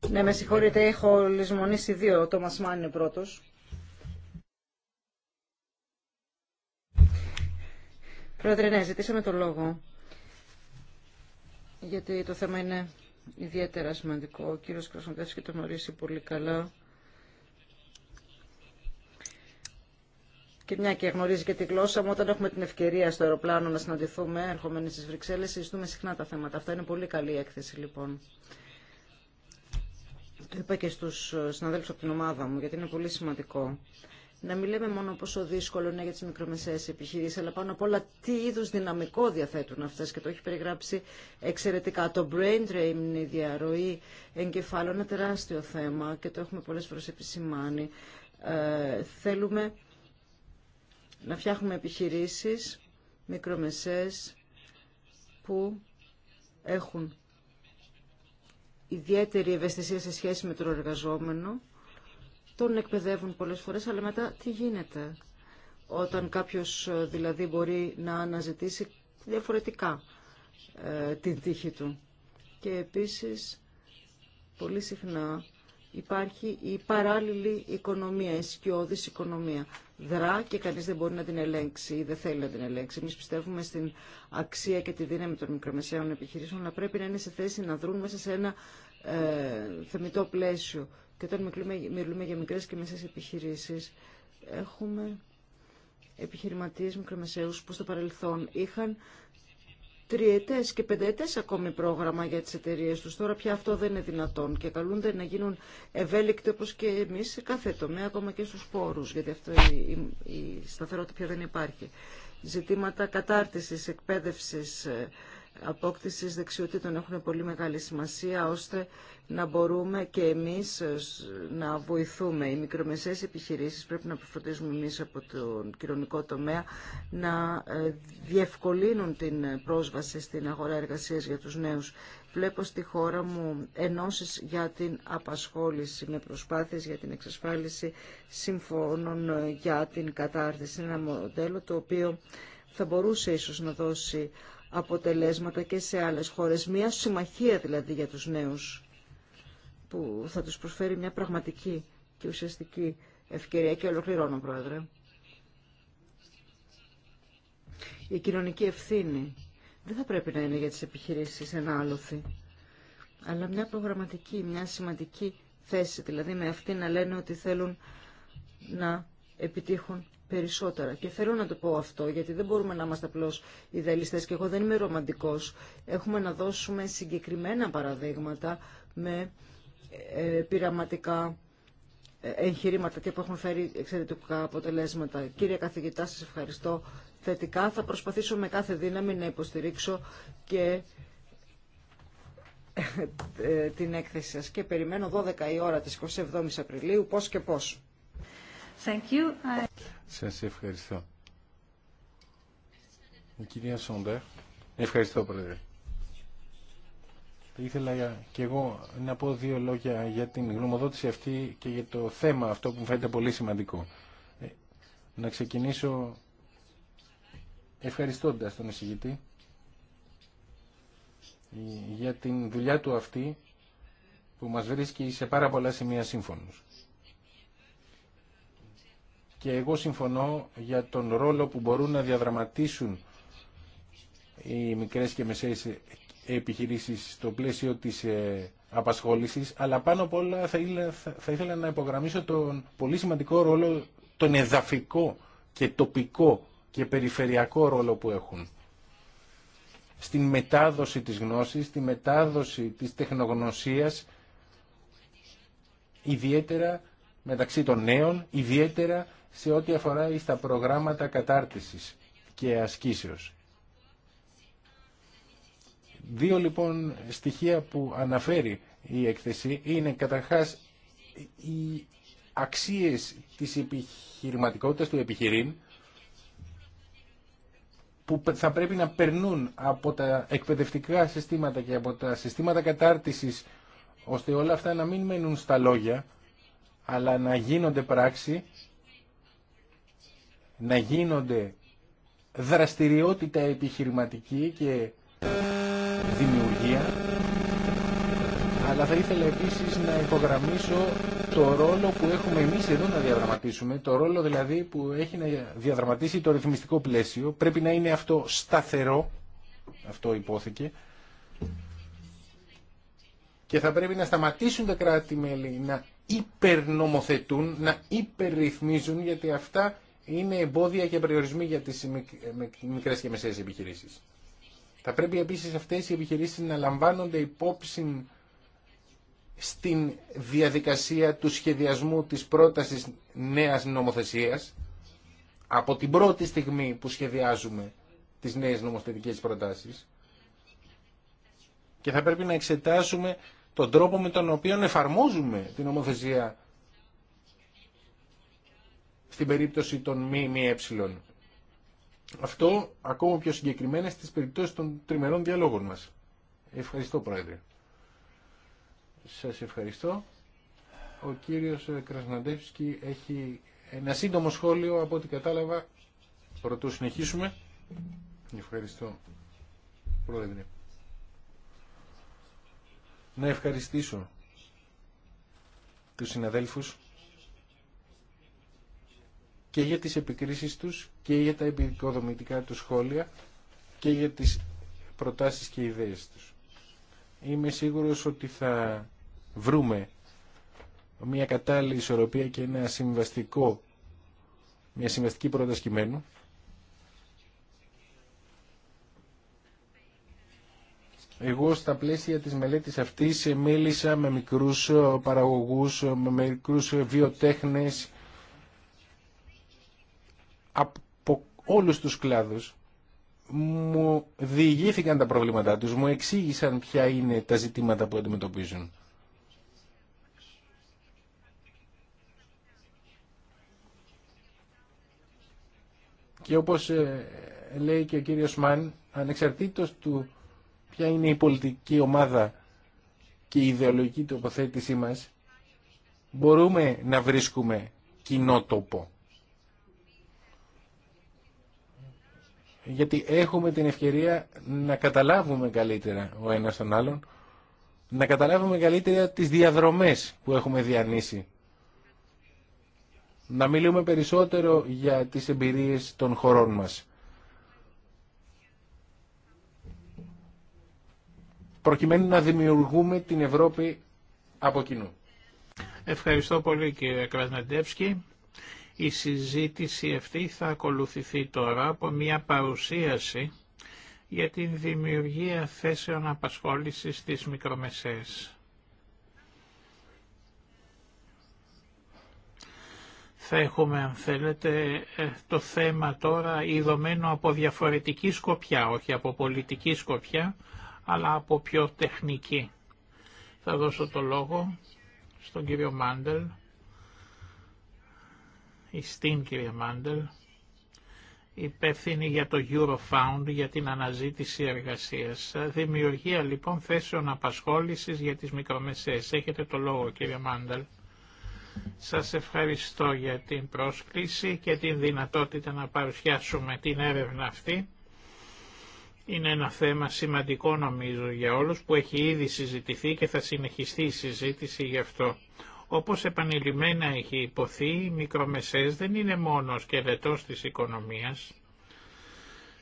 ναι, με συγχωρείτε, έχω λησμονήσει δύο. Ο Τόμας Μάν είναι πρώτος. Πρόεδρε, ναι, ζητήσαμε το λόγο. Γιατί το θέμα είναι ιδιαίτερα σημαντικό. Ο κύριος Κρασοντεύσκη το γνωρίζει πολύ καλά. Και μια και γνωρίζει και τη γλώσσα μου, όταν έχουμε την ευκαιρία στο αεροπλάνο να συναντηθούμε, ερχόμενοι στις Βρυξέλλες, συζητούμε συχνά τα θέματα. Αυτά είναι πολύ καλή έκθεση, λοιπόν. Το είπα και στους συναδέλφους από την ομάδα μου, γιατί είναι πολύ σημαντικό, να μην λέμε μόνο πόσο δύσκολο είναι για τις μικρομεσαίες επιχειρήσεις, αλλά πάνω απ' όλα τι είδους δυναμικό διαθέτουν αυτές και το έχει περιγράψει εξαιρετικά. Το brain drain, η διαρροή εγκεφάλων, ένα τεράστιο θέμα και το έχουμε πολλές φορές επισημάνει. Ε, θέλουμε να φτιάχνουμε επιχειρήσεις μικρομεσαίες που έχουν ιδιαίτερη ευαισθησία σε σχέση με τον εργαζόμενο, τον εκπαιδεύουν πολλές φορές, αλλά μετά τι γίνεται. Όταν κάποιος ε, δηλαδή μπορεί να αναζητήσει διαφορετικά ε, την τύχη του. Και επίσης πολύ συχνά υπάρχει η παράλληλη οικονομία, η σκιώδης οικονομία. Δρά και κανείς δεν μπορεί να την ελέγξει ή δεν θέλει να την ελέγξει. Εμείς πιστεύουμε στην αξία και τη δύναμη των μικρομεσαίων επιχειρήσεων, αλλά πρέπει να είναι σε θέση να δρουν μέσα σε ένα ε, θεμητό πλαίσιο. Και όταν μιλούμε για μικρές και μεσές επιχειρήσεις, έχουμε επιχειρηματίες μικρομεσαίους που στο παρελθόν είχαν Τριετέ και πενταετέ ακόμη πρόγραμμα για τις εταιρείε τους. Τώρα πια αυτό δεν είναι δυνατόν και καλούνται να γίνουν ευέλικτοι όπως και εμείς σε κάθε τομέα, ακόμα και στους πόρους, γιατί αυτό η, η, η σταθερότητα πια δεν υπάρχει. Ζητήματα κατάρτισης, εκπαίδευσης, ε, απόκτησης δεξιοτήτων έχουν πολύ μεγάλη σημασία ώστε να μπορούμε και εμείς ε, να βοηθούμε. Οι μικρομεσαίες επιχειρήσεις πρέπει να προφροντίζουμε εμείς από τον κοινωνικό τομέα να ε, διευκολύνουν την πρόσβαση στην αγορά εργασίας για τους νέους. Βλέπω στη χώρα μου ενώσεις για την απασχόληση με προσπάθειες για την εξασφάλιση συμφώνων ε, για την κατάρτιση. Είναι ένα μοντέλο το οποίο θα μπορούσε ίσως να δώσει αποτελέσματα και σε άλλες χώρες. Μια συμμαχία δηλαδή για τους νέους που θα τους προσφέρει μια πραγματική και ουσιαστική ευκαιρία και ολοκληρώνω πρόεδρε. Η κοινωνική ευθύνη δεν θα πρέπει να είναι για τις επιχειρήσεις ένα άλοθη, αλλά μια προγραμματική, μια σημαντική θέση, δηλαδή με αυτή να λένε ότι θέλουν να επιτύχουν περισσότερα. Και θέλω να το πω αυτό, γιατί δεν μπορούμε να είμαστε απλώ ιδεαλιστές και εγώ δεν είμαι ρομαντικός. Έχουμε να δώσουμε συγκεκριμένα παραδείγματα με ε, πειραματικά ε, εγχειρήματα και που έχουν φέρει εξαιρετικά αποτελέσματα. Κύριε καθηγητά, σας ευχαριστώ θετικά. Θα προσπαθήσω με κάθε δύναμη να υποστηρίξω και ε, την έκθεση σας και περιμένω 12 η ώρα της 27 Απριλίου πώς και πώς. Thank you. I... Σας ευχαριστώ. Η κυρία Σόντερ. Ευχαριστώ, Πρόεδρε. Ήθελα και εγώ να πω δύο λόγια για την γνωμοδότηση αυτή και για το θέμα αυτό που μου φαίνεται πολύ σημαντικό. Ε, να ξεκινήσω ευχαριστώντας τον εισηγητή ε, για την δουλειά του αυτή που μας βρίσκει σε πάρα πολλά σημεία σύμφωνους και εγώ συμφωνώ για τον ρόλο που μπορούν να διαδραματίσουν οι μικρές και μεσαίες επιχειρήσεις στο πλαίσιο της ε, απασχόλησης, αλλά πάνω απ' όλα θα ήθελα, θα ήθελα να υπογραμμίσω τον πολύ σημαντικό ρόλο, τον εδαφικό και τοπικό και περιφερειακό ρόλο που έχουν στην μετάδοση της γνώσης, στη μετάδοση της τεχνογνωσίας, ιδιαίτερα μεταξύ των νέων, ιδιαίτερα σε ό,τι αφορά στα προγράμματα κατάρτισης και ασκήσεως. Δύο λοιπόν στοιχεία που αναφέρει η έκθεση είναι καταρχάς οι αξίες της επιχειρηματικότητας του επιχειρήν που θα πρέπει να περνούν από τα εκπαιδευτικά συστήματα και από τα συστήματα κατάρτισης ώστε όλα αυτά να μην μένουν στα λόγια αλλά να γίνονται πράξη να γίνονται δραστηριότητα επιχειρηματική και δημιουργία αλλά θα ήθελα επίσης να υπογραμμίσω το ρόλο που έχουμε εμείς εδώ να διαδραματίσουμε, το ρόλο δηλαδή που έχει να διαδραματίσει το ρυθμιστικό πλαίσιο, πρέπει να είναι αυτό σταθερό, αυτό υπόθηκε, και θα πρέπει να σταματήσουν τα κράτη-μέλη να υπερνομοθετούν, να υπερρυθμίζουν, γιατί αυτά είναι εμπόδια και περιορισμοί για τις ε, μικρές και μεσαίες επιχειρήσεις. Θα πρέπει επίσης αυτές οι επιχειρήσεις να λαμβάνονται υπόψη στην διαδικασία του σχεδιασμού της πρότασης νέας νομοθεσίας από την πρώτη στιγμή που σχεδιάζουμε τις νέες νομοθετικές προτάσεις και θα πρέπει να εξετάσουμε τον τρόπο με τον οποίο εφαρμόζουμε την νομοθεσία στην περίπτωση των ΜΜΕ. Αυτό ακόμα πιο συγκεκριμένα στις περιπτώσεις των τριμερών διαλόγων μας. Ευχαριστώ Πρόεδρε. Σας ευχαριστώ. Ο κύριος Κρασναντεύσκη έχει ένα σύντομο σχόλιο από ό,τι κατάλαβα. Πρωτού συνεχίσουμε. Ευχαριστώ Πρόεδρε. Να ευχαριστήσω τους συναδέλφους και για τις επικρίσεις τους και για τα επικοδομητικά τους σχόλια και για τις προτάσεις και ιδέες τους. Είμαι σίγουρος ότι θα βρούμε μια κατάλληλη ισορροπία και ένα συμβαστικό, μια συμβαστική πρόταση κειμένου. Εγώ στα πλαίσια της μελέτης αυτής μίλησα με μικρούς παραγωγούς, με μικρούς βιοτέχνες, από όλους τους κλάδους μου διηγήθηκαν τα προβλήματά τους, μου εξήγησαν ποια είναι τα ζητήματα που αντιμετωπίζουν. Και όπως ε, λέει και ο κύριος Μαν, ανεξαρτήτως του ποια είναι η πολιτική ομάδα και η ιδεολογική τοποθέτησή μας, μπορούμε να βρίσκουμε κοινό τόπο. γιατί έχουμε την ευκαιρία να καταλάβουμε καλύτερα ο ένας τον άλλον, να καταλάβουμε καλύτερα τις διαδρομές που έχουμε διανύσει. Να μιλούμε περισσότερο για τις εμπειρίες των χωρών μας. προκειμένου να δημιουργούμε την Ευρώπη από κοινού. Ευχαριστώ πολύ κύριε Κρασναντεύσκη. Η συζήτηση αυτή θα ακολουθηθεί τώρα από μια παρουσίαση για την δημιουργία θέσεων απασχόλησης στις μικρομεσαίες. θα έχουμε αν θέλετε ε, το θέμα τώρα ειδωμένο από διαφορετική σκοπιά, όχι από πολιτική σκοπιά, αλλά από πιο τεχνική. Θα δώσω το λόγο στον κύριο Μάντελ, στην κυρία Μάντελ, υπεύθυνη για το Eurofound για την αναζήτηση εργασίας. Δημιουργία λοιπόν θέσεων απασχόλησης για τις μικρομεσαίες. Έχετε το λόγο κύριε Μάντελ. Σας ευχαριστώ για την πρόσκληση και την δυνατότητα να παρουσιάσουμε την έρευνα αυτή. Είναι ένα θέμα σημαντικό νομίζω για όλους που έχει ήδη συζητηθεί και θα συνεχιστεί η συζήτηση γι' αυτό. Όπως επανειλημμένα έχει υποθεί, οι μικρομεσές δεν είναι μόνο σκελετός της οικονομίας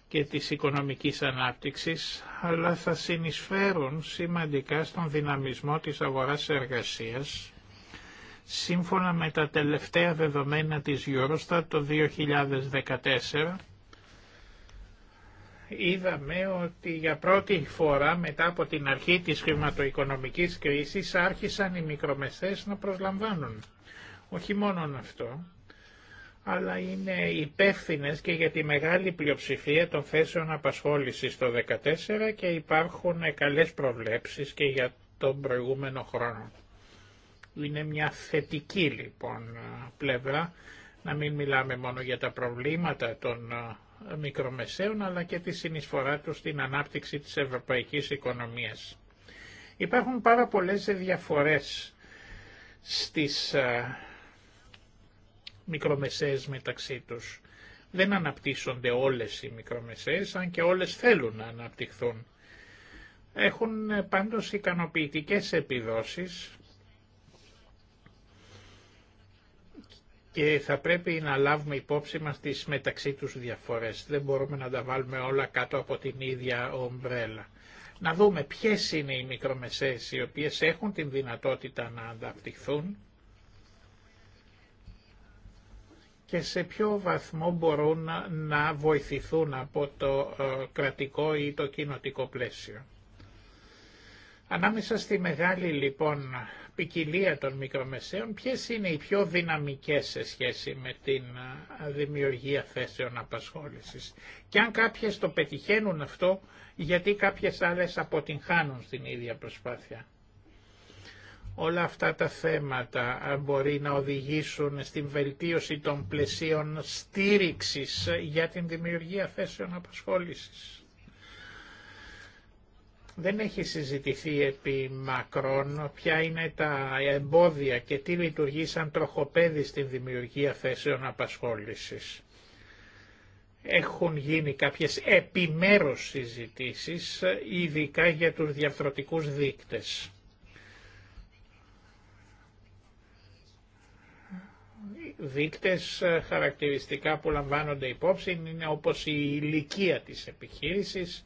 και της οικονομικής ανάπτυξης, αλλά θα συνεισφέρουν σημαντικά στον δυναμισμό της αγοράς εργασίας, σύμφωνα με τα τελευταία δεδομένα της Eurostat το 2014, είδαμε ότι για πρώτη φορά μετά από την αρχή της χρηματοοικονομικής κρίσης άρχισαν οι μικρομεσές να προσλαμβάνουν. Όχι μόνο αυτό, αλλά είναι υπεύθυνε και για τη μεγάλη πλειοψηφία των θέσεων απασχόλησης το 2014 και υπάρχουν καλές προβλέψεις και για τον προηγούμενο χρόνο. Είναι μια θετική λοιπόν πλευρά, να μην μιλάμε μόνο για τα προβλήματα των μικρομεσαίων αλλά και τη συνεισφορά τους στην ανάπτυξη της ευρωπαϊκής οικονομίας. Υπάρχουν πάρα πολλές διαφορές στις ε, μικρομεσαίες μεταξύ τους. Δεν αναπτύσσονται όλες οι μικρομεσαίες, αν και όλες θέλουν να αναπτυχθούν. Έχουν ε, πάντως ικανοποιητικές επιδόσεις και θα πρέπει να λάβουμε υπόψη μας τις μεταξύ τους διαφορές. Δεν μπορούμε να τα βάλουμε όλα κάτω από την ίδια ομπρέλα. Να δούμε ποιες είναι οι μικρομεσαίες οι οποίες έχουν την δυνατότητα να ανταπτυχθούν και σε ποιο βαθμό μπορούν να βοηθηθούν από το ε, κρατικό ή το κοινοτικό πλαίσιο. Ανάμεσα στη μεγάλη λοιπόν ποικιλία των μικρομεσαίων, ποιες είναι οι πιο δυναμικές σε σχέση με την δημιουργία θέσεων απασχόλησης. Και αν κάποιες το πετυχαίνουν αυτό, γιατί κάποιες άλλες αποτυγχάνουν στην ίδια προσπάθεια. Όλα αυτά τα θέματα μπορεί να οδηγήσουν στην βελτίωση των πλαισίων στήριξης ε, για την δημιουργία θέσεων απασχόλησης. Δεν έχει συζητηθεί επί μακρόν ποια είναι τα εμπόδια και τι λειτουργεί σαν τροχοπέδι στην δημιουργία θέσεων απασχόλησης. Έχουν γίνει κάποιες επιμέρους συζητήσεις, ειδικά για τους διαφθρωτικούς δείκτες. δείκτες ε, χαρακτηριστικά που λαμβάνονται υπόψη είναι όπως η ηλικία της επιχείρησης,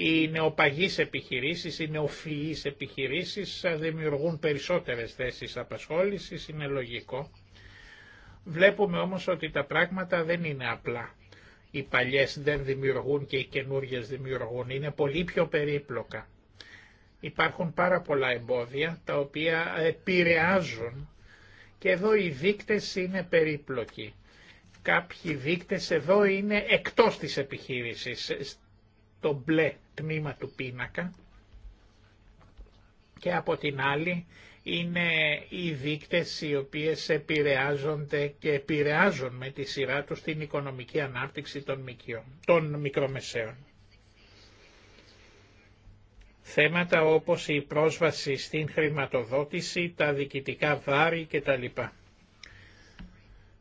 οι νεοπαγείς επιχειρήσεις, οι νεοφυείς επιχειρήσεις ε, δημιουργούν περισσότερες θέσεις απασχόλησης, είναι λογικό. Βλέπουμε όμως ότι τα πράγματα δεν είναι απλά. Οι παλιές δεν δημιουργούν και οι καινούργιες δημιουργούν, είναι πολύ πιο περίπλοκα. Υπάρχουν πάρα πολλά εμπόδια τα οποία επηρεάζουν και εδώ οι δείκτες είναι περίπλοκοι. Κάποιοι δείκτες εδώ είναι εκτός της επιχείρησης, το μπλε τμήμα του πίνακα και από την άλλη είναι οι δείκτες οι οποίες επηρεάζονται και επηρεάζουν με τη σειρά τους την οικονομική ανάπτυξη των, μικιών, των μικρομεσαίων. Θέματα όπως η πρόσβαση στην χρηματοδότηση, τα διοικητικά βάρη κτλ.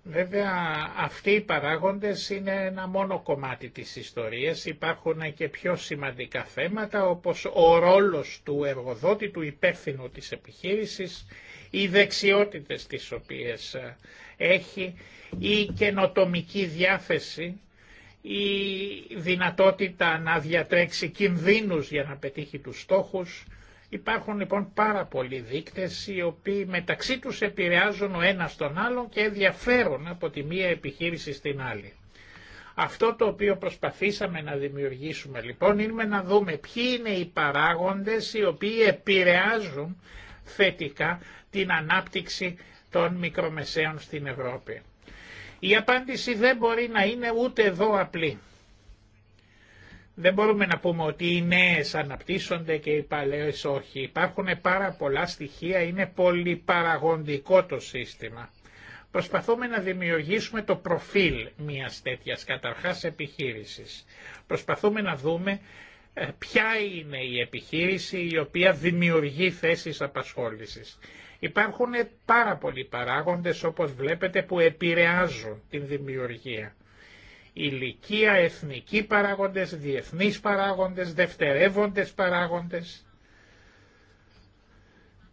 Βέβαια αυτοί οι παράγοντες είναι ένα μόνο κομμάτι της ιστορίας, υπάρχουν και πιο σημαντικά θέματα όπως ο ρόλος του εργοδότη, του υπεύθυνου της επιχείρησης, οι δεξιότητες τις οποίες ε, έχει, η καινοτομική διάθεση, η δυνατότητα να διατρέξει κινδύνους για να πετύχει τους στόχους, Υπάρχουν λοιπόν πάρα πολλοί δείκτες οι οποίοι μεταξύ τους επηρεάζουν ο ένας τον άλλον και ενδιαφέρουν από τη μία επιχείρηση στην άλλη. Αυτό το οποίο προσπαθήσαμε να δημιουργήσουμε λοιπόν είναι να δούμε ποιοι είναι οι παράγοντες οι οποίοι επηρεάζουν θετικά την ανάπτυξη των μικρομεσαίων στην Ευρώπη. Η απάντηση δεν μπορεί να είναι ούτε εδώ απλή. Δεν μπορούμε να πούμε ότι οι νέε αναπτύσσονται και οι παλαιέ όχι. Υπάρχουν πάρα πολλά στοιχεία, είναι πολύ παραγοντικό το σύστημα. Προσπαθούμε να δημιουργήσουμε το προφίλ μιας τέτοιας καταρχάς επιχείρησης. Προσπαθούμε να δούμε ε, ποια είναι η επιχείρηση η οποία δημιουργεί θέσεις απασχόλησης. Υπάρχουν πάρα πολλοί παράγοντες όπως βλέπετε που επηρεάζουν την δημιουργία ηλικία, εθνικοί παράγοντες, διεθνείς παράγοντες, δευτερεύοντες παράγοντες.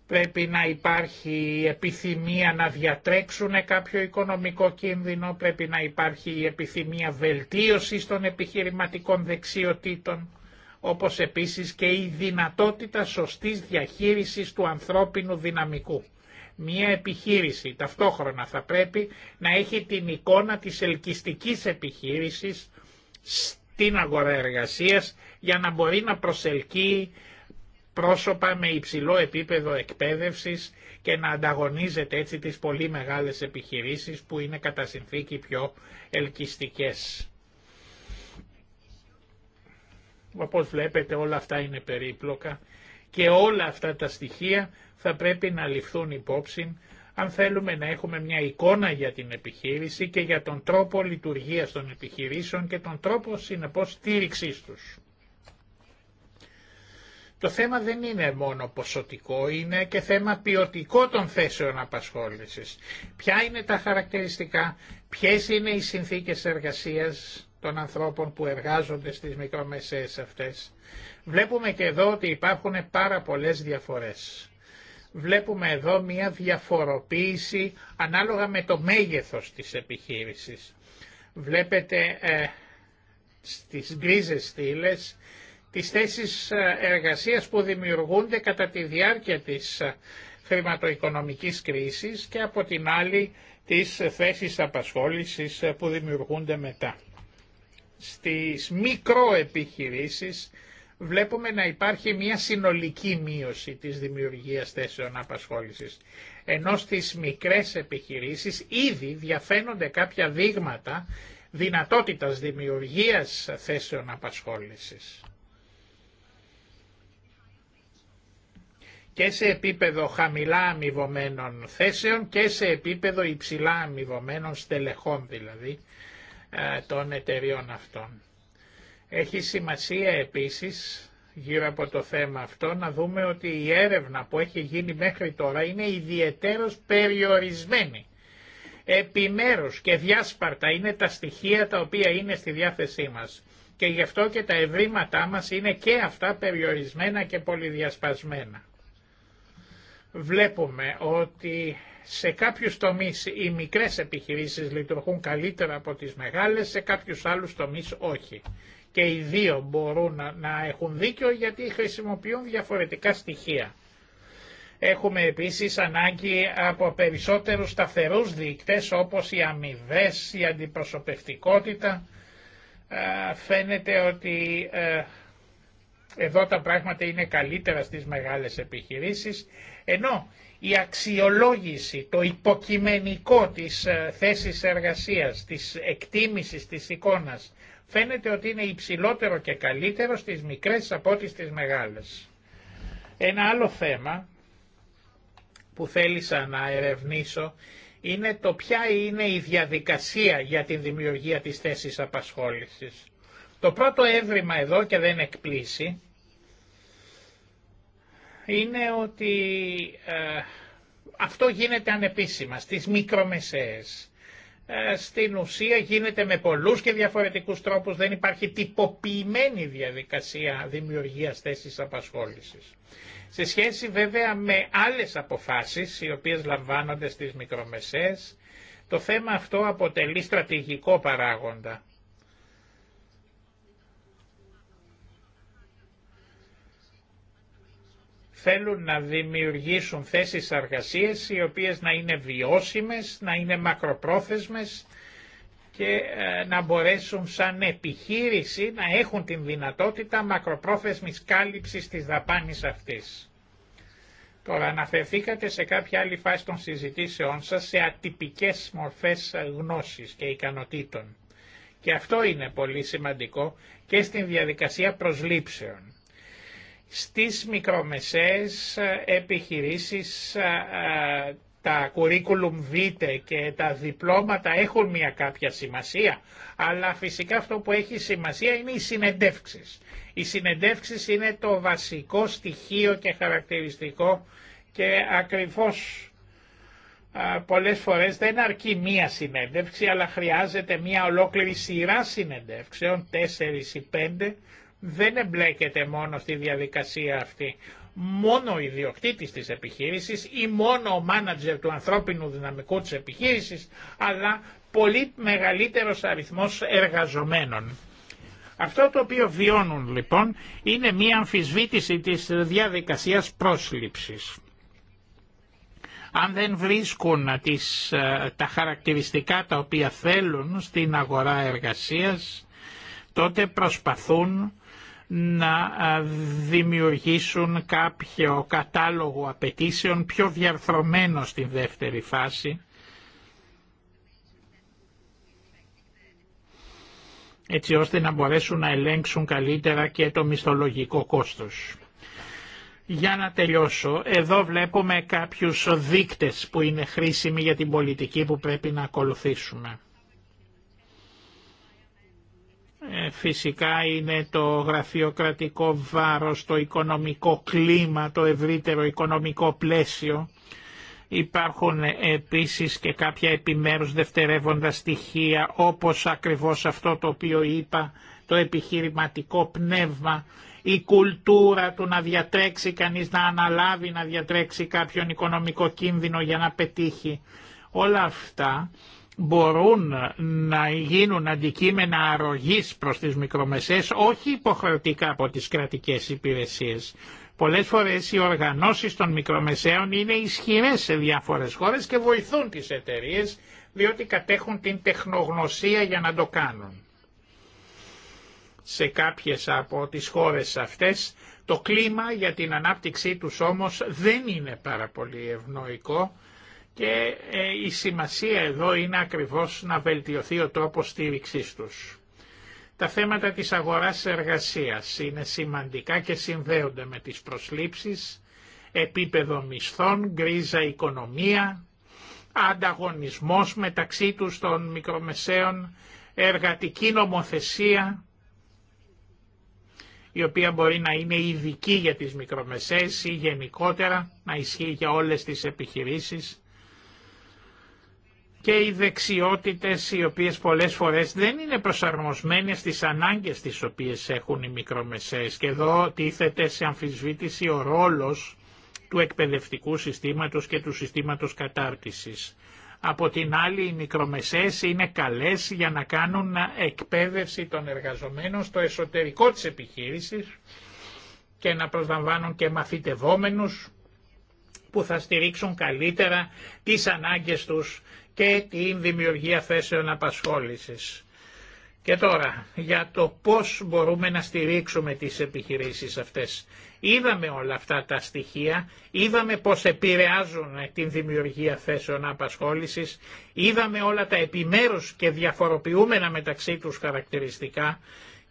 Πρέπει να υπάρχει επιθυμία να διατρέξουν κάποιο οικονομικό κίνδυνο, πρέπει να υπάρχει η επιθυμία βελτίωσης των επιχειρηματικών δεξιοτήτων, όπως επίσης και η δυνατότητα σωστής διαχείρισης του ανθρώπινου δυναμικού μια επιχείρηση ταυτόχρονα θα πρέπει να έχει την εικόνα της ελκυστικής επιχείρησης στην αγορά εργασίας για να μπορεί να προσελκύει πρόσωπα με υψηλό επίπεδο εκπαίδευσης και να ανταγωνίζεται έτσι τις πολύ μεγάλες επιχειρήσεις που είναι κατά συνθήκη πιο ελκυστικές. Όπως βλέπετε όλα αυτά είναι περίπλοκα και όλα αυτά τα στοιχεία θα πρέπει να ληφθούν υπόψη αν θέλουμε να έχουμε μια εικόνα για την επιχείρηση και για τον τρόπο λειτουργίας των επιχειρήσεων και τον τρόπο συνεπώς στήριξή τους. Το θέμα δεν είναι μόνο ποσοτικό, είναι και θέμα ποιοτικό των θέσεων απασχόλησης. Ποια είναι τα χαρακτηριστικά, ποιες είναι οι συνθήκες εργασίας των ανθρώπων που εργάζονται στις μικρομεσαίες αυτές. Βλέπουμε και εδώ ότι υπάρχουν πάρα πολλές διαφορές βλέπουμε εδώ μια διαφοροποίηση ανάλογα με το μέγεθος της επιχείρησης. Βλέπετε ε, στις γκρίζες στήλες τις θέσεις ε, εργασίας που δημιουργούνται κατά τη διάρκεια της ε, χρηματοοικονομικής κρίσης και από την άλλη τις θέσεις απασχόλησης ε, που δημιουργούνται μετά. Στις μικροεπιχειρήσεις βλέπουμε να υπάρχει μια συνολική μείωση της δημιουργίας θέσεων απασχόλησης. Ενώ στις μικρές επιχειρήσεις ήδη διαφαίνονται κάποια δείγματα δυνατότητας δημιουργίας θέσεων απασχόλησης. και σε επίπεδο χαμηλά αμοιβωμένων θέσεων και σε επίπεδο υψηλά αμοιβωμένων στελεχών δηλαδή ε, των εταιριών αυτών. Έχει σημασία επίσης γύρω από το θέμα αυτό να δούμε ότι η έρευνα που έχει γίνει μέχρι τώρα είναι ιδιαιτέρως περιορισμένη. Επιμέρους και διάσπαρτα είναι τα στοιχεία τα οποία είναι στη διάθεσή μας και γι' αυτό και τα ευρήματά μας είναι και αυτά περιορισμένα και πολυδιασπασμένα. Βλέπουμε ότι σε κάποιους τομείς οι μικρές επιχειρήσεις λειτουργούν καλύτερα από τις μεγάλες, σε κάποιους άλλους τομείς όχι και οι δύο μπορούν να έχουν δίκιο γιατί χρησιμοποιούν διαφορετικά στοιχεία. Έχουμε επίσης ανάγκη από περισσότερους σταθερούς δείκτες όπως οι αμοιβέ, η αντιπροσωπευτικότητα. Φαίνεται ότι ε, εδώ τα πράγματα είναι καλύτερα στις μεγάλες επιχειρήσεις, ενώ η αξιολόγηση, το υποκειμενικό της ε, θέσης εργασίας, της εκτίμησης της εικόνας φαίνεται ότι είναι υψηλότερο και καλύτερο στις μικρές από ό,τι στις μεγάλες. Ένα άλλο θέμα που θέλησα να ερευνήσω είναι το ποια είναι η διαδικασία για την δημιουργία της θέσης απασχόλησης. Το πρώτο έβριμα εδώ και δεν εκπλήσει είναι ότι ε, αυτό γίνεται ανεπίσημα στις μικρομεσαίες. Ε, στην ουσία γίνεται με πολλούς και διαφορετικούς τρόπους, δεν υπάρχει τυποποιημένη διαδικασία δημιουργίας θέσης απασχόλησης. Σε σχέση βέβαια με άλλες αποφάσεις οι οποίες λαμβάνονται στις μικρομεσαίες, το θέμα αυτό αποτελεί στρατηγικό παράγοντα. θέλουν να δημιουργήσουν θέσεις εργασίας οι οποίες να είναι βιώσιμες, να είναι μακροπρόθεσμες και ε, να μπορέσουν σαν επιχείρηση να έχουν την δυνατότητα μακροπρόθεσμης κάλυψης της δαπάνης αυτής. Τώρα αναφερθήκατε σε κάποια άλλη φάση των συζητήσεών σας σε ατυπικές μορφές γνώσης και ικανοτήτων. Και αυτό είναι πολύ σημαντικό και στην διαδικασία προσλήψεων στις μικρομεσαίες ε, επιχειρήσεις ε, ε, τα curriculum vitae και τα διπλώματα έχουν μια κάποια σημασία, αλλά φυσικά αυτό που έχει σημασία είναι οι συνεντεύξεις. Οι συνεντεύξεις είναι το βασικό στοιχείο και χαρακτηριστικό και ακριβώς πολλές φορές δεν αρκεί μία συνέντευξη, αλλά χρειάζεται μία ολόκληρη σειρά συνεντεύξεων, τέσσερις ή πέντε, δεν εμπλέκεται μόνο στη διαδικασία αυτή μόνο ο ιδιοκτήτης της επιχείρησης ή μόνο ο μάνατζερ του ανθρώπινου δυναμικού της επιχείρησης, αλλά πολύ μεγαλύτερος αριθμός εργαζομένων. Αυτό το οποίο βιώνουν λοιπόν είναι μία αμφισβήτηση της διαδικασίας πρόσληψης. Αν δεν βρίσκουν τις, ε, τα χαρακτηριστικά τα οποία θέλουν στην αγορά εργασίας, τότε προσπαθούν να δημιουργήσουν κάποιο κατάλογο απαιτήσεων πιο διαρθρωμένο στη δεύτερη φάση. έτσι ώστε να μπορέσουν να ελέγξουν καλύτερα και το μισθολογικό κόστος. Για να τελειώσω, εδώ βλέπουμε κάποιους δείκτες που είναι χρήσιμοι για την πολιτική που πρέπει να ακολουθήσουμε. Ε, φυσικά είναι το γραφειοκρατικό βάρος, το οικονομικό κλίμα, το ευρύτερο οικονομικό πλαίσιο. Υπάρχουν επίσης και κάποια επιμέρους δευτερεύοντα στοιχεία όπως ακριβώς αυτό το οποίο είπα, το επιχειρηματικό πνεύμα, η κουλτούρα του να διατρέξει κανείς, να αναλάβει να διατρέξει κάποιον οικονομικό κίνδυνο για να πετύχει. Όλα αυτά μπορούν να γίνουν αντικείμενα αρρωγής προς τις μικρομεσαίες, όχι υποχρεωτικά από τις κρατικές υπηρεσίες. Πολλές φορές οι οργανώσεις των μικρομεσαίων είναι ισχυρές σε διάφορες χώρες και βοηθούν τις εταιρείες, διότι κατέχουν την τεχνογνωσία για να το κάνουν. Σε κάποιες από τις χώρες αυτές το κλίμα για την ανάπτυξή τους όμως δεν είναι πάρα πολύ ευνοϊκό και ε, η σημασία εδώ είναι ακριβώς να βελτιωθεί ο τρόπος στήριξής τους. Τα θέματα της αγοράς εργασίας είναι σημαντικά και συνδέονται με τις προσλήψεις, επίπεδο μισθών, γκρίζα οικονομία, ανταγωνισμός μεταξύ τους των μικρομεσαίων, εργατική νομοθεσία, η οποία μπορεί να είναι ειδική για τις μικρομεσαίες ή γενικότερα να ισχύει για όλες τις επιχειρήσεις και οι δεξιότητες οι οποίες πολλές φορές δεν είναι προσαρμοσμένες στις ανάγκες τις οποίες έχουν οι μικρομεσαίες και εδώ τίθεται σε αμφισβήτηση ο ρόλος του εκπαιδευτικού συστήματος και του συστήματος κατάρτισης. Από την άλλη οι μικρομεσαίες είναι καλές για να κάνουν εκπαίδευση των εργαζομένων στο εσωτερικό της επιχείρησης και να προσλαμβάνουν και μαθητευόμενους που θα στηρίξουν καλύτερα τις ανάγκες τους και την δημιουργία θέσεων απασχόλησης. Και τώρα, για το πώς μπορούμε να στηρίξουμε τις επιχειρήσεις αυτές. Είδαμε όλα αυτά τα στοιχεία, είδαμε πώς επηρεάζουν την δημιουργία θέσεων απασχόλησης, είδαμε όλα τα επιμέρους και διαφοροποιούμενα μεταξύ τους χαρακτηριστικά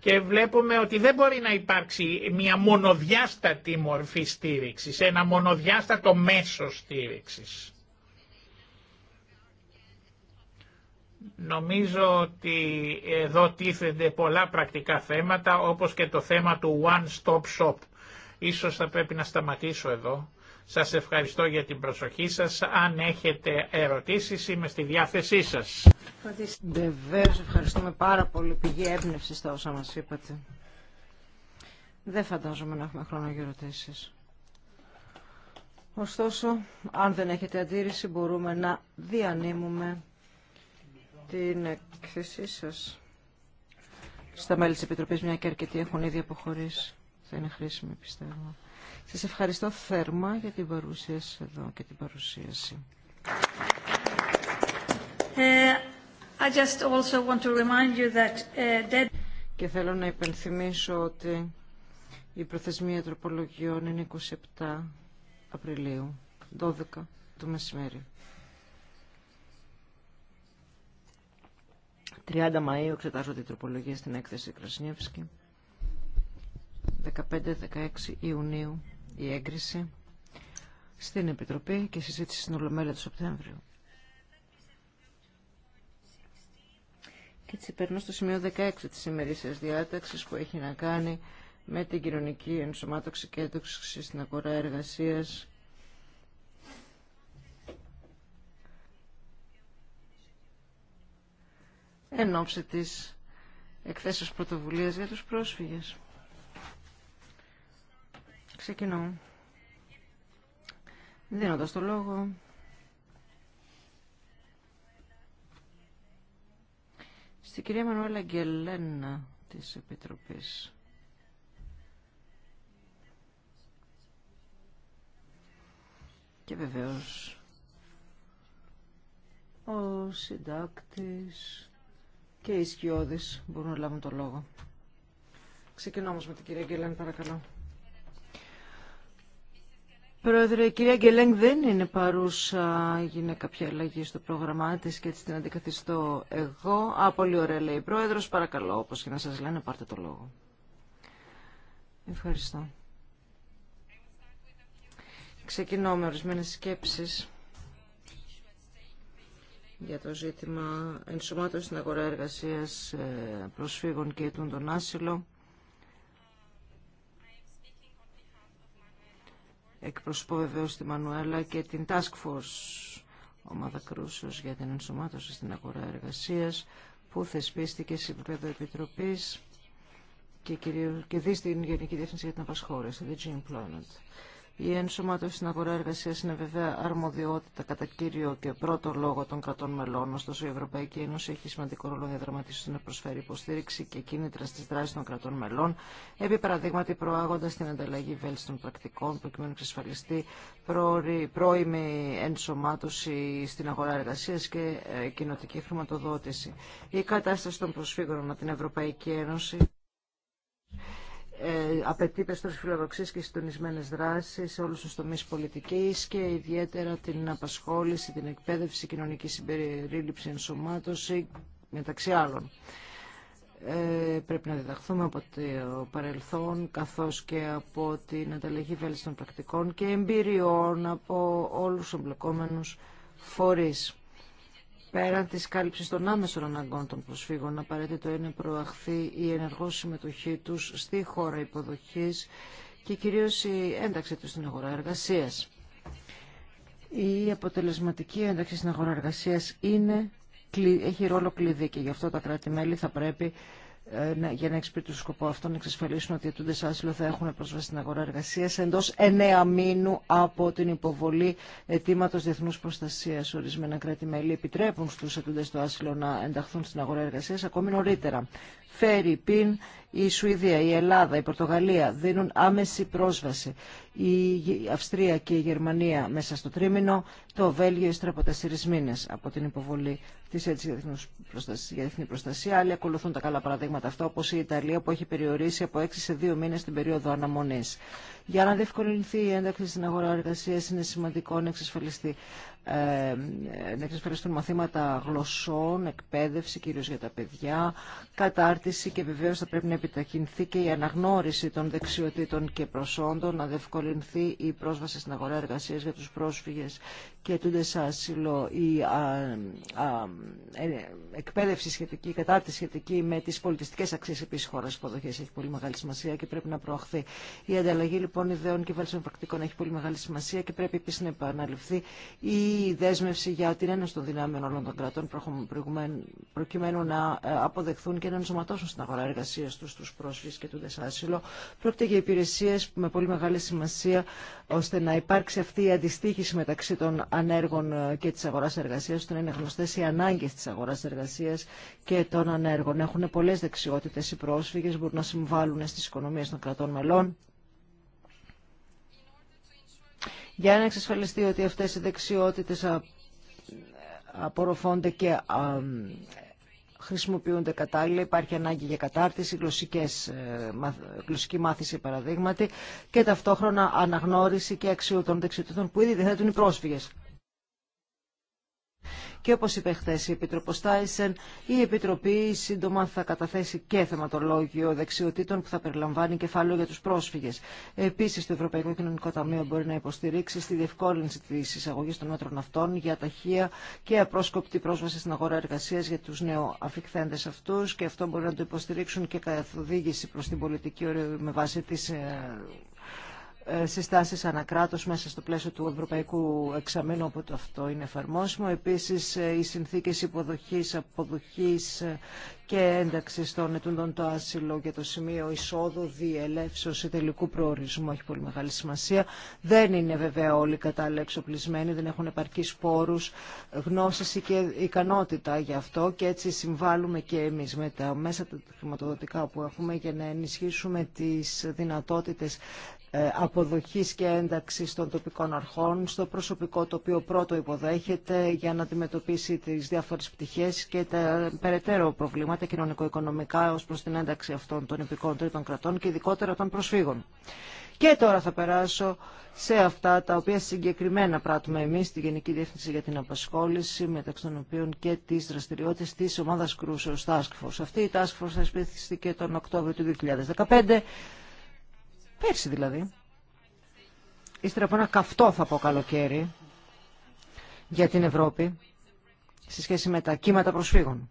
και βλέπουμε ότι δεν μπορεί να υπάρξει μια μονοδιάστατη μορφή στήριξης, ένα μονοδιάστατο μέσο στήριξης. Νομίζω ότι εδώ τίθενται πολλά πρακτικά θέματα, όπως και το θέμα του one-stop shop. Ίσως θα πρέπει να σταματήσω εδώ σας ευχαριστώ για την προσοχή σας. Αν έχετε ερωτήσεις είμαι στη διάθεσή σας. Βεβαίως ευχαριστούμε πάρα πολύ. Πηγή έμπνευση στα όσα μας είπατε. Δεν φαντάζομαι να έχουμε χρόνο για ερωτήσεις. Ωστόσο, αν δεν έχετε αντίρρηση μπορούμε να διανύμουμε την εκθεσή σας στα μέλη της Επιτροπής, μια και αρκετοί έχουν ήδη αποχωρήσει. Θα είναι χρήσιμη, πιστεύω. Σας ευχαριστώ θέρμα για την παρουσία εδώ και την παρουσίαση. Ε, I just also want to remind you that, ε, Και θέλω να υπενθυμίσω ότι η προθεσμία τροπολογιών είναι 27 Απριλίου, 12 το μεσημέρι. 30 Μαΐου εξετάζω την τροπολογία στην έκθεση Κρασνιεύσκη. 15-16 Ιουνίου η έγκριση στην Επιτροπή και συζήτηση στην Ολομέλεια του Σεπτέμβριου. Και έτσι περνώ στο σημείο 16 της ημερήσιας διάταξης που έχει να κάνει με την κοινωνική ενσωμάτωξη και έντοξη στην αγορά εργασίας εν ώψη της εκθέσεως πρωτοβουλίας για τους πρόσφυγες. Ξεκινώ. Δίνοντας το λόγο στην κυρία Μανουέλα Γκελένα της Επιτροπής. Και βεβαίως ο συντάκτης και οι σκιώδεις μπορούν να λάβουν το λόγο. Ξεκινώ όμως με την κυρία Γκελένα παρακαλώ. Πρόεδρε, η κυρία Γκελέγκ δεν είναι παρούσα. Έγινε κάποια αλλαγή στο πρόγραμμά τη και έτσι την αντικαθιστώ εγώ. Α, πολύ ωραία λέει η πρόεδρο. Παρακαλώ, όπω και να σα λένε, πάρτε το λόγο. Ευχαριστώ. Ξεκινώ με ορισμένε σκέψει για το ζήτημα ενσωμάτωση στην αγορά εργασία ε, προσφύγων και ετούν άσυλο Εκπροσωπώ βεβαίω τη Μανουέλα και την Task Force ομάδα κρούσεως για την ενσωμάτωση στην αγορά εργασία που θεσπίστηκε σε επίπεδο Επιτροπή και, και δει στην Γενική Διεύθυνση για την Απασχόληση, DG Employment. Η ενσωμάτωση στην αγορά εργασία είναι βέβαια αρμοδιότητα κατά κύριο και πρώτο λόγο των κρατών μελών. Ωστόσο, η Ευρωπαϊκή Ένωση έχει σημαντικό ρόλο να διαδραματίσει να προσφέρει υποστήριξη και κίνητρα στι δράσει των κρατών μελών, επί παραδείγματι προάγοντα την ανταλλαγή βέλτιστων πρακτικών, προκειμένου να εξασφαλιστεί πρώιμη ενσωμάτωση στην αγορά εργασία και ε, κοινοτική χρηματοδότηση. Η κατάσταση των προσφύγων από την Ευρωπαϊκή Ένωση ε, απαιτεί περισσότερες φιλοδοξίες και συντονισμένες δράσεις σε όλους τους τομείς πολιτικής και ιδιαίτερα την απασχόληση, την εκπαίδευση, κοινωνική συμπερίληψη, ενσωμάτωση, μεταξύ άλλων. Ε, πρέπει να διδαχθούμε από το παρελθόν καθώς και από την ανταλλαγή των πρακτικών και εμπειριών από όλους τους εμπλεκόμενους φορείς. Πέραν τη κάλυψη των άμεσων αναγκών των προσφύγων, απαραίτητο είναι προαχθεί η ενεργό συμμετοχή του στη χώρα υποδοχής και κυρίως η ένταξη τους στην αγορά εργασία. Η αποτελεσματική ένταξη στην αγορά εργασία έχει ρόλο κλειδί και γι' αυτό τα κράτη-μέλη θα πρέπει ε, ναι, για να εξυπηρετούν τον σκοπό αυτό να εξασφαλίσουν ότι οι αιτούντε άσυλο θα έχουν πρόσβαση στην αγορά εργασία εντό εννέα μήνου από την υποβολή αιτήματο διεθνού προστασία. Ορισμένα κράτη-μέλη επιτρέπουν στου αιτούντε το άσυλο να ενταχθούν στην αγορά εργασία ακόμη νωρίτερα φέρει πίν η Σουηδία, η Ελλάδα, η Πορτογαλία δίνουν άμεση πρόσβαση. Η Αυστρία και η Γερμανία μέσα στο τρίμηνο, το Βέλγιο ύστερα από τέσσερι μήνε από την υποβολή τη έτσι για, διεθνή προστασία. Άλλοι ακολουθούν τα καλά παραδείγματα αυτά, όπω η Ιταλία που έχει περιορίσει από έξι σε δύο μήνε την περίοδο αναμονή. Για να διευκολυνθεί η ένταξη στην αγορά εργασία είναι σημαντικό να, εξασφαλιστεί, ε, να εξασφαλιστούν μαθήματα γλωσσών, εκπαίδευση κυρίως για τα παιδιά, κατάρτιση και βεβαίως θα πρέπει να επιταχυνθεί και η αναγνώριση των δεξιοτήτων και προσόντων, να διευκολυνθεί η πρόσβαση στην αγορά εργασία για τους πρόσφυγες και τούντε άσυλο, η α, α, ε, εκπαίδευση σχετική, η κατάρτιση σχετική με τις πολιτιστικές αξίες επίση χώρας υποδοχής έχει πολύ μεγάλη σημασία και πρέπει να προαχθεί. Η ανταλλαγή λοιπόν ιδεών και βέλτιστων πρακτικών έχει πολύ μεγάλη σημασία και πρέπει επίση να επαναληφθεί η δέσμευση για την ένωση των δυνάμεων όλων των κρατών προκειμένου να ε, αποδεχθούν και να ενσωματώσουν στην αγορά εργασία του του πρόσφυγε και του δεσάσυλο. Πρόκειται για υπηρεσίε με πολύ μεγάλη σημασία ώστε να υπάρξει αυτή η αντιστοίχηση μεταξύ των ανέργων ε, και τη αγορά εργασία, ώστε να είναι γνωστέ οι ανάγκε τη αγορά εργασία και των ανέργων. Έχουν πολλέ δεξιότητε οι πρόσφυγε, μπορούν να συμβάλλουν στι οικονομίε των κρατών μελών για να εξασφαλιστεί ότι αυτές οι δεξιότητες απορροφώνται και χρησιμοποιούνται κατάλληλα, υπάρχει ανάγκη για κατάρτιση, γλωσσικές, ε, γλωσσική μάθηση παραδείγματι και ταυτόχρονα αναγνώριση και αξιού των δεξιότητων που ήδη διαθέτουν οι πρόσφυγες. Και όπως είπε χθε η Επίτροπος Τάισεν, η Επιτροπή σύντομα θα καταθέσει και θεματολόγιο δεξιοτήτων που θα περιλαμβάνει κεφάλαιο για τους πρόσφυγες. Επίσης, το Ευρωπαϊκό Κοινωνικό Ταμείο μπορεί να υποστηρίξει στη διευκόλυνση της εισαγωγής των μέτρων αυτών για ταχεία και απρόσκοπτη πρόσβαση στην αγορά εργασίας για τους νεοαφικθέντες αυτούς και αυτό μπορεί να το υποστηρίξουν και καθοδήγηση προς την πολιτική με βάση τις ε, ε, συστάσει ανακράτως μέσα στο πλαίσιο του Ευρωπαϊκού Εξαμήνου όπου αυτό είναι εφαρμόσιμο. Επίση, ε, οι συνθήκε υποδοχή, αποδοχή ε, και ένταξη των ετούντων το άσυλο για το σημείο εισόδου, διελεύσεω ή τελικού προορισμού έχει πολύ μεγάλη σημασία. Δεν είναι βέβαια όλοι κατάλληλα εξοπλισμένοι, δεν έχουν επαρκή πόρου, γνώσει και ικανότητα γι' αυτό και έτσι συμβάλλουμε και εμεί με τα μέσα τα χρηματοδοτικά που έχουμε για να ενισχύσουμε τι δυνατότητε. Ε, αποδοχής και ένταξης των τοπικών αρχών στο προσωπικό το οποίο πρώτο υποδέχεται για να αντιμετωπίσει τις διάφορες πτυχές και τα περαιτέρω προβλήματα κοινωνικο-οικονομικά ως προς την ένταξη αυτών των υπηκών τρίτων κρατών και ειδικότερα των προσφύγων. Και τώρα θα περάσω σε αυτά τα οποία συγκεκριμένα πράττουμε εμείς στη Γενική Διεύθυνση για την Απασχόληση, μεταξύ των οποίων και τις δραστηριότητες της ομάδας κρούσεως Task Force. Αυτή η Task Force ασπίστηκε τον Οκτώβριο του 2015 Πέρσι δηλαδή. Ύστερα από ένα καυτό θα πω καλοκαίρι για την Ευρώπη σε σχέση με τα κύματα προσφύγων.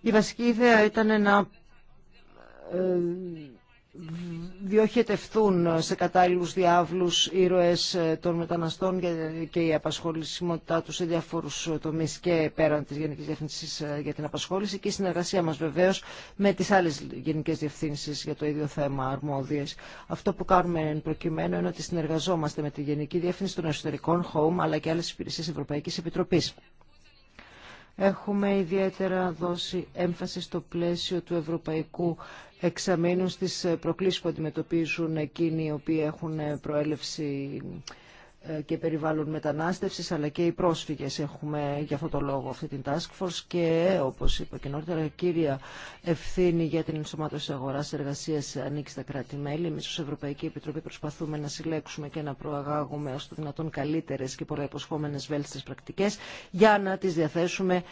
Η βασική ιδέα ήταν να ε, Διόχετευθούν σε κατάλληλους διάβλους ήρωες ε, των μεταναστών και η απασχολησιμότητά τους σε διάφορους ε, τομείς και πέραν της Γενικής Διευθύνσης ε, για την απασχόληση και η συνεργασία μας βεβαίως με τις άλλες Γενικές Διευθύνσεις για το ίδιο θέμα αρμόδιες. Αυτό που κάνουμε εν προκειμένου είναι ότι συνεργαζόμαστε με τη Γενική Διεύθυνση των Εσωτερικών Home αλλά και άλλες υπηρεσίες Ευρωπαϊκής Επιτροπής. Έχουμε ιδιαίτερα δώσει έμφαση στο πλαίσιο του Ευρωπαϊκού εξαμείνουν στις ε, προκλήσεις που αντιμετωπίζουν εκείνοι οι οποίοι έχουν ε, προέλευση ε, και περιβάλλον μετανάστευση, αλλά και οι πρόσφυγες έχουμε για αυτό το λόγο αυτή την task force και όπως είπα και νωρίτερα κύρια ευθύνη για την ενσωμάτωση αγοράς εργασίας ανήκει στα κράτη-μέλη. Εμείς ως Ευρωπαϊκή Επιτροπή προσπαθούμε να συλλέξουμε και να προαγάγουμε ως το δυνατόν καλύτερες και πολλαποσχόμενες βέλτιστες πρακτικές για να τις διαθέσουμε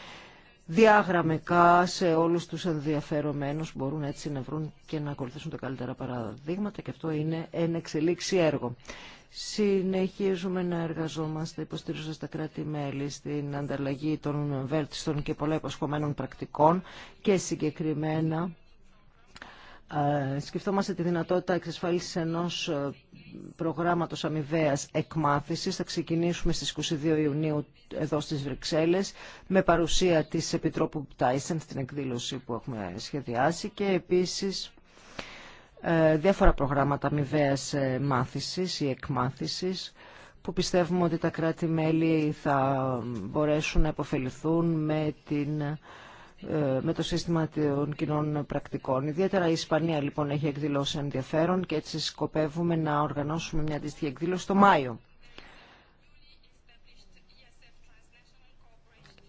διάγραμμικά σε όλους τους ενδιαφερομένους μπορούν έτσι να βρουν και να ακολουθήσουν τα καλύτερα παραδείγματα και αυτό είναι ένα εξελίξη έργο. Συνεχίζουμε να εργαζόμαστε υποστηρίζοντα τα κράτη-μέλη στην ανταλλαγή των βέλτιστων και πολλά υποσχομένων πρακτικών και συγκεκριμένα ε, σκεφτόμαστε τη δυνατότητα εξασφάλισης ενός προγράμματος αμοιβαία εκμάθησης. Θα ξεκινήσουμε στις 22 Ιουνίου εδώ στις Βρυξέλλες με παρουσία της Επιτρόπου Τάισεν στην εκδήλωση που έχουμε σχεδιάσει και επίσης ε, διάφορα προγράμματα αμοιβαία μάθησης ή εκμάθησης που πιστεύουμε ότι τα κράτη-μέλη θα μπορέσουν να υποφεληθούν με την ε, με το σύστημα των κοινών πρακτικών. Ιδιαίτερα η Ισπανία λοιπόν έχει εκδηλώσει ενδιαφέρον και έτσι σκοπεύουμε να οργανώσουμε μια αντίστοιχη εκδήλωση το Μάιο.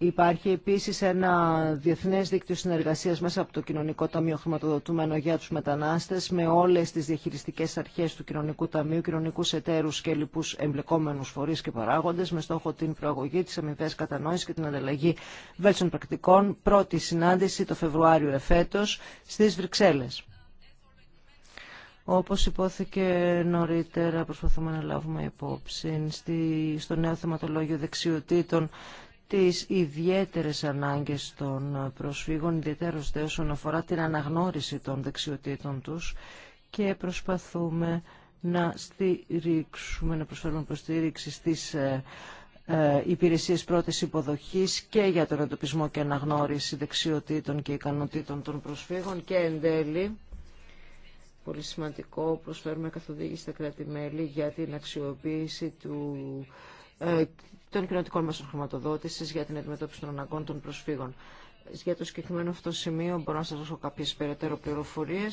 Υπάρχει επίσης ένα διεθνές δίκτυο συνεργασίας μέσα από το Κοινωνικό Ταμείο χρηματοδοτούμενο για τους μετανάστες με όλες τις διαχειριστικές αρχές του Κοινωνικού Ταμείου, κοινωνικού εταίρους και λοιπούς εμπλεκόμενους φορείς και παράγοντες με στόχο την προαγωγή της αμοιβέ κατανόησης και την ανταλλαγή βέλτιστων πρακτικών. Πρώτη συνάντηση το Φεβρουάριο εφέτος στις Βρυξέλλες. Όπως υπόθηκε νωρίτερα, προσπαθούμε να λάβουμε υπόψη στο νέο θεματολόγιο δεξιοτήτων τις ιδιαίτερες ανάγκες των προσφύγων, ιδιαίτερος δε όσον αφορά την αναγνώριση των δεξιοτήτων τους και προσπαθούμε να στηρίξουμε, να προσφέρουμε προστήριξη στις ε, ε, υπηρεσίες πρώτης υποδοχής και για τον εντοπισμό και αναγνώριση δεξιοτήτων και ικανοτήτων των προσφύγων και εν τέλει πολύ σημαντικό προσφέρουμε καθοδήγηση στα κράτη-μέλη για την αξιοποίηση του ε, των κοινωτικών μέσων χρηματοδότηση για την αντιμετώπιση των αναγκών των προσφύγων. Για το συγκεκριμένο αυτό σημείο μπορώ να σα δώσω κάποιε περαιτέρω πληροφορίε.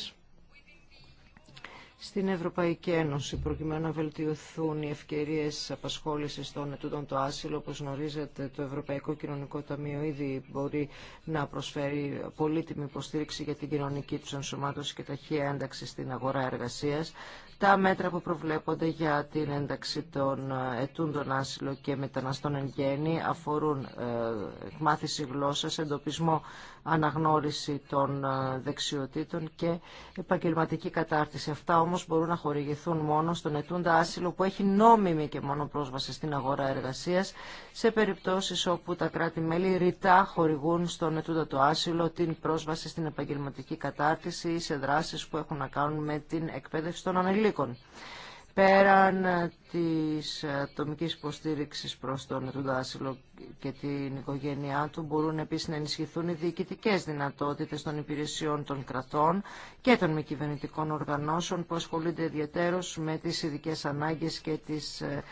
Στην Ευρωπαϊκή Ένωση, προκειμένου να βελτιωθούν οι ευκαιρίε απασχόληση των ετούντων το άσυλο, όπω γνωρίζετε, το Ευρωπαϊκό Κοινωνικό Ταμείο ήδη μπορεί να προσφέρει πολύτιμη υποστήριξη για την κοινωνική του ενσωμάτωση και ταχεία ένταξη στην αγορά εργασία τα μέτρα που προβλέπονται για την ένταξη των ε, ετούντων άσυλο και μεταναστών εν γέννη αφορούν ε, εκμάθηση γλώσσας, εντοπισμό αναγνώριση των ε, δεξιοτήτων και επαγγελματική κατάρτιση. Αυτά όμως μπορούν να χορηγηθούν μόνο στον ετούντα άσυλο που έχει νόμιμη και μόνο πρόσβαση στην αγορά εργασίας σε περιπτώσεις όπου τα κράτη-μέλη ρητά χορηγούν στον ετούντα το άσυλο την πρόσβαση στην επαγγελματική κατάρτιση ή σε δράσεις που έχουν να κάνουν με την εκπαίδευση των ανελίκων πέραν ε, της ατομικής υποστήριξης προς τον δάσυλο και την οικογένειά του μπορούν επίσης να ενισχυθούν οι διοικητικές δυνατότητες των υπηρεσιών των κρατών και των μη κυβερνητικών οργανώσεων που ασχολούνται ιδιαίτερως με τις ειδικές ανάγκες και τις ε,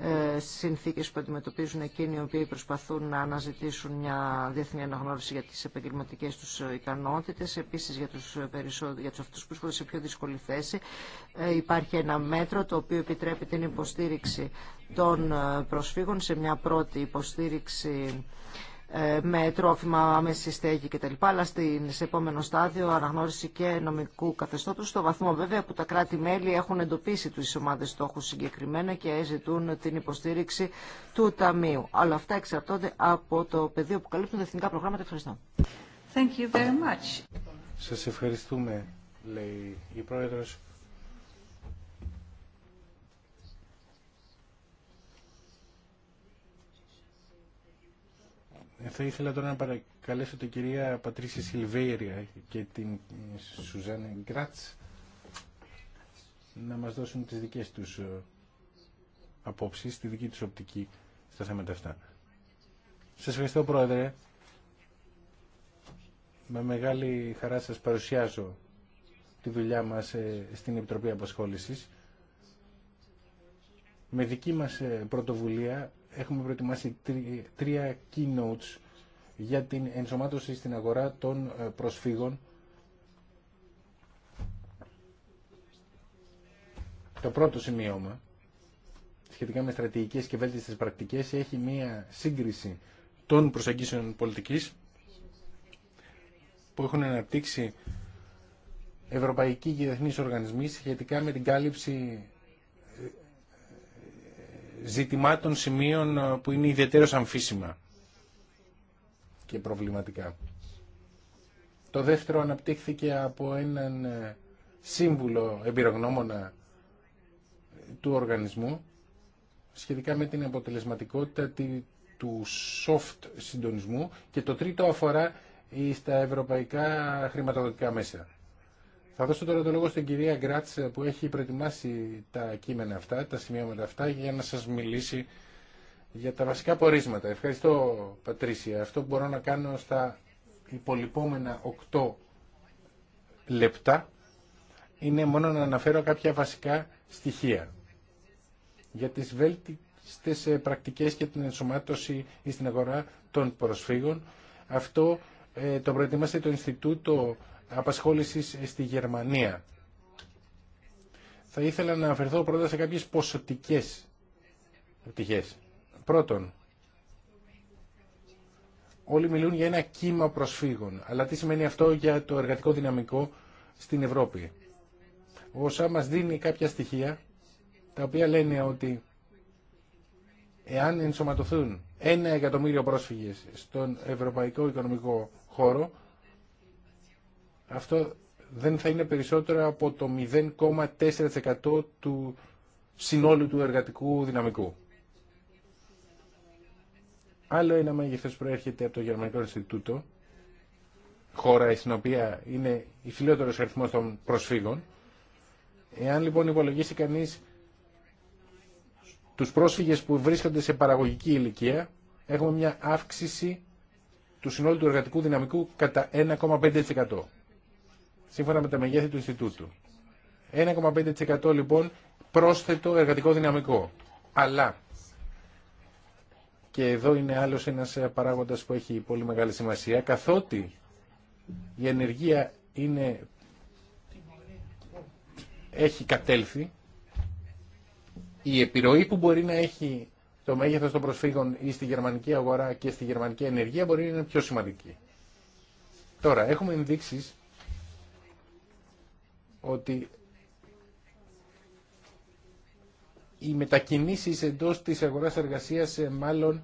ε, συνθήκες που αντιμετωπίζουν εκείνοι οι οποίοι προσπαθούν να αναζητήσουν μια διεθνή αναγνώριση για τις επαγγελματικέ τους ικανότητες, επίσης για τους, αυτού, αυτούς που βρίσκονται σε πιο δύσκολη θέση. Ε, υπάρχει ένα μέτρο το οποίο επιτρέπει την υποστήριξη των ε, προσφύγων σε μια πρώτη υποστήριξη ε, με τρόφιμα, άμεση στέγη κτλ. Αλλά στην, σε επόμενο στάδιο αναγνώριση και νομικού καθεστώτου, στο βαθμό βέβαια που τα κράτη-μέλη έχουν εντοπίσει του ομάδε στόχου συγκεκριμένα και ζητούν την υποστήριξη του Ταμείου. Αλλά αυτά εξαρτώνται από το πεδίο που καλύπτουν τα εθνικά προγράμματα. Ευχαριστώ. Thank you very much. Σας ευχαριστούμε, λέει η Πρόεδρος. Θα ήθελα τώρα να παρακαλέσω την κυρία Πατρίσια Σιλβέρια και την Σουζάνε Γκράτς να μας δώσουν τις δικές τους ε, απόψεις, τη δική τους οπτική στα θέματα αυτά. Σας ευχαριστώ Πρόεδρε. Με μεγάλη χαρά σας παρουσιάζω τη δουλειά μας ε, στην Επιτροπή Απασχόλησης. Με δική μας ε, πρωτοβουλία έχουμε προετοιμάσει τρία keynotes για την ενσωμάτωση στην αγορά των ε, προσφύγων. Το πρώτο σημείωμα σχετικά με στρατηγικές και βέλτιστες πρακτικές έχει μία σύγκριση των προσεγγίσεων πολιτικής που έχουν αναπτύξει ευρωπαϊκοί και διεθνείς οργανισμοί σχετικά με την κάλυψη ζητημάτων σημείων ε, που είναι ιδιαίτερως αμφίσιμα και προβληματικά. Το δεύτερο αναπτύχθηκε από έναν ε, σύμβουλο εμπειρογνώμονα ε, του οργανισμού σχετικά με την αποτελεσματικότητα του soft συντονισμού και το τρίτο αφορά στα ευρωπαϊκά χρηματοδοτικά μέσα. Θα δώσω τώρα το λόγο στην κυρία Γκράτς που έχει προετοιμάσει τα κείμενα αυτά, τα σημειώματα αυτά για να σας μιλήσει για τα βασικά πορίσματα. Ευχαριστώ Πατρίσια. Αυτό που μπορώ να κάνω στα υπολοιπόμενα 8 λεπτά είναι μόνο να αναφέρω κάποια βασικά στοιχεία για τις βέλτιστες ε, πρακτικές και την ενσωμάτωση στην αγορά των προσφύγων. Αυτό ε, το προετοίμασε το Ινστιτούτο απασχόλησης στη Γερμανία. Θα ήθελα να αφερθώ πρώτα σε κάποιες ποσοτικές πτυχές. Πρώτον, όλοι μιλούν για ένα κύμα προσφύγων. Αλλά τι σημαίνει αυτό για το εργατικό δυναμικό στην Ευρώπη. Ο ΩΣΑ μας δίνει κάποια στοιχεία τα οποία λένε ότι εάν ενσωματωθούν ένα εκατομμύριο πρόσφυγες στον ευρωπαϊκό οικονομικό χώρο αυτό δεν θα είναι περισσότερο από το 0,4% του συνόλου του εργατικού δυναμικού. Άλλο ένα μέγεθος προέρχεται από το Γερμανικό Ινστιτούτο, χώρα στην οποία είναι φιλότερος αριθμός των προσφύγων. Εάν λοιπόν υπολογίσει κανείς τους πρόσφυγες που βρίσκονται σε παραγωγική ηλικία, έχουμε μια αύξηση του συνόλου του εργατικού δυναμικού κατά 1,5% σύμφωνα με τα μεγέθη του Ινστιτούτου. 1,5% λοιπόν πρόσθετο εργατικό δυναμικό. Αλλά, και εδώ είναι άλλος ένας ε, παράγοντας που έχει πολύ μεγάλη σημασία, καθότι η ενεργεία είναι, έχει κατέλθει, η επιρροή που μπορεί να έχει το μέγεθος των προσφύγων ή στη γερμανική αγορά και στη γερμανική ενεργεία μπορεί να είναι πιο σημαντική. Τώρα, έχουμε ενδείξεις ότι οι μετακινήσεις εντός της αγοράς εργασίας ε, μάλλον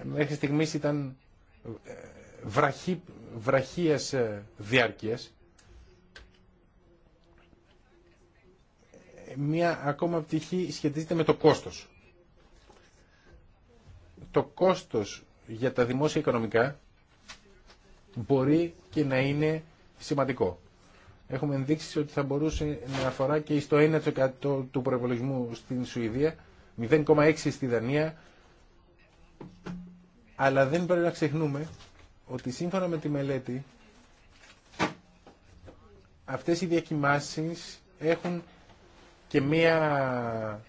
ε, μέχρι στιγμής ήταν ε, βραχή, διάρκεια, Μία ακόμα πτυχή σχετίζεται με το κόστος. Το κόστος για τα δημόσια οικονομικά μπορεί και να είναι σημαντικό έχουμε ενδείξει ότι θα μπορούσε να αφορά και στο 1% του προπολογισμού στην Σουηδία, 0,6% στη Δανία. Αλλά δεν πρέπει να ξεχνούμε ότι σύμφωνα με τη μελέτη αυτές οι διακοιμάσεις έχουν και μία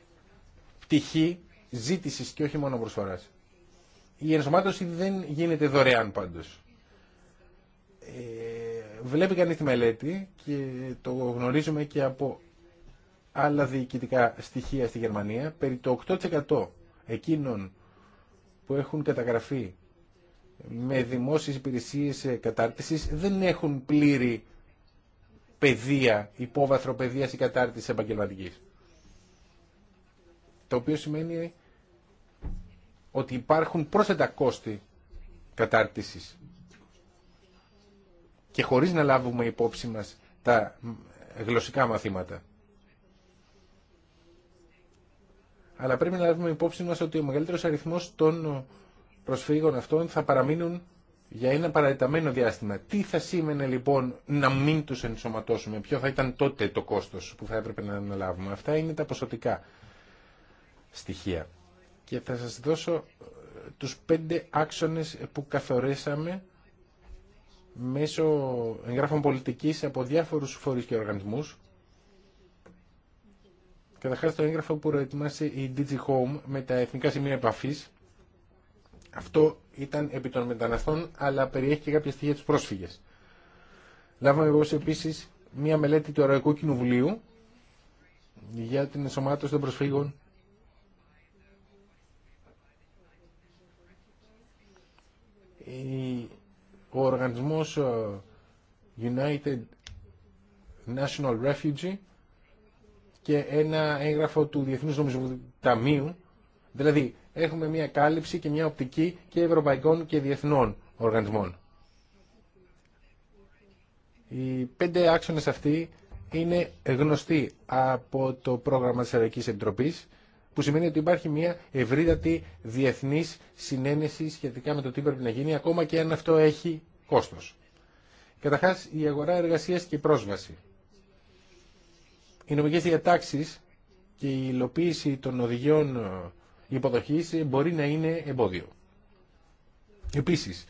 πτυχή ζήτησης και όχι μόνο προσφοράς. Η ενσωμάτωση δεν γίνεται δωρεάν πάντως. Ε, βλέπει κανείς τη μελέτη και το γνωρίζουμε και από άλλα διοικητικά στοιχεία στη Γερμανία, περί το 8% εκείνων που έχουν καταγραφεί με δημόσιες υπηρεσίες ε, κατάρτισης δεν έχουν πλήρη παιδεία, υπόβαθρο παιδείας ή κατάρτισης επαγγελματικής. Το οποίο σημαίνει ότι υπάρχουν πρόσθετα κόστη κατάρτισης και χωρίς να λάβουμε υπόψη μας τα γλωσσικά μαθήματα. Αλλά πρέπει να λάβουμε υπόψη μας ότι ο μεγαλύτερος αριθμός των προσφύγων αυτών θα παραμείνουν για ένα παρατεταμένο διάστημα. Τι θα σήμαινε λοιπόν να μην τους ενσωματώσουμε, ποιο θα ήταν τότε το κόστος που θα έπρεπε να αναλάβουμε. Αυτά είναι τα ποσοτικά στοιχεία. Και θα σας δώσω ε, τους πέντε άξονες που καθορίσαμε μέσω εγγράφων πολιτικής από διάφορους φορείς και οργανισμούς. Καταρχά το έγγραφο που προετοιμάσει η DigiHome με τα εθνικά σημεία επαφής. Αυτό ήταν επί των μεταναστών, αλλά περιέχει και κάποια στοιχεία τους πρόσφυγες. Λάβαμε εγώ επίσης μια μελέτη του Ευρωπαϊκού Κοινοβουλίου για την ενσωμάτωση των προσφύγων η ο οργανισμός ε, United National Refugee και ένα έγγραφο του Διεθνούς Νομισμού Ταμείου. Δηλαδή, έχουμε μια κάλυψη και μια οπτική και ευρωπαϊκών και διεθνών οργανισμών. Οι πέντε άξονες αυτοί είναι γνωστοί από το πρόγραμμα της Ευρωπαϊκής Επιτροπής που σημαίνει ότι υπάρχει μια ευρύτατη διεθνή συνένεση σχετικά με το τι πρέπει να γίνει, ακόμα και αν αυτό έχει κόστο. Καταρχά, η αγορά εργασία και η πρόσβαση. Οι νομικέ διατάξει και η υλοποίηση των οδηγιών ε, υποδοχή μπορεί να είναι εμπόδιο. Επίση,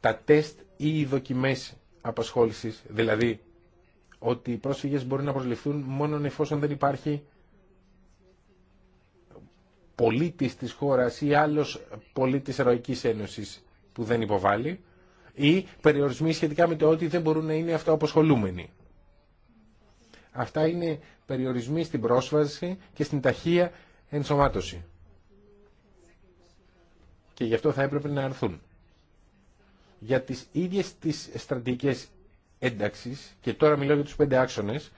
τα τεστ ή οι δοκιμέ απασχόληση, δηλαδή ότι οι πρόσφυγε μπορεί να προσληφθούν μόνο εφόσον δεν υπάρχει πολίτης της χώρας ή άλλος πολίτης Ευρωπαϊκής Ένωσης που δεν υποβάλλει ή περιορισμοί σχετικά με το ότι δεν μπορούν να είναι αυτοαποσχολούμενοι. Αυτά είναι περιορισμοί στην πρόσβαση και στην ταχεία ενσωμάτωση. Και γι' αυτό θα έπρεπε να έρθουν. Για τις ίδιες τις στρατηγικές ένταξης, και τώρα μιλώ για τους πέντε άξονες,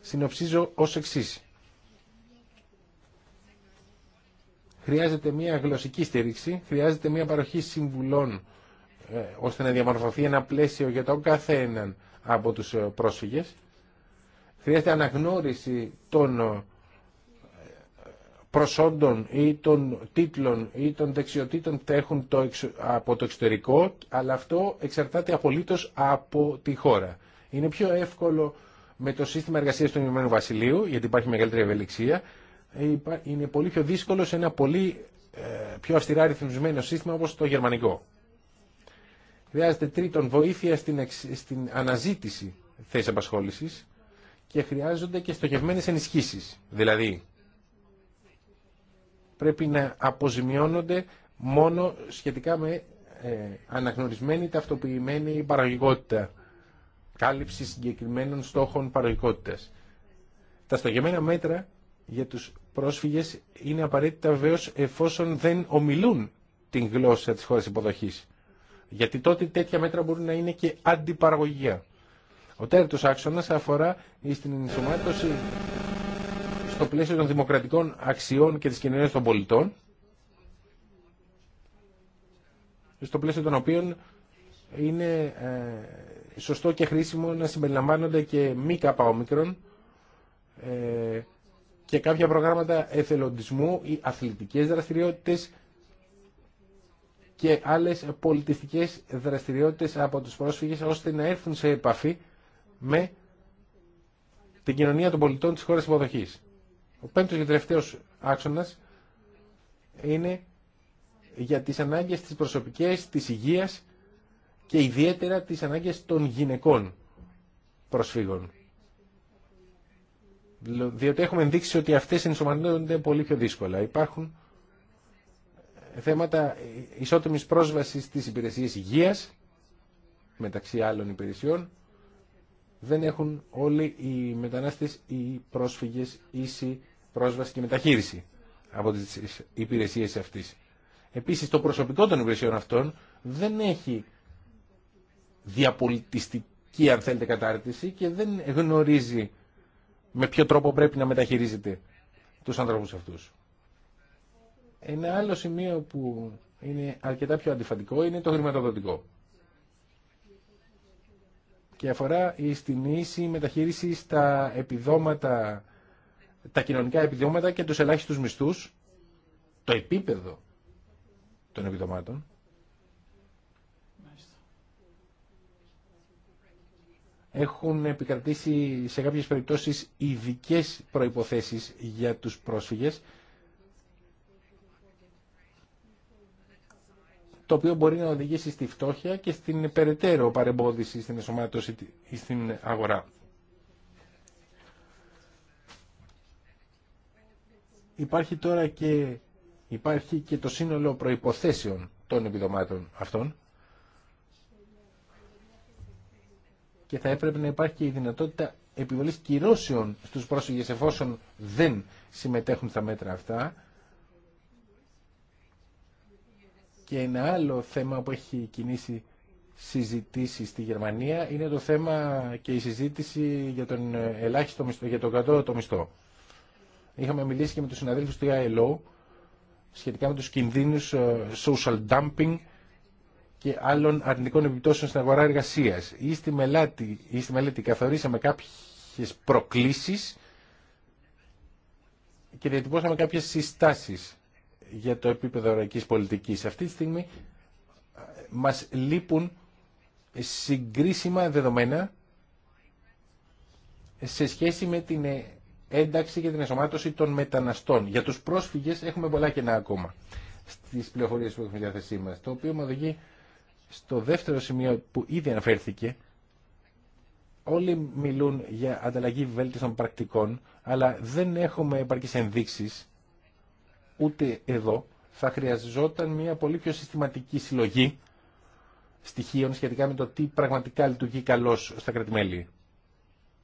συνοψίζω ως εξής. χρειάζεται μια γλωσσική στήριξη, χρειάζεται μια παροχή συμβουλών ε, ώστε να διαμορφωθεί ένα πλαίσιο για τον κάθε από τους ε, πρόσφυγες. Χρειάζεται αναγνώριση των ε, προσόντων ή των τίτλων ή των δεξιοτήτων που έχουν το από το εξωτερικό, αλλά αυτό εξαρτάται απολύτως από τη χώρα. Είναι πιο εύκολο με το σύστημα εργασίας του Ηνωμένου Βασιλείου, γιατί υπάρχει μεγαλύτερη ευελιξία, ε, είναι πολύ πιο δύσκολο σε ένα πολύ ε, πιο αυστηρά ρυθμισμένο σύστημα όπως το γερμανικό. Χρειάζεται τρίτον βοήθεια στην αναζήτηση θέσης απασχόλησης και χρειάζονται και στοχευμένες ενισχύσεις. Δηλαδή, πρέπει να αποζημιώνονται μόνο σχετικά με ε, αναγνωρισμένη ταυτοποιημένη παραγωγικότητα, κάλυψη συγκεκριμένων στόχων παραγωγικότητας. Τα στοχευμένα μέτρα για τους πρόσφυγες είναι απαραίτητα βεβαίω εφόσον δεν ομιλούν την γλώσσα τη χώρα υποδοχή. Γιατί τότε τέτοια μέτρα μπορούν να είναι και αντιπαραγωγία. Ο τέταρτο άξονα αφορά στην ενσωμάτωση στο πλαίσιο των δημοκρατικών αξιών και της κοινωνία των πολιτών, στο πλαίσιο των οποίων είναι ε, σωστό και χρήσιμο να συμπεριλαμβάνονται και μη καπαόμικρον, ε, και κάποια προγράμματα εθελοντισμού ή αθλητικές δραστηριότητες και άλλες πολιτιστικές δραστηριότητες από τους πρόσφυγες ώστε να έρθουν σε επαφή με την κοινωνία των πολιτών της χώρας υποδοχής. Ο πέμπτος και τελευταίος άξονας είναι για τις ανάγκες της προσωπικές, της υγείας και ιδιαίτερα τις ανάγκες των γυναικών προσφύγων διότι έχουμε ενδείξει ότι αυτές ενσωματώνονται πολύ πιο δύσκολα. Υπάρχουν θέματα ισότιμης πρόσβασης στις υπηρεσίες υγείας, μεταξύ άλλων υπηρεσιών, δεν έχουν όλοι οι μετανάστες ή οι πρόσφυγες ίση πρόσβαση και μεταχείριση από τις υπηρεσίες αυτής. Επίσης το προσωπικό των υπηρεσιών αυτών δεν έχει διαπολιτιστική αν θέλετε κατάρτιση και δεν γνωρίζει με ποιο τρόπο πρέπει να μεταχειρίζεται τους ανθρώπους αυτούς. Ένα άλλο σημείο που είναι αρκετά πιο αντιφατικό είναι το χρηματοδοτικό. Και αφορά στην ίση μεταχείριση στα επιδόματα, τα κοινωνικά επιδόματα και τους ελάχιστους μισθούς, το επίπεδο των επιδομάτων. έχουν επικρατήσει σε κάποιες περιπτώσεις ειδικέ προϋποθέσεις για τους πρόσφυγες, το οποίο μπορεί να οδηγήσει στη φτώχεια και στην περαιτέρω παρεμπόδιση στην εσωμάτωση ή στην αγορά. Υπάρχει τώρα και, υπάρχει και το σύνολο προϋποθέσεων των επιδομάτων αυτών. και θα έπρεπε να υπάρχει και η δυνατότητα επιβολής κυρώσεων στους πρόσφυγε εφόσον δεν συμμετέχουν στα μέτρα αυτά. Και ένα άλλο θέμα που έχει κινήσει συζητήσει στη Γερμανία είναι το θέμα και η συζήτηση για τον ελάχιστο μισθό, για τον κατώτατο μισθό. Είχαμε μιλήσει και με τους συναδέλφους του ILO σχετικά με τους κινδύνους ε, social dumping και άλλων αρνητικών επιπτώσεων στην αγορά εργασία. Ή, στη ή στη μελέτη καθορίσαμε κάποιε προκλήσει και διατυπώσαμε κάποιε συστάσει για το επίπεδο ευρωπαϊκή πολιτική. Αυτή τη στιγμή ε, μα λείπουν συγκρίσιμα δεδομένα σε σχέση με την ε, ένταξη και την ενσωμάτωση των μεταναστών. Για τους πρόσφυγες έχουμε πολλά κενά ακόμα στις πληροφορίες που έχουμε διάθεσή μας, το οποίο με οδηγεί στο δεύτερο σημείο που ήδη αναφέρθηκε, όλοι μιλούν για ανταλλαγή βέλτιστων πρακτικών, αλλά δεν έχουμε επαρκείς ενδείξεις, ούτε εδώ. Θα χρειαζόταν μια πολύ πιο συστηματική συλλογή στοιχείων σχετικά με το τι πραγματικά λειτουργεί καλώς στα κρατημέλη.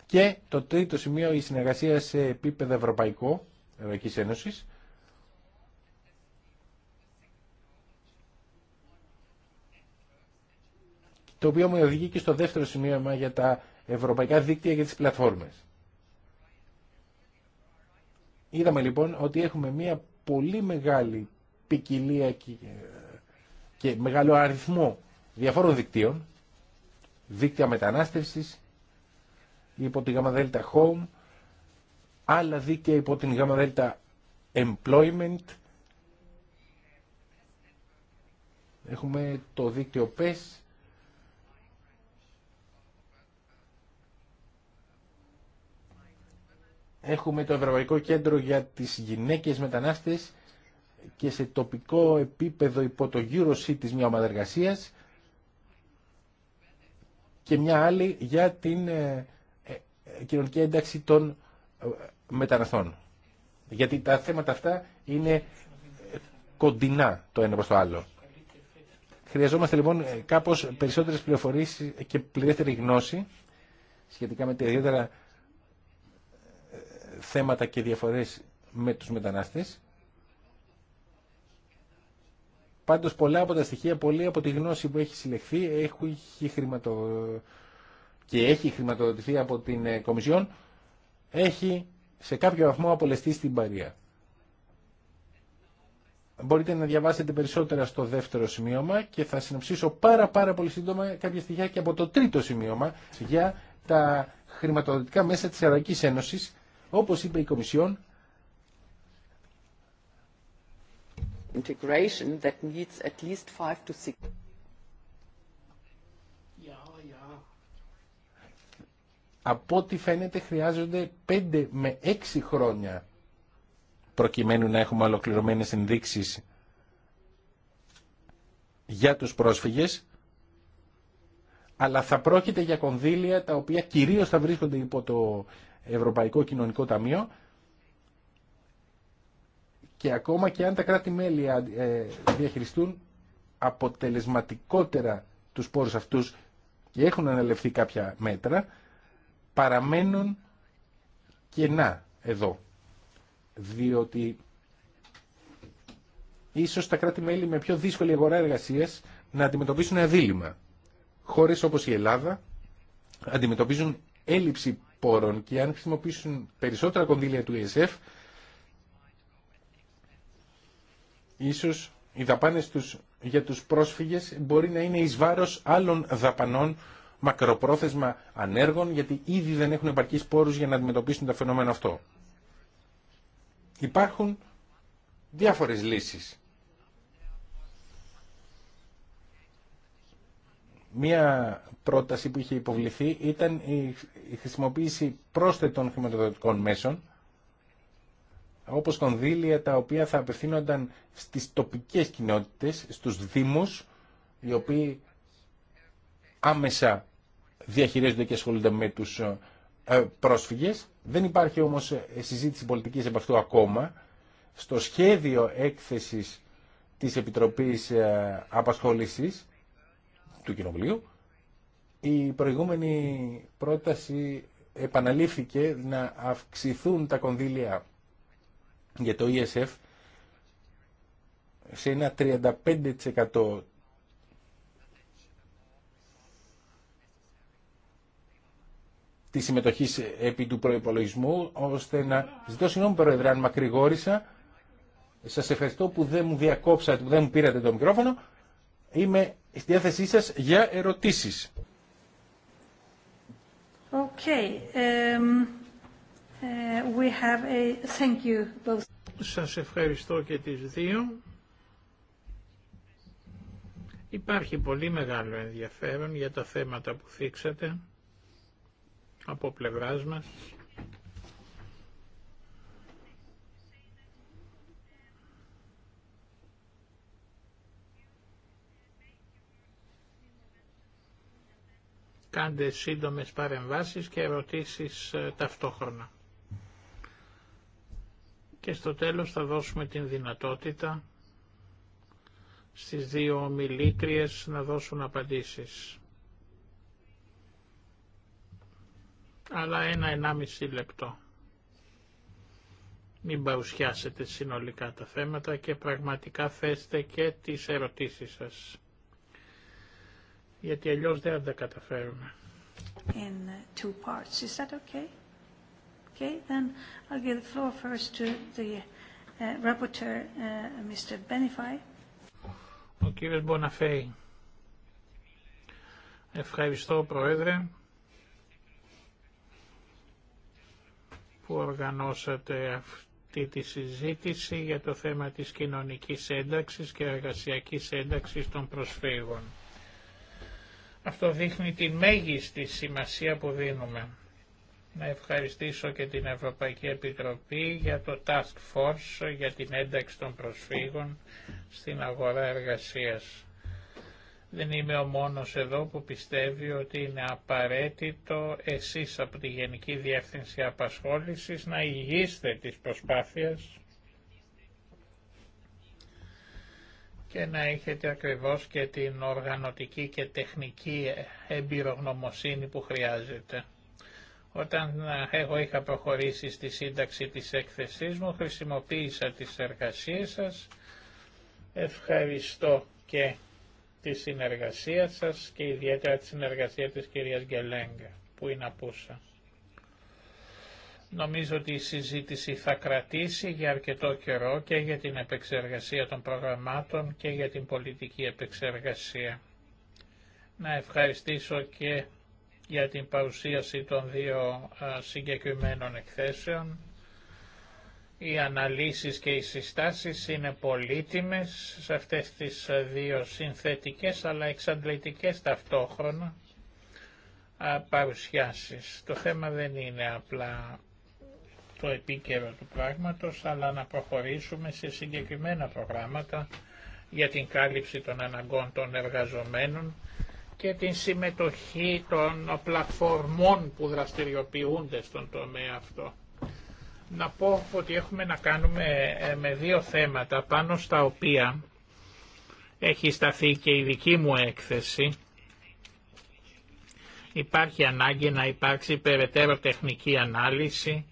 Και το τρίτο σημείο, η συνεργασία σε επίπεδο ευρωπαϊκό, Ευρωπαϊκής Ένωσης, το οποίο μου οδηγεί και στο δεύτερο σημείωμα για τα ευρωπαϊκά δίκτυα για τις πλατφόρμες. Είδαμε λοιπόν ότι έχουμε μια πολύ μεγάλη ποικιλία και, και μεγάλο αριθμό διαφόρων δικτύων, δίκτυα μετανάστευσης, υπό την δέλτα Home, άλλα δίκτυα υπό την δέλτα Employment, έχουμε το δίκτυο PES, Έχουμε το Ευρωπαϊκό Κέντρο για τις Γυναίκες Μετανάστες και σε τοπικό επίπεδο υπό το γύρο της μια ομάδα και μια άλλη για την ε, ε, κοινωνική ένταξη των ε, μεταναστών. Γιατί τα θέματα αυτά είναι κοντινά το ένα προς το άλλο. Χρειαζόμαστε λοιπόν κάπως περισσότερες πληροφορίες και πληρέστερη γνώση σχετικά με τα ιδιαίτερα θέματα και διαφορές με τους μετανάστες. Πάντως πολλά από τα στοιχεία, πολλή από τη γνώση που έχει συλλεχθεί έχει χρηματο... και έχει χρηματοδοτηθεί από την ε, Κομισιόν έχει σε κάποιο βαθμό απολεστεί στην παρία. Μπορείτε να διαβάσετε περισσότερα στο δεύτερο σημείωμα και θα συνοψίσω πάρα πάρα πολύ σύντομα κάποια στοιχεία και από το τρίτο σημείωμα για τα χρηματοδοτικά μέσα της Ευρωπαϊκής Ένωσης όπως είπε η Κομισιόν, integration that needs at least to Από ό,τι φαίνεται χρειάζονται 5 με 6 χρόνια προκειμένου να έχουμε ολοκληρωμένες ενδείξεις για τους πρόσφυγες αλλά θα πρόκειται για κονδύλια τα οποία κυρίως θα βρίσκονται υπό το Ευρωπαϊκό Κοινωνικό Ταμείο και ακόμα και αν τα κράτη-μέλη ε, διαχειριστούν αποτελεσματικότερα τους πόρους αυτούς και έχουν αναλευθεί κάποια μέτρα, παραμένουν κενά εδώ. Διότι ίσως τα κράτη-μέλη με πιο δύσκολη αγορά εργασίας να αντιμετωπίσουν δίλημα. Χώρες όπως η Ελλάδα αντιμετωπίζουν έλλειψη πόρων και αν χρησιμοποιήσουν περισσότερα κονδύλια του ESF, ίσως οι δαπάνες τους για τους πρόσφυγες μπορεί να είναι εις βάρος άλλων δαπανών μακροπρόθεσμα ανέργων, γιατί ήδη δεν έχουν επαρκείς πόρους για να αντιμετωπίσουν το φαινόμενο αυτό. Υπάρχουν διάφορες λύσεις Μία πρόταση που είχε υποβληθεί ήταν η χρησιμοποίηση πρόσθετων χρηματοδοτικών μέσων, όπως κονδύλια τα οποία θα απευθύνονταν στις τοπικές κοινότητες, στους δήμους, οι οποίοι άμεσα διαχειρίζονται και ασχολούνται με τους ε, πρόσφυγες. Δεν υπάρχει όμως ε, συζήτηση πολιτικής από αυτού ακόμα. Στο σχέδιο έκθεσης της Επιτροπής ε, Απασχόλησης του Κοινοβουλίου. Η προηγούμενη πρόταση επαναλήφθηκε να αυξηθούν τα κονδύλια για το ESF σε ένα 35% τη συμμετοχή επί του προπολογισμού, ώστε να. Ζητώ συγγνώμη, Πρόεδρε, αν μακρηγόρησα. Σα ευχαριστώ που δεν μου διακόψατε, που δεν μου πήρατε το μικρόφωνο είμαι στη διάθεσή σας για ερωτήσεις. Okay. Um, uh, we have a... Thank you both. Σας ευχαριστώ και τις δύο. Υπάρχει πολύ μεγάλο ενδιαφέρον για τα θέματα που θίξατε από πλευράς μας. κάντε σύντομες παρεμβάσεις και ερωτήσεις ε, ταυτόχρονα. Και στο τέλος θα δώσουμε την δυνατότητα στις δύο ομιλήτριες να δώσουν απαντήσεις. Αλλά ένα-ενάμιση λεπτό. Μην παρουσιάσετε συνολικά τα θέματα και πραγματικά θέστε και τις ερωτήσεις σας γιατί αλλιώς δεν τα καταφέρουμε. In uh, two parts. Is that okay? Okay, then I'll give the floor first to the uh, rapporteur, uh, Mr. Benify. Ο κύριος Μποναφέη. Ευχαριστώ, Πρόεδρε, που οργανώσατε αυτή τη συζήτηση για το θέμα της κοινωνικής ένταξης και εργασιακής ένταξης των προσφύγων. Αυτό δείχνει τη μέγιστη σημασία που δίνουμε. Να ευχαριστήσω και την Ευρωπαϊκή Επιτροπή για το Task Force για την ένταξη των προσφύγων στην αγορά εργασίας. Δεν είμαι ο μόνος εδώ που πιστεύει ότι είναι απαραίτητο εσείς από τη Γενική Διεύθυνση Απασχόλησης να υγείστε τις προσπάθειες και να έχετε ακριβώς και την οργανωτική και τεχνική εμπειρογνωμοσύνη που χρειάζεται. Όταν ε, εγώ είχα προχωρήσει στη σύνταξη της έκθεσής μου, χρησιμοποίησα τις εργασίες σας. Ευχαριστώ και τη συνεργασία σας και ιδιαίτερα τη συνεργασία της κυρίας Γκελέγκα που είναι απούσα. Νομίζω ότι η συζήτηση θα κρατήσει για αρκετό καιρό και για την επεξεργασία των προγραμμάτων και για την πολιτική επεξεργασία. Να ευχαριστήσω και για την παρουσίαση των δύο συγκεκριμένων εκθέσεων. Οι αναλύσεις και οι συστάσεις είναι πολύτιμες σε αυτές τις δύο συνθετικές αλλά εξαντλητικές ταυτόχρονα παρουσιάσεις. Το θέμα δεν είναι απλά το επίκαιρο του πράγματος, αλλά να προχωρήσουμε σε συγκεκριμένα προγράμματα για την κάλυψη των αναγκών των εργαζομένων και την συμμετοχή των πλατφορμών που δραστηριοποιούνται στον τομέα αυτό. Να πω ότι έχουμε να κάνουμε ε, με δύο θέματα πάνω στα οποία έχει σταθεί και η δική μου έκθεση. Υπάρχει ανάγκη να υπάρξει περαιτέρω τεχνική ανάλυση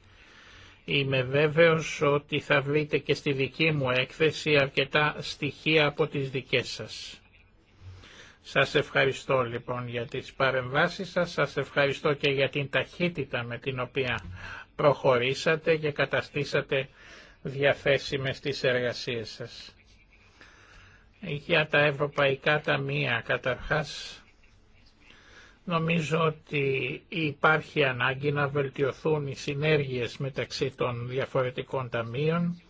Είμαι βέβαιος ότι θα βρείτε και στη δική μου έκθεση αρκετά στοιχεία από τις δικές σας. Σας ευχαριστώ λοιπόν για τις παρεμβάσεις σας, σας ευχαριστώ και για την ταχύτητα με την οποία προχωρήσατε και καταστήσατε διαθέσιμες τις εργασίες σας. Για τα ευρωπαϊκά ταμεία καταρχάς Νομίζω ότι υπάρχει ανάγκη να βελτιωθούν οι συνέργειες μεταξύ των διαφορετικών ταμείων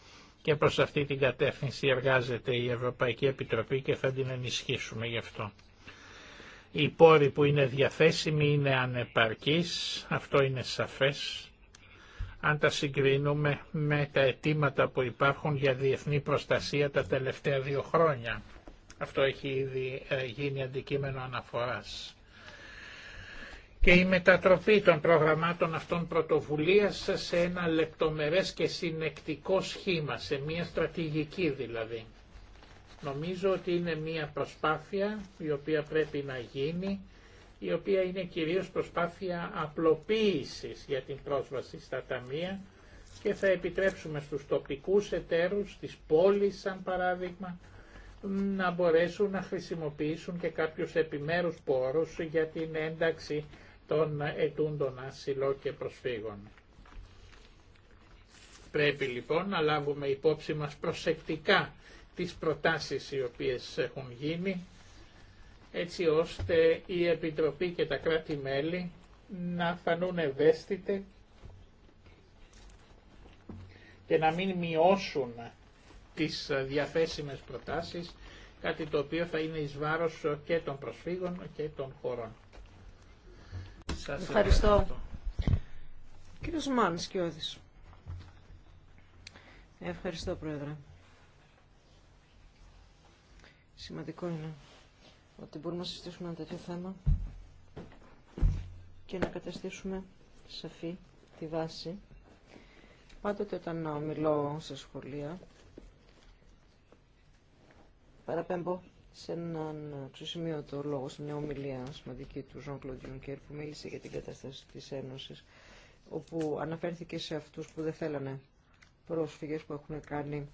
και προς αυτή την κατεύθυνση εργάζεται η Ευρωπαϊκή Επιτροπή και θα την ενισχύσουμε γι' αυτό. Οι πόροι που είναι διαθέσιμοι είναι ανεπαρκείς, αυτό είναι σαφές, αν τα συγκρίνουμε με τα αιτήματα που υπάρχουν για διεθνή προστασία τα τελευταία δύο χρόνια. Αυτό έχει ήδη ε, γίνει αντικείμενο αναφοράς και η μετατροπή των προγραμμάτων αυτών πρωτοβουλίας σε ένα λεπτομερές και συνεκτικό σχήμα, σε μια στρατηγική δηλαδή. Νομίζω ότι είναι μια προσπάθεια η οποία πρέπει να γίνει, η οποία είναι κυρίως προσπάθεια απλοποίησης για την πρόσβαση στα ταμεία και θα επιτρέψουμε στους τοπικούς εταίρους, της πόλης σαν παράδειγμα, να μπορέσουν να χρησιμοποιήσουν και κάποιους επιμέρους πόρους για την ένταξη των ετούντων ασυλό και προσφύγων. Πρέπει λοιπόν να λάβουμε υπόψη μας προσεκτικά τις προτάσεις οι οποίες έχουν γίνει, έτσι ώστε η Επιτροπή και τα κράτη-μέλη να φανούν ευαίσθητε και να μην μειώσουν τις διαθέσιμες προτάσεις, κάτι το οποίο θα είναι εις βάρος και των προσφύγων και των χωρών ευχαριστώ. ευχαριστώ. Κύριος Μάνης Κιώδης. Ευχαριστώ, Πρόεδρε. Σημαντικό είναι ότι μπορούμε να συζητήσουμε ένα τέτοιο θέμα και να καταστήσουμε σαφή τη βάση. Πάντοτε όταν μιλώ σε σχολεία, παραπέμπω σε έναν ξεσημείωτο λόγο, σε μια ομιλία σημαντική του Ζων Κέρ που μίλησε για την κατάσταση της Ένωσης, όπου αναφέρθηκε σε αυτούς που δεν θέλανε πρόσφυγες που έχουν κάνει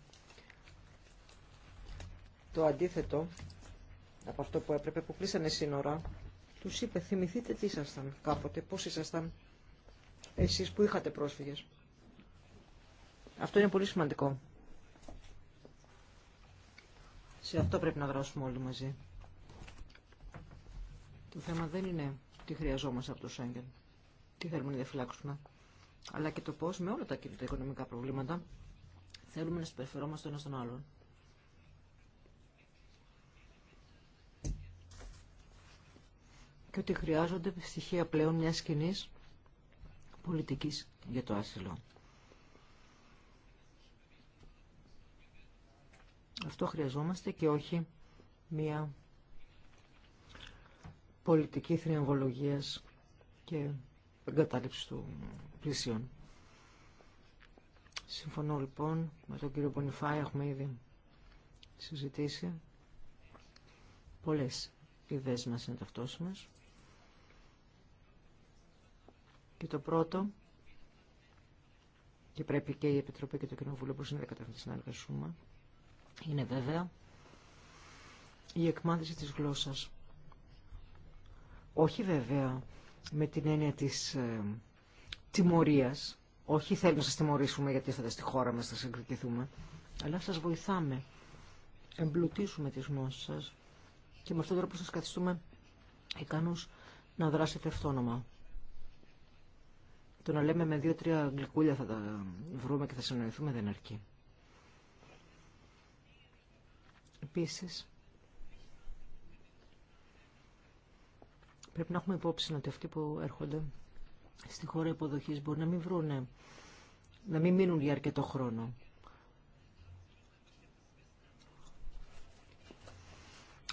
το αντίθετο από αυτό που έπρεπε, που κλείσανε σύνορα, τους είπε θυμηθείτε τι ήσασταν κάποτε, πώς ήσασταν εσείς που είχατε πρόσφυγες. Αυτό είναι πολύ σημαντικό. Σε αυτό πρέπει να δράσουμε όλοι μαζί. Το θέμα δεν είναι τι χρειαζόμαστε από το Σέγγεν, τι θέλουμε να διαφυλάξουμε, αλλά και το πώς με όλα τα κύρια οικονομικά προβλήματα θέλουμε να συμπεριφερόμαστε ένα στον άλλον. και ότι χρειάζονται στοιχεία πλέον μιας κοινή πολιτικής για το άσυλο. Αυτό χρειαζόμαστε και όχι μία πολιτική θριαμβολογίας και εγκατάλειψη του πλησίων. Συμφωνώ λοιπόν με τον κύριο Πονιφάη, έχουμε ήδη συζητήσει. Πολλές ιδέες μας είναι ταυτόσιμες. Και το πρώτο, και πρέπει και η Επιτροπή και το Κοινοβούλιο που είναι να να εργαστούμε, είναι βέβαια η εκμάθηση της γλώσσας. Όχι βέβαια με την έννοια της ε, τιμωρίας. Όχι θέλουμε να σας τιμωρήσουμε γιατί θα στη χώρα μας, θα συγκριτηθούμε. Αλλά σας βοηθάμε. Εμπλουτίσουμε τις γνώσεις σας και με αυτόν τον τρόπο σας καθιστούμε ικανούς να δράσετε αυτόνομα. Το να λέμε με δύο-τρία γλυκούλια θα τα βρούμε και θα συνοηθούμε δεν αρκεί. Επίσης, πρέπει να έχουμε υπόψη ότι αυτοί που έρχονται στη χώρα υποδοχής μπορεί να μην βρούνε, να μην μείνουν για αρκετό χρόνο.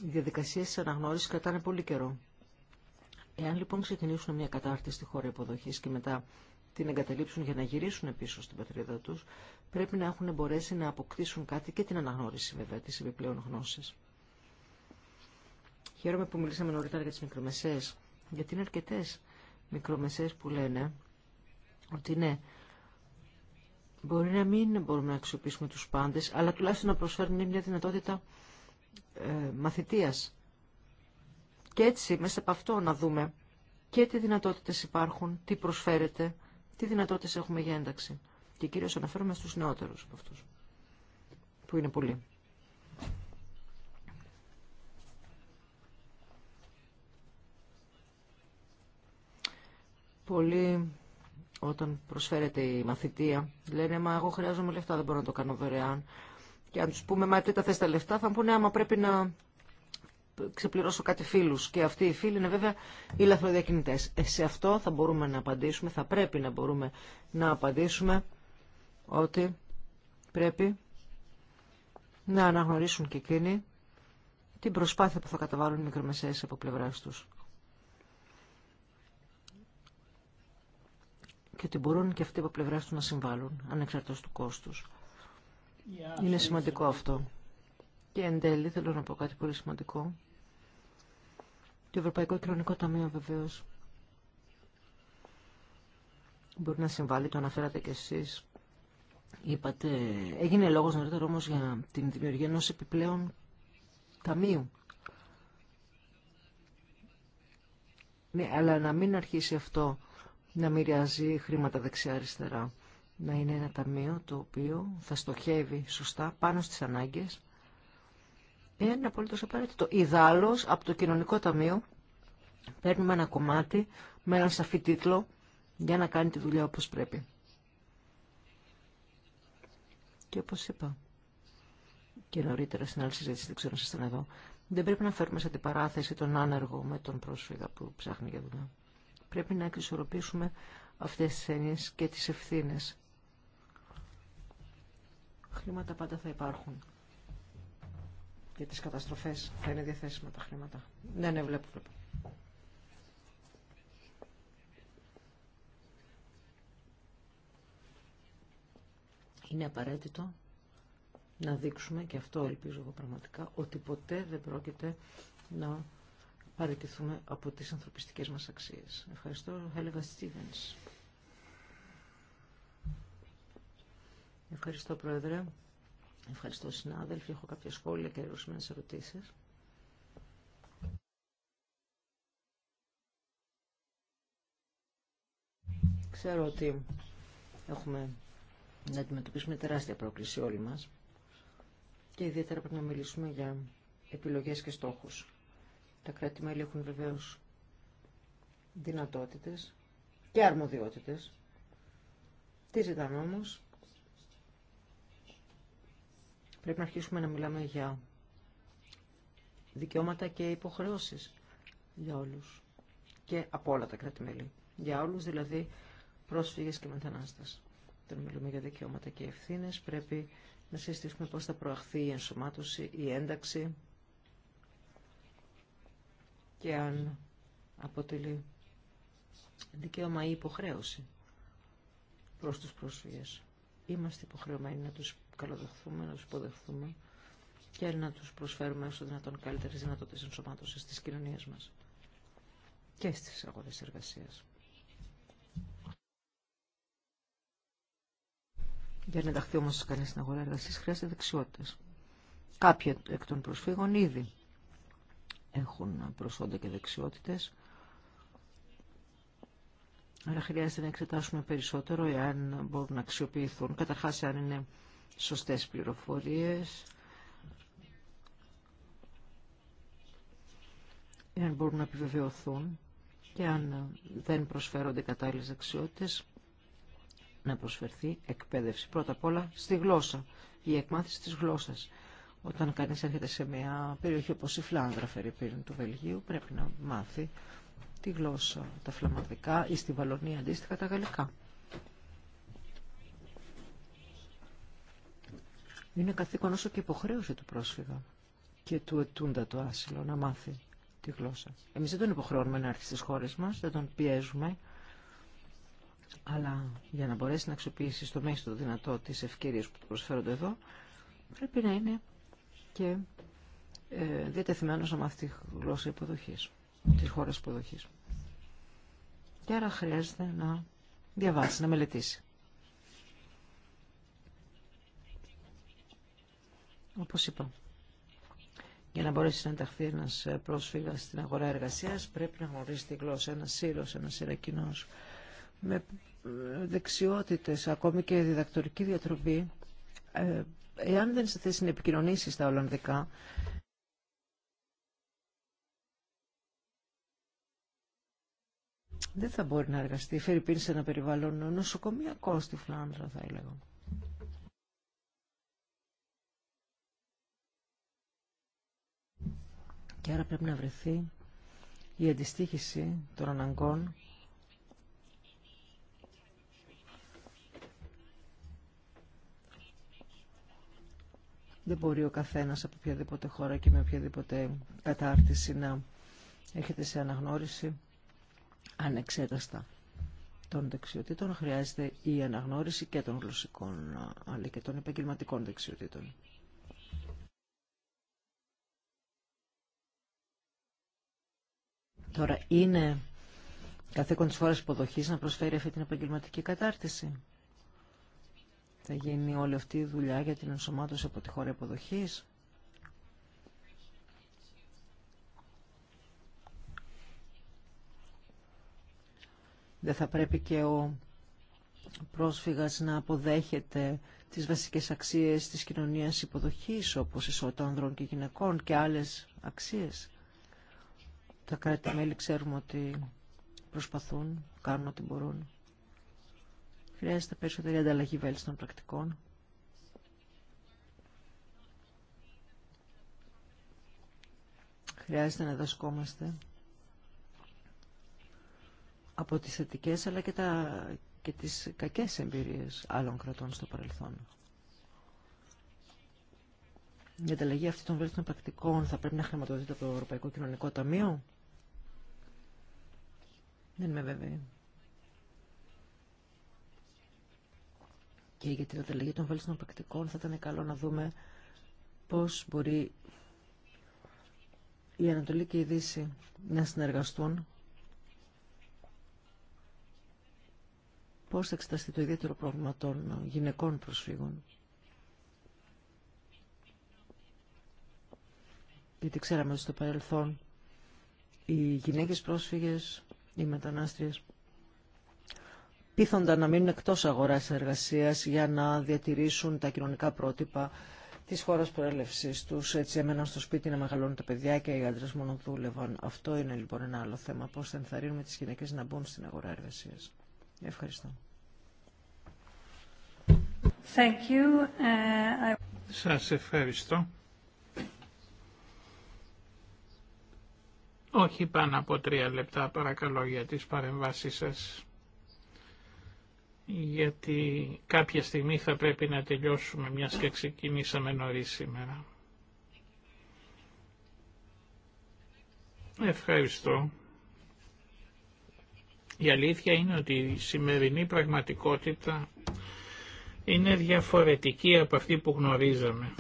Οι διαδικασίες της αναγνώρισης κρατάνε πολύ καιρό. Εάν λοιπόν ξεκινήσουν μια κατάρτιση στη χώρα υποδοχής και μετά την εγκαταλείψουν για να γυρίσουν πίσω στην πατρίδα τους, πρέπει να έχουν μπορέσει να αποκτήσουν κάτι και την αναγνώριση βέβαια τη επιπλέον γνώση. Χαίρομαι που μιλήσαμε νωρίτερα για τι μικρομεσαίε, γιατί είναι αρκετέ μικρομεσαίε που λένε ότι ναι, μπορεί να μην μπορούμε να αξιοποιήσουμε του πάντε, αλλά τουλάχιστον να προσφέρουν μια δυνατότητα ε, μαθητείας. Και έτσι μέσα από αυτό να δούμε και τι δυνατότητες υπάρχουν, τι προσφέρεται, τι δυνατότητες έχουμε για ένταξη και κυρίω αναφέρομαι στου νεότερου από αυτούς, που είναι πολλοί. Πολλοί όταν προσφέρεται η μαθητεία λένε «Μα εγώ χρειάζομαι λεφτά, δεν μπορώ να το κάνω δωρεάν». Και αν του πούμε «Μα τι τα θες τα λεφτά» θα μου πούνε «Άμα πρέπει να ξεπληρώσω κάτι φίλου. Και αυτοί οι φίλοι είναι βέβαια οι λαθροδιακινητέ. Ε, σε αυτό θα μπορούμε να απαντήσουμε, θα πρέπει να μπορούμε να απαντήσουμε ότι πρέπει να αναγνωρίσουν και εκείνοι την προσπάθεια που θα καταβάλουν οι μικρομεσαίες από πλευράς τους. Και ότι μπορούν και αυτοί από πλευράς τους να συμβάλλουν, ανεξαρτό του κόστους. Είναι σημαντικό αυτό. Και εν τέλει θέλω να πω κάτι πολύ σημαντικό. Το Ευρωπαϊκό Κοινωνικό Ταμείο βεβαίως μπορεί να συμβάλλει, το αναφέρατε κι εσείς, Είπατε, έγινε λόγος νωρίτερα όμως για την δημιουργία ενός επιπλέον ταμείου. Ναι, αλλά να μην αρχίσει αυτό να μοιράζει χρήματα δεξιά-αριστερά. Να είναι ένα ταμείο το οποίο θα στοχεύει σωστά πάνω στις ανάγκες. Είναι απολύτως απαραίτητο. Ιδάλλως, από το κοινωνικό ταμείο παίρνουμε ένα κομμάτι με ένα σαφή τίτλο για να κάνει τη δουλειά όπως πρέπει. Και όπως είπα και νωρίτερα στην άλλη συζήτηση, δεν ξέρω αν ήσασταν εδώ, δεν πρέπει να φέρουμε σε αντιπαράθεση τον άνεργο με τον πρόσφυγα που ψάχνει για δουλειά. Πρέπει να εξισορροπήσουμε αυτές τις έννοιες και τις ευθύνες. Χρήματα πάντα θα υπάρχουν. Για τις καταστροφές θα είναι διαθέσιμα τα χρήματα. Ναι, ναι, βλέπω, βλέπω. Είναι απαραίτητο να δείξουμε, και αυτό ελπίζω εγώ πραγματικά, ότι ποτέ δεν πρόκειται να παραιτηθούμε από τις ανθρωπιστικές μας αξίες. Ευχαριστώ, Στίβενς. Ευχαριστώ, Πρόεδρε. Ευχαριστώ, συνάδελφοι. Έχω κάποια σχόλια και ερωσμένες ερωτήσεις. Ξέρω ότι έχουμε να αντιμετωπίσουμε τεράστια πρόκληση όλοι μας και ιδιαίτερα πρέπει να μιλήσουμε για επιλογές και στόχους. Τα κράτη-μέλη έχουν βεβαίως δυνατότητες και αρμοδιότητες. Τι ζητάμε όμως. Πρέπει να αρχίσουμε να μιλάμε για δικαιώματα και υποχρεώσεις για όλους και από όλα τα κράτη-μέλη. Για όλους δηλαδή πρόσφυγες και μετανάστες όταν μιλούμε για δικαιώματα και ευθύνε. πρέπει να συστήσουμε πώ θα προαχθεί η ενσωμάτωση, η ένταξη και αν αποτελεί δικαίωμα ή υποχρέωση προς τους πρόσφυγες. Είμαστε υποχρεωμένοι να τους καλοδεχθούμε, να τους υποδεχθούμε και να τους προσφέρουμε όσο δυνατόν καλύτερε δυνατότητε ενσωμάτωσης στις κοινωνίες μας και στι αγορέ εργασία. Για να ενταχθεί όμω κανεί στην αγορά εργασία χρειάζεται δεξιότητε. Κάποιοι εκ των προσφύγων ήδη έχουν προσόντα και δεξιότητε. Αλλά χρειάζεται να εξετάσουμε περισσότερο εάν μπορούν να αξιοποιηθούν. Καταρχά, αν είναι σωστέ πληροφορίε. εάν μπορούν να επιβεβαιωθούν και αν δεν προσφέρονται κατάλληλες δεξιότητες, να προσφερθεί εκπαίδευση. Πρώτα απ' όλα στη γλώσσα, η εκμάθηση της γλώσσας. Όταν κανείς έρχεται σε μια περιοχή όπως η Φλάνδρα, Φερρυπίν του Βελγίου, πρέπει να μάθει τη γλώσσα, τα φλαμανδικά ή στη Βαλονία αντίστοιχα τα γαλλικά. Είναι καθήκον όσο και υποχρέωση του πρόσφυγα και του ετούντα το άσυλο να μάθει τη γλώσσα. Εμείς δεν τον υποχρεώνουμε να έρθει στις χώρες μας, δεν τον πιέζουμε αλλά για να μπορέσει να αξιοποιήσει στο μέγιστο δυνατό τις ευκαιρίες που του προσφέρονται εδώ, πρέπει να είναι και ε, διατεθειμένος να μάθει τη γλώσσα υποδοχής, της χώρας υποδοχής. Και άρα χρειάζεται να διαβάσει, να μελετήσει. Όπως είπα, για να μπορέσει να ενταχθεί ένας πρόσφυγας στην αγορά εργασίας, πρέπει να γνωρίζει τη γλώσσα, ένας Σύρος, ένας Ιρακινός, με δεξιότητες, ακόμη και διδακτορική διατροφή, ε, εάν δεν σε θέση να επικοινωνήσει στα Ολλανδικά, δεν θα μπορεί να εργαστεί. Φέρει πίνη σε ένα περιβάλλον νοσοκομιακό στη Φλάνδρα, θα έλεγα. Και άρα πρέπει να βρεθεί η αντιστοίχηση των αναγκών Δεν μπορεί ο καθένας από οποιαδήποτε χώρα και με οποιαδήποτε κατάρτιση να έχετε σε αναγνώριση ανεξέταστα των δεξιοτήτων. Χρειάζεται η αναγνώριση και των γλωσσικών αλλά και των επαγγελματικών δεξιοτήτων. Τώρα είναι καθήκον της χώρας υποδοχής να προσφέρει αυτή την επαγγελματική κατάρτιση θα γίνει όλη αυτή η δουλειά για την ενσωμάτωση από τη χώρα υποδοχής. Δεν θα πρέπει και ο πρόσφυγας να αποδέχεται τις βασικές αξίες της κοινωνίας υποδοχής, όπως ισότητα ανδρών και γυναικών και άλλες αξίες. Τα κράτη-μέλη ξέρουμε ότι προσπαθούν, κάνουν ό,τι μπορούν. Χρειάζεται περισσότερη ανταλλαγή βέλτιστων πρακτικών. Χρειάζεται να δασκόμαστε από τις θετικές αλλά και, τα, και τις κακές εμπειρίες άλλων κρατών στο παρελθόν. Η ανταλλαγή αυτή των βέλτιστων πρακτικών θα πρέπει να χρηματοδοτείται από το Ευρωπαϊκό Κοινωνικό Ταμείο. Δεν είμαι βέβαιη. Και για την ανταλλαγή των βέλτιστων πρακτικών θα ήταν καλό να δούμε πώς μπορεί η Ανατολή και η Δύση να συνεργαστούν, πώς θα εξεταστεί το ιδιαίτερο πρόβλημα των γυναικών προσφύγων. Γιατί ξέραμε ότι στο παρελθόν οι γυναίκες πρόσφυγες, οι μετανάστριες πείθονταν να μείνουν εκτός αγοράς εργασίας για να διατηρήσουν τα κοινωνικά πρότυπα της χώρας προέλευσης τους. Έτσι έμεναν στο σπίτι να μεγαλώνουν τα παιδιά και οι άντρες μόνο δούλευαν. Αυτό είναι λοιπόν ένα άλλο θέμα. Πώς θα ενθαρρύνουμε τις γυναίκες να μπουν στην αγορά εργασίας. Ευχαριστώ. Thank you. Ε, σας ευχαριστώ. Όχι πάνω από τρία λεπτά παρακαλώ για τις παρεμβάσεις σας γιατί κάποια στιγμή θα πρέπει να τελειώσουμε μιας και ξεκινήσαμε νωρίς σήμερα. Ευχαριστώ. Η αλήθεια είναι ότι η σημερινή πραγματικότητα είναι διαφορετική από αυτή που γνωρίζαμε.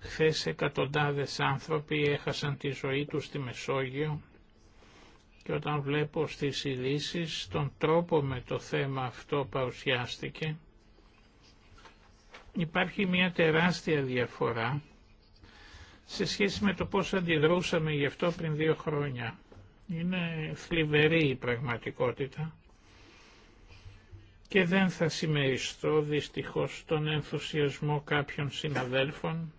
Χθες εκατοντάδες άνθρωποι έχασαν τη ζωή τους στη Μεσόγειο και όταν βλέπω στις ειδήσει τον τρόπο με το θέμα αυτό παρουσιάστηκε, υπάρχει μια τεράστια διαφορά σε σχέση με το πώς αντιδρούσαμε γι' αυτό πριν δύο χρόνια. Είναι θλιβερή η πραγματικότητα και δεν θα συμμεριστώ δυστυχώς τον ενθουσιασμό κάποιων συναδέλφων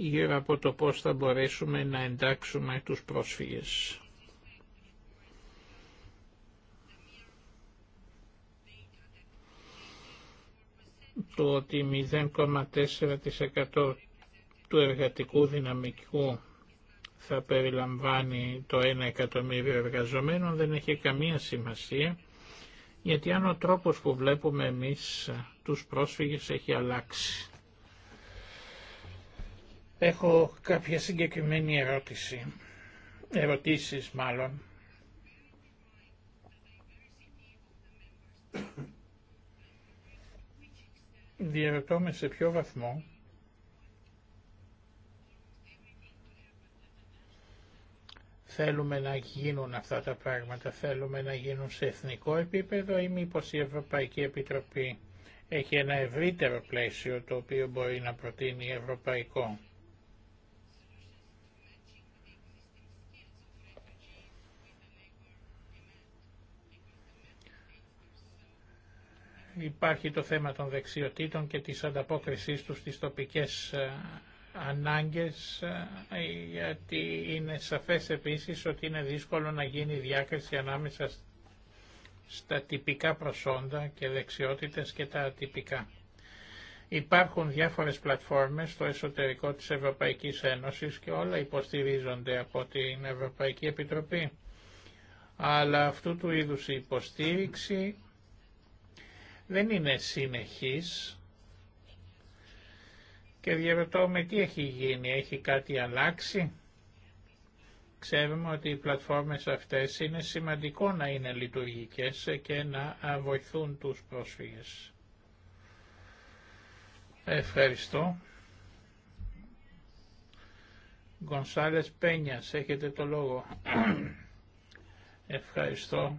γύρω από το πώς θα μπορέσουμε να εντάξουμε τους πρόσφυγες. Το ότι 0,4% του εργατικού δυναμικού θα περιλαμβάνει το 1 εκατομμύριο εργαζομένων δεν έχει καμία σημασία, γιατί αν ο τρόπος που βλέπουμε εμείς τους πρόσφυγες έχει αλλάξει. Έχω κάποια συγκεκριμένη ερώτηση, ερωτήσεις μάλλον. Διαρωτώ με σε ποιο βαθμό θέλουμε να γίνουν αυτά τα πράγματα, θέλουμε να γίνουν σε εθνικό επίπεδο ή μήπως η Ευρωπαϊκή Επιτροπή έχει ένα ευρύτερο πλαίσιο το οποίο μπορεί να προτείνει ευρωπαϊκό. Υπάρχει το θέμα των δεξιοτήτων και της ανταπόκρισής τους στις τοπικές ε, ανάγκες, ε, γιατί είναι σαφές επίσης ότι είναι δύσκολο να γίνει διάκριση ανάμεσα στα τυπικά προσόντα και δεξιότητες και τα ατυπικά. Υπάρχουν διάφορες πλατφόρμες στο εσωτερικό της Ευρωπαϊκής Ένωσης και όλα υποστηρίζονται από την Ευρωπαϊκή Επιτροπή. Αλλά αυτού του είδους υποστήριξη δεν είναι συνεχής και διαρωτώ με τι έχει γίνει, έχει κάτι αλλάξει. Ξέρουμε ότι οι πλατφόρμες αυτές είναι σημαντικό να είναι λειτουργικές και να βοηθούν τους πρόσφυγες. Ευχαριστώ. Γκονσάλες Πένιας, έχετε το λόγο. Ευχαριστώ.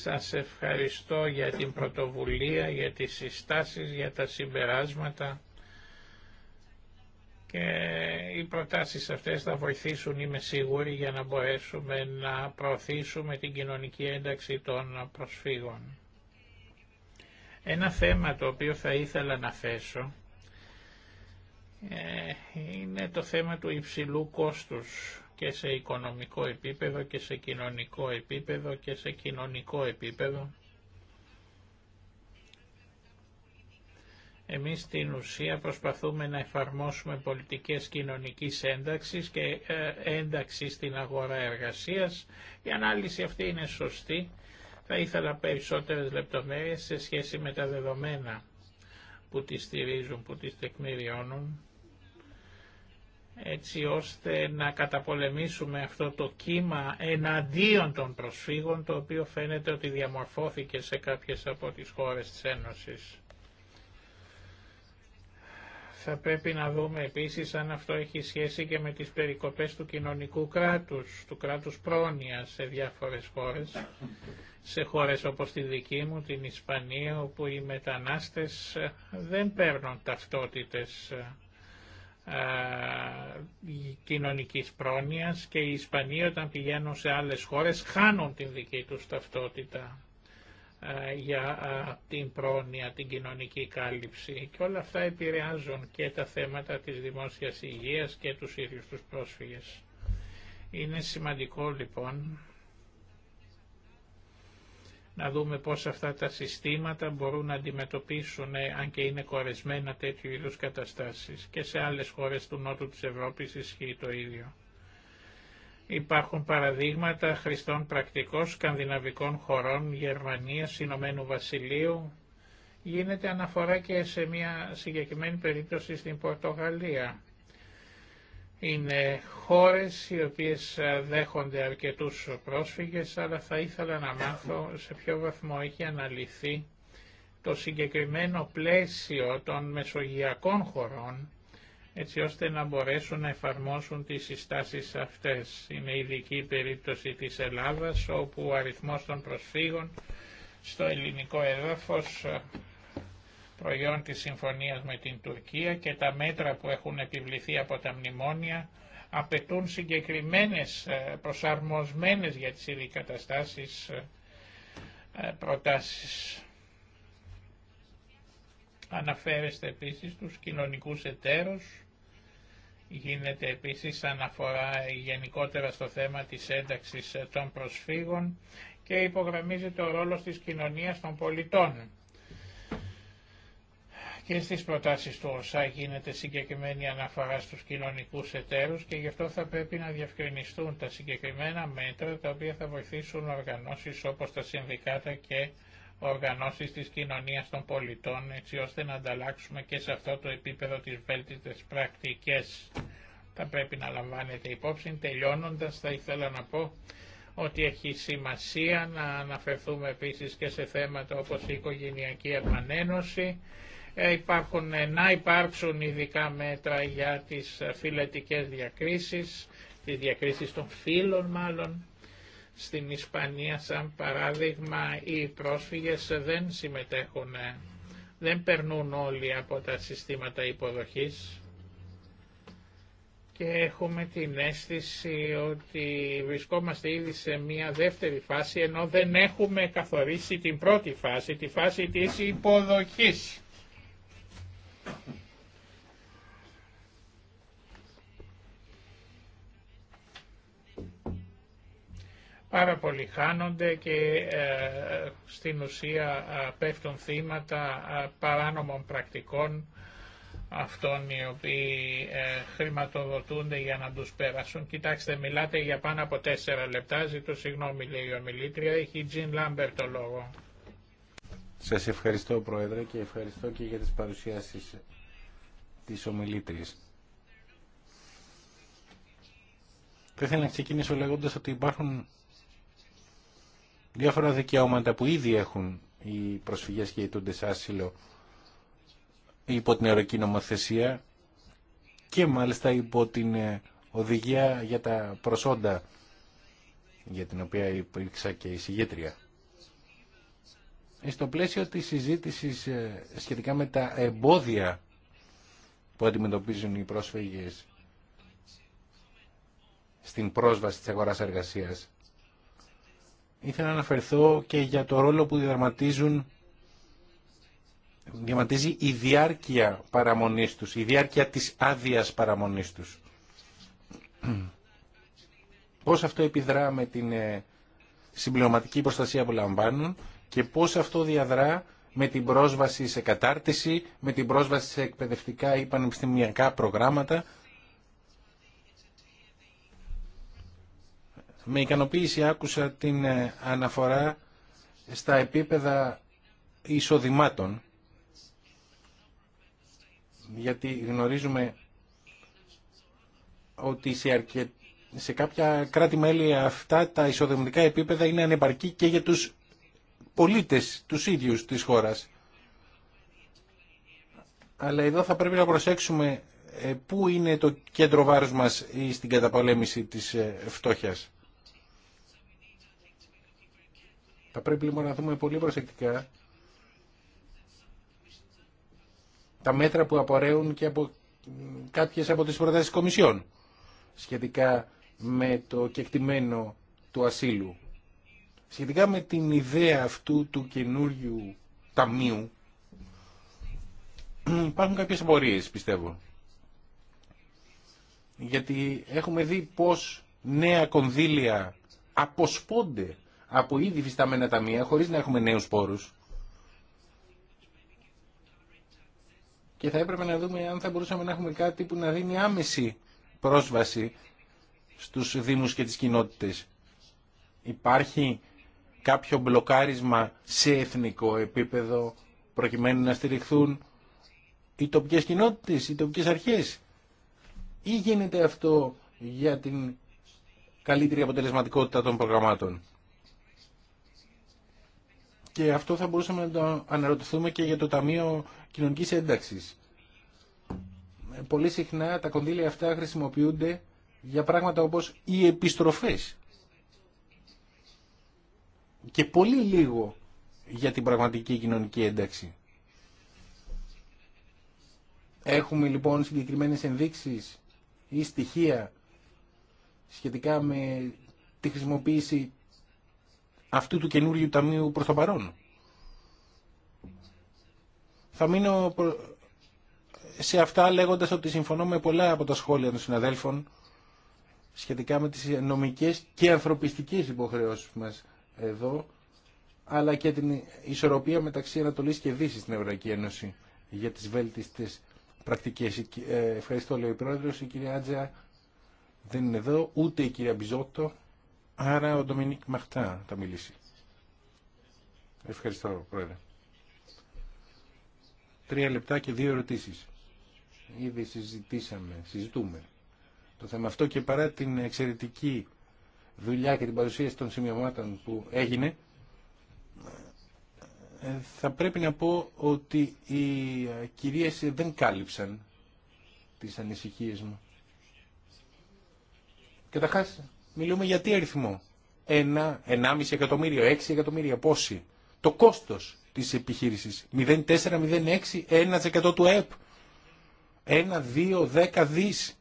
Σας ευχαριστώ για την πρωτοβουλία, για τις συστάσεις, για τα συμπεράσματα και οι προτάσεις αυτές θα βοηθήσουν, είμαι σίγουρη, για να μπορέσουμε να προωθήσουμε την κοινωνική ένταξη των προσφύγων. Ένα θέμα το οποίο θα ήθελα να θέσω ε, είναι το θέμα του υψηλού κόστους και σε οικονομικό επίπεδο και σε κοινωνικό επίπεδο και σε κοινωνικό επίπεδο. Εμείς στην ουσία προσπαθούμε να εφαρμόσουμε πολιτικές κοινωνικής ένταξης και ε, ένταξη στην αγορά εργασίας. Η ανάλυση αυτή είναι σωστή. Θα ήθελα περισσότερες λεπτομέρειες σε σχέση με τα δεδομένα που τις στηρίζουν, που τις τεκμηριώνουν έτσι ώστε να καταπολεμήσουμε αυτό το κύμα εναντίον των προσφύγων το οποίο φαίνεται ότι διαμορφώθηκε σε κάποιες από τις χώρες της Ένωσης. Θα πρέπει να δούμε επίσης αν αυτό έχει σχέση και με τις περικοπές του κοινωνικού κράτους, του κράτους πρόνοιας σε διάφορες χώρες, σε χώρες όπως τη δική μου, την Ισπανία, όπου οι μετανάστες δεν παίρνουν ταυτότητες ε, κοινωνικής πρόνοιας και οι Ισπανοί όταν πηγαίνουν σε άλλες χώρες χάνουν την δική τους ταυτότητα ε, για ε, την πρόνοια, την κοινωνική κάλυψη και όλα αυτά επηρεάζουν και τα θέματα της δημόσιας υγείας και τους ίδιους τους πρόσφυγες. Είναι σημαντικό λοιπόν να δούμε πώς αυτά τα συστήματα μπορούν να αντιμετωπίσουν, ε, αν και είναι κορεσμένα τέτοιου είδους καταστάσεις. Και σε άλλες χώρες του Νότου της Ευρώπης ισχύει το ίδιο. Υπάρχουν παραδείγματα χρηστών πρακτικών σκανδιναβικών χωρών, Γερμανίας, Ηνωμένου Βασιλείου. Γίνεται αναφορά και σε μια συγκεκριμένη περίπτωση στην Πορτογαλία είναι χώρες οι οποίες ε, δέχονται αρκετούς πρόσφυγες, αλλά θα ήθελα να μάθω σε ποιο βαθμό έχει αναλυθεί το συγκεκριμένο πλαίσιο των μεσογειακών χωρών, έτσι ώστε να μπορέσουν να εφαρμόσουν τις συστάσεις αυτές. Είναι ειδική περίπτωση της Ελλάδας, όπου ο αριθμός των προσφύγων στο ελληνικό έδαφος ε, προϊόν της συμφωνίας με την Τουρκία και τα μέτρα που έχουν επιβληθεί από τα μνημόνια απαιτούν συγκεκριμένες ε, προσαρμοσμένες για τις καταστάσεις ε, ε, προτάσεις. Αναφέρεστε επίσης τους κοινωνικούς εταίρους, γίνεται επίσης αναφορά γενικότερα στο θέμα της ένταξης των προσφύγων και υπογραμμίζεται ο ρόλος της κοινωνίας των πολιτών. Και στις προτάσεις του ΩΣΑ γίνεται συγκεκριμένη αναφορά στους κοινωνικούς εταίρους και γι' αυτό θα πρέπει να διευκρινιστούν τα συγκεκριμένα μέτρα τα οποία θα βοηθήσουν οργανώσεις όπως τα συνδικάτα και οργανώσεις της κοινωνίας των πολιτών έτσι ώστε να ανταλλάξουμε και σε αυτό το επίπεδο τις βέλτιστες πρακτικές. Θα πρέπει να λαμβάνετε υπόψη. Τελειώνοντας θα ήθελα να πω ότι έχει σημασία να αναφερθούμε επίσης και σε θέματα όπως η οικογενειακή επανένωση ε, υπάρχουν, ε, να υπάρξουν ειδικά μέτρα για τις ε, φιλετικές διακρίσεις, τις διακρίσεις των φίλων μάλλον. Στην Ισπανία, σαν παράδειγμα, οι πρόσφυγες δεν συμμετέχουν, δεν περνούν όλοι από τα συστήματα υποδοχής και έχουμε την αίσθηση ότι βρισκόμαστε ήδη σε μια δεύτερη φάση ενώ δεν έχουμε καθορίσει την πρώτη φάση, τη φάση της υποδοχής. Πάρα πολλοί χάνονται και ε, στην ουσία ε, πέφτουν θύματα ε, παράνομων πρακτικών αυτών οι οποίοι χρηματοδοτούνται για να τους πέρασουν. Κοιτάξτε, μιλάτε για πάνω από τέσσερα λεπτά. Ζητώ συγγνώμη, λέει η ομιλήτρια. Έχει η Τζιν Λάμπερ το λόγο. Σας ευχαριστώ Πρόεδρε και ευχαριστώ και για τις παρουσιάσεις της ομιλήτριας. Θα ήθελα να ξεκινήσω λέγοντας ότι υπάρχουν διάφορα δικαιώματα που ήδη έχουν οι προσφυγές και οι τούντες άσυλο υπό την ευρωπαϊκή νομοθεσία και μάλιστα υπό την οδηγία για τα προσόντα για την οποία υπήρξα και η συγγήτρια στο πλαίσιο της συζήτησης ε, σχετικά με τα εμπόδια που αντιμετωπίζουν οι πρόσφυγες στην πρόσβαση της αγοράς εργασίας. Ήθελα να αναφερθώ και για το ρόλο που διαδραματίζουν διαματίζει η διάρκεια παραμονής τους, η διάρκεια της άδειας παραμονής τους. Πώς αυτό επιδρά με την ε, συμπληρωματική προστασία που λαμβάνουν και πώς αυτό διαδρά με την πρόσβαση σε κατάρτιση, με την πρόσβαση σε εκπαιδευτικά ή πανεπιστημιακά προγράμματα. Με ικανοποίηση άκουσα την ε, αναφορά στα επίπεδα εισοδημάτων, γιατί γνωρίζουμε ότι σε, σε κάποια κράτη-μέλη αυτά τα εισοδηματικά επίπεδα είναι ανεπαρκή και για τους πολίτες τους ίδιους της χώρας. Αλλά εδώ θα πρέπει να προσέξουμε ε, πού είναι το κέντρο βάρους μας στην καταπολέμηση της ε, φτώχειας. Θα πρέπει λοιπόν να δούμε πολύ προσεκτικά τα μέτρα που απορρέουν και από κάποιες από τις προτάσεις Κομισιόν σχετικά με το κεκτημένο του ασύλου. Σχετικά με την ιδέα αυτού του καινούριου ταμείου, υπάρχουν κάποιες απορίες, πιστεύω. Γιατί έχουμε δει πώς νέα κονδύλια αποσπώνται από ήδη φυστάμενα ταμεία, χωρίς να έχουμε νέους πόρους. Και θα έπρεπε να δούμε αν θα μπορούσαμε να έχουμε κάτι που να δίνει άμεση πρόσβαση στους δήμους και τις κοινότητες. Υπάρχει κάποιο μπλοκάρισμα σε εθνικό επίπεδο προκειμένου να στηριχθούν οι τοπικές κοινότητες, οι τοπικές αρχές ή γίνεται αυτό για την καλύτερη αποτελεσματικότητα των προγραμμάτων. Και αυτό θα μπορούσαμε να το αναρωτηθούμε και για το Ταμείο Κοινωνικής Ένταξης. Πολύ συχνά τα κονδύλια αυτά χρησιμοποιούνται για πράγματα όπως οι επιστροφές και πολύ λίγο για την πραγματική κοινωνική ένταξη. Έχουμε λοιπόν συγκεκριμένες ενδείξεις ή στοιχεία σχετικά με τη χρησιμοποίηση αυτού του καινούριου ταμείου προς το παρόν. Θα μείνω σε αυτά λέγοντας ότι συμφωνώ με πολλά από τα σχόλια των συναδέλφων σχετικά με τις νομικές και ανθρωπιστικές υποχρεώσεις μας εδώ, αλλά και την ισορροπία μεταξύ Ανατολής και Δύσης στην Ευρωπαϊκή Ένωση για τις βέλτιστες πρακτικές. Ε, ευχαριστώ, λέει ο Πρόεδρος. Η κυρία Άτζα δεν είναι εδώ, ούτε η κυρία Μπιζότο, άρα ο Ντομινίκ Μαχτά θα μιλήσει. Ευχαριστώ, Πρόεδρε. Τρία λεπτά και δύο ερωτήσεις. Ήδη συζητήσαμε, συζητούμε το θέμα αυτό και παρά την εξαιρετική δουλειά και την παρουσίαση των σημειωμάτων που έγινε, ε, θα πρέπει να πω ότι οι ε, κυρίες δεν κάλυψαν τις ανησυχίες μου. Καταρχά, μιλούμε για τι αριθμό. Ένα, ενάμιση εκατομμύριο, έξι εκατομμύρια, πόσοι. Το κόστος της επιχείρησης. 0,4, 0,6, 1% του ΕΠ. Ένα, 2, δέκα δις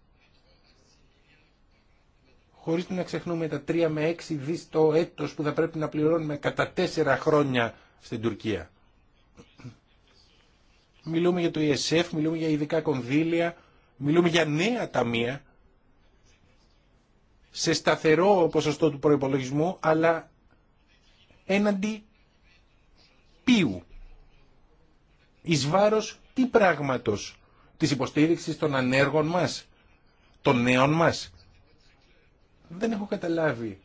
χωρίς να ξεχνούμε τα 3 με 6 δις το έτος που θα πρέπει να πληρώνουμε κατά 4 χρόνια στην Τουρκία. Μιλούμε για το ESF, μιλούμε για ειδικά κονδύλια, μιλούμε για νέα ταμεία σε σταθερό ποσοστό του προϋπολογισμού, αλλά έναντι ποιου. Εις βάρος τι πράγματος, της υποστήριξης των ανέργων μας, των νέων μας δεν έχω καταλάβει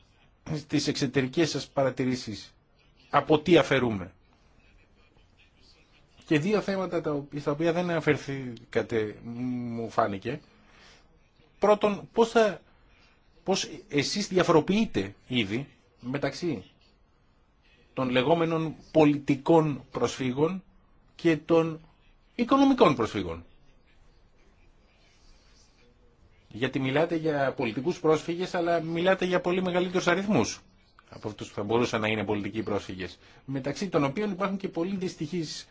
τις εξωτερικές σας παρατηρήσεις από τι αφαιρούμε. Και δύο θέματα τα οποία δεν αφαιρθήκατε μου φάνηκε. Πρώτον, πώς, θα, πώς εσείς διαφοροποιείτε ήδη μεταξύ των λεγόμενων πολιτικών προσφύγων και των οικονομικών προσφύγων γιατί μιλάτε για πολιτικούς πρόσφυγες, αλλά μιλάτε για πολύ μεγαλύτερου αριθμούς από αυτού που θα μπορούσαν να είναι πολιτικοί πρόσφυγες, μεταξύ των οποίων υπάρχουν και πολύ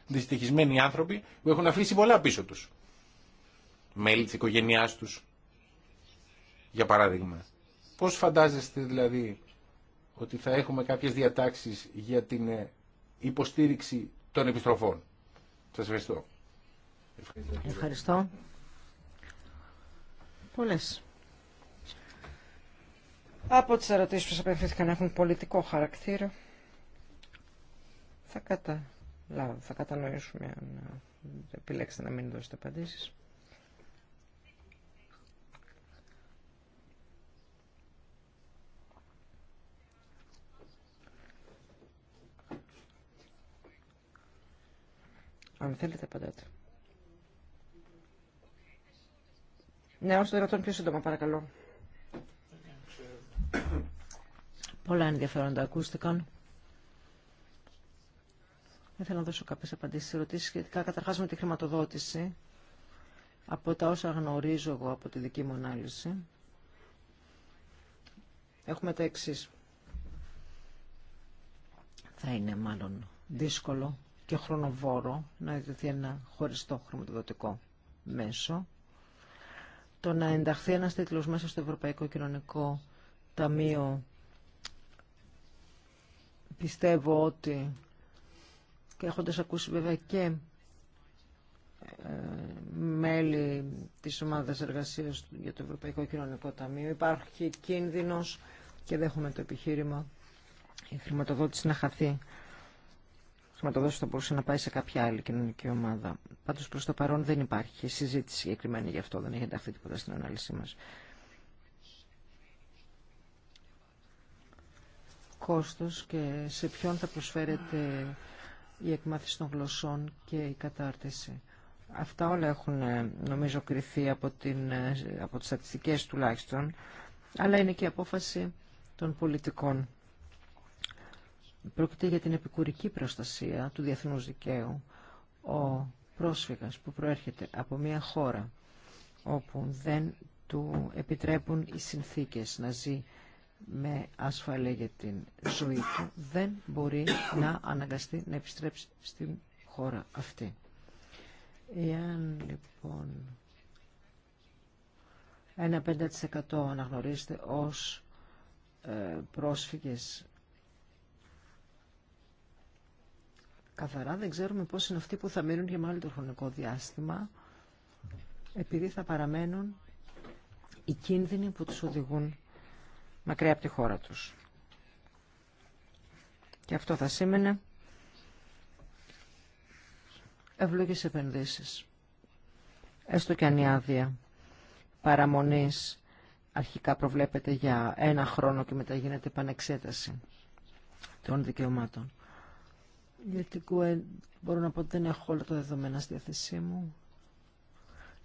δυστυχισμένοι άνθρωποι που έχουν αφήσει πολλά πίσω τους. Μέλη τη οικογένεια τους, για παράδειγμα. Πώς φαντάζεστε δηλαδή ότι θα έχουμε κάποιε διατάξει για την ε, υποστήριξη των επιστροφών. σα ευχαριστώ. Ευχαριστώ. Πολλέ. Από τι ερωτήσει που σας απευθύνθηκαν έχουν πολιτικό χαρακτήρα. Θα, κατα... θα κατανοήσουμε αν ε, επιλέξετε να μην δώσετε απαντήσει. Αν θέλετε απαντάτε. Ναι, όσο δυνατόν πιο σύντομα, παρακαλώ. Πολλά ενδιαφέροντα ακούστηκαν. Θέλω να δώσω κάποιες απαντήσεις σε ερωτήσεις σχετικά καταρχάς με τη χρηματοδότηση. Από τα όσα γνωρίζω εγώ από τη δική μου ανάλυση, έχουμε τα εξή. Θα είναι μάλλον δύσκολο και χρονοβόρο να ειδηθεί ένα χωριστό χρηματοδοτικό μέσο το να ενταχθεί ένας τίτλος μέσα στο Ευρωπαϊκό Κοινωνικό Ταμείο πιστεύω ότι και έχοντας ακούσει βέβαια και ε, μέλη της ομάδας εργασίας για το Ευρωπαϊκό Κοινωνικό Ταμείο υπάρχει κίνδυνος και δέχομαι το επιχείρημα η χρηματοδότηση να χαθεί χρηματοδότηση θα μπορούσε να πάει σε κάποια άλλη κοινωνική ομάδα. Πάντως, προ το παρόν δεν υπάρχει συζήτηση συγκεκριμένη γι' αυτό, δεν έχει ενταχθεί τίποτα στην ανάλυση μα. Κόστος και σε ποιον θα προσφέρεται η εκμάθηση των γλωσσών και η κατάρτιση. Αυτά όλα έχουν ε, νομίζω κρυθεί από, την, ε, από τις στατιστικές τουλάχιστον, αλλά είναι και η απόφαση των πολιτικών πρόκειται για την επικουρική προστασία του διεθνούς δικαίου. Ο πρόσφυγας που προέρχεται από μια χώρα όπου δεν του επιτρέπουν οι συνθήκες να ζει με ασφαλή για την ζωή του, δεν μπορεί να αναγκαστεί να επιστρέψει στην χώρα αυτή. Εάν λοιπόν ένα 5% αναγνωρίζεται ως ε, πρόσφυγες καθαρά. Δεν ξέρουμε πώς είναι αυτοί που θα μείνουν για μεγάλο το χρονικό διάστημα επειδή θα παραμένουν οι κίνδυνοι που τους οδηγούν μακριά από τη χώρα τους. Και αυτό θα σήμαινε ευλογές επενδύσεις. Έστω και αν η άδεια παραμονής αρχικά προβλέπεται για ένα χρόνο και μετά γίνεται επανεξέταση των δικαιωμάτων. Γιατί μπορώ να πω ότι δεν έχω όλα τα δεδομένα στη διάθεσή μου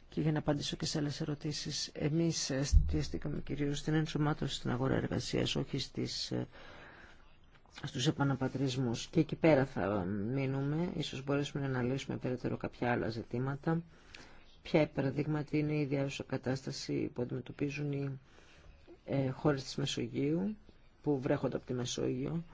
και για να απαντήσω και σε άλλε ερωτήσει. Εμείς εστιαστήκαμε κυρίω στην ενσωμάτωση στην αγορά εργασία όχι στις, ε, στους επαναπατρισμούς. Και εκεί πέρα θα μείνουμε, ίσως μπορέσουμε να αναλύσουμε περαιτέρω κάποια άλλα ζητήματα. Ποια παραδείγματι είναι η διάρκεια κατάσταση που αντιμετωπίζουν οι ε, χώρες της Μεσογείου, που βρέχονται από τη Μεσόγειο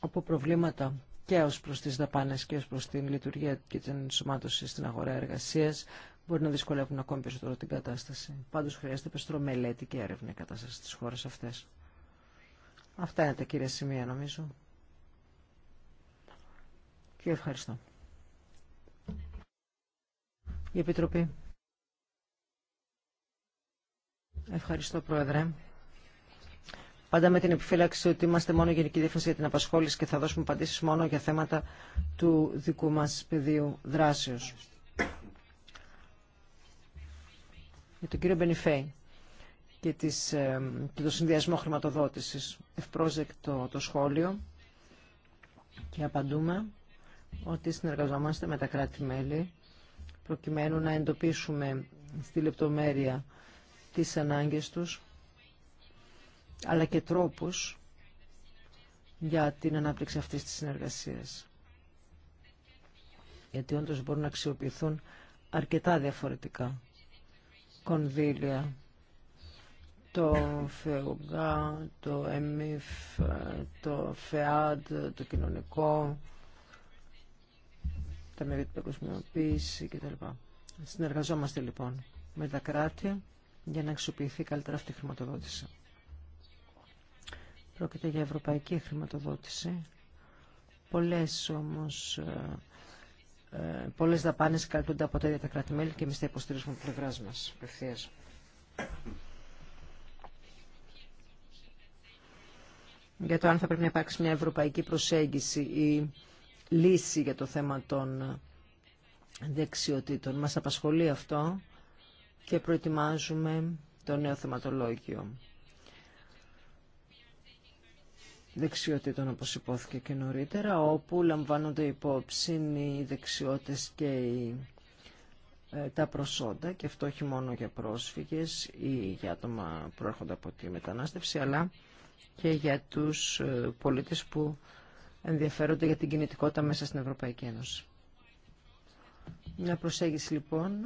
από προβλήματα και ως προς τις δαπάνες και ως προς την λειτουργία και την ενσωμάτωση στην αγορά εργασίας μπορεί να δυσκολεύουν ακόμη περισσότερο την κατάσταση. Πάντως χρειάζεται περισσότερο μελέτη και έρευνα η κατάσταση στις χώρες αυτές. Αυτά είναι τα κύρια σημεία νομίζω. Και ευχαριστώ. Η Επιτροπή. Ευχαριστώ Πρόεδρε πάντα με την επιφύλαξη ότι είμαστε μόνο Γενική Διεύθυνση για την Απασχόληση και θα δώσουμε απαντήσει μόνο για θέματα του δικού μας πεδίου δράσεω. Για τον κύριο Μπενιφέη και, τις, ε, και το συνδυασμό χρηματοδότησης. Ευπρόσδεκτο το σχόλιο και απαντούμε ότι συνεργαζόμαστε με τα κράτη-μέλη προκειμένου να εντοπίσουμε στη λεπτομέρεια τις ανάγκες τους αλλά και τρόπους για την ανάπτυξη αυτής της συνεργασίας. Γιατί όντως μπορούν να αξιοποιηθούν αρκετά διαφορετικά κονδύλια. Το ΦΕΟΓΑ, το ΕΜΙΦ, το ΦΕΑΔ, το κοινωνικό, τα μέρη του παγκοσμιοποίηση κτλ. Συνεργαζόμαστε λοιπόν με τα κράτη για να αξιοποιηθεί καλύτερα αυτή η χρηματοδότηση. Πρόκειται για ευρωπαϊκή χρηματοδότηση. Πολλές όμως ε, ε, πολλές δαπάνες καλύπτονται από τα ίδια τα κράτη-μέλη και εμείς τα υποστηρίζουμε από πλευράς μας απευθείας. Για το αν θα πρέπει να υπάρξει μια ευρωπαϊκή προσέγγιση ή λύση για το θέμα των δεξιοτήτων. Μας απασχολεί αυτό και προετοιμάζουμε το νέο θεματολόγιο δεξιότητων όπως υπόθηκε και νωρίτερα όπου λαμβάνονται υπόψη οι δεξιότητες και ε, τα προσόντα και αυτό όχι μόνο για πρόσφυγες ή για άτομα έρχονται από τη μετανάστευση αλλά και για τους ε, πολίτες που ενδιαφέρονται για την κινητικότητα μέσα στην Ευρωπαϊκή Ένωση. Μια προσέγγιση λοιπόν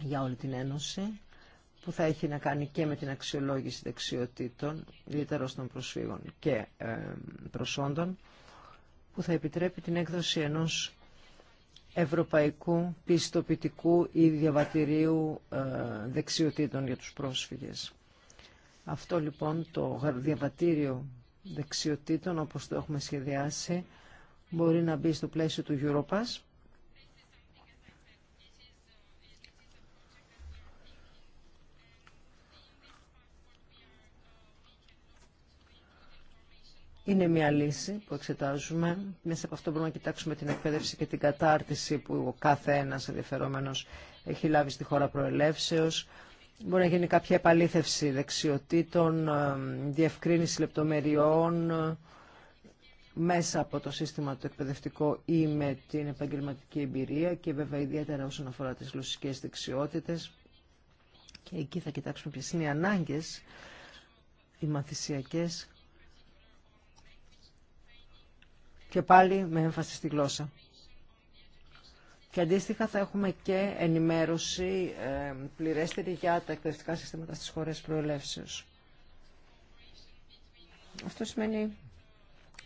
για όλη την Ένωση που θα έχει να κάνει και με την αξιολόγηση δεξιοτήτων, ιδιαίτερα των προσφύγων και προσόντων, που θα επιτρέπει την έκδοση ενός ευρωπαϊκού πιστοποιητικού ή διαβατηρίου ε, δεξιοτήτων για τους πρόσφυγες. Αυτό λοιπόν το διαβατήριο δεξιοτήτων, όπως το έχουμε σχεδιάσει, μπορεί να μπει στο πλαίσιο του Europass, είναι μια λύση που εξετάζουμε. Μέσα από αυτό μπορούμε να κοιτάξουμε την εκπαίδευση και την κατάρτιση που ο κάθε ένας ενδιαφερόμενος έχει λάβει στη χώρα προελεύσεως. Μπορεί να γίνει κάποια επαλήθευση δεξιοτήτων, διευκρίνηση λεπτομεριών ε, μέσα από το σύστημα το εκπαιδευτικό ή με την επαγγελματική εμπειρία και βέβαια ιδιαίτερα όσον αφορά τις γλωσσικές δεξιότητες. Και εκεί θα κοιτάξουμε ποιες είναι οι ανάγκες, οι μαθησιακές και πάλι με έμφαση στη γλώσσα. Και αντίστοιχα θα έχουμε και ενημέρωση ε, πληρέστερη για τα εκπαιδευτικά συστήματα στις χώρες προελεύσεως. Αυτό σημαίνει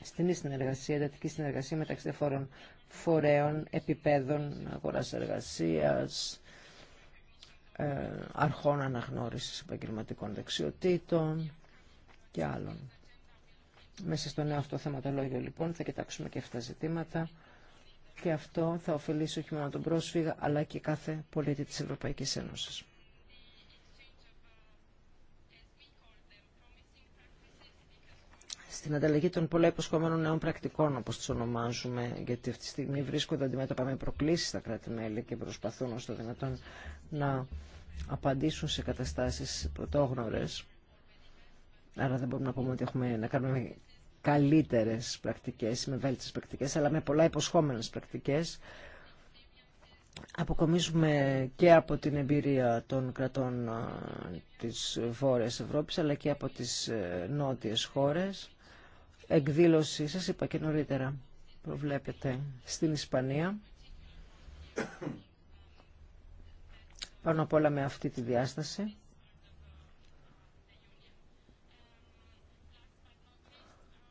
στενή συνεργασία, εντατική συνεργασία μεταξύ διαφόρων φορέων, επιπέδων αγοράς εργασίας, ε, αρχών αναγνώρισης επαγγελματικών δεξιοτήτων και άλλων. Μέσα στο νέο αυτό θεματολόγιο λοιπόν θα κοιτάξουμε και αυτά τα ζητήματα και αυτό θα ωφελήσει όχι μόνο τον πρόσφυγα αλλά και κάθε πολίτη της Ευρωπαϊκής Ένωσης. στην ανταλλαγή των πολλά υποσχόμενων νέων πρακτικών, όπω τι ονομάζουμε, γιατί αυτή τη στιγμή βρίσκονται αντιμέτωπα με προκλήσει στα κράτη-μέλη και προσπαθούν όσο το δυνατόν να απαντήσουν σε καταστάσει πρωτόγνωρε. Άρα δεν μπορούμε να πούμε ότι έχουμε να κάνουμε καλύτερες πρακτικές, με βέλτιστες πρακτικές, αλλά με πολλά υποσχόμενες πρακτικές. Αποκομίζουμε και από την εμπειρία των κρατών της Βόρειας Ευρώπης, αλλά και από τις ε, νότιες χώρες. Εκδήλωση, σας είπα και νωρίτερα, προβλέπετε στην Ισπανία. Πάνω απ' όλα με αυτή τη διάσταση.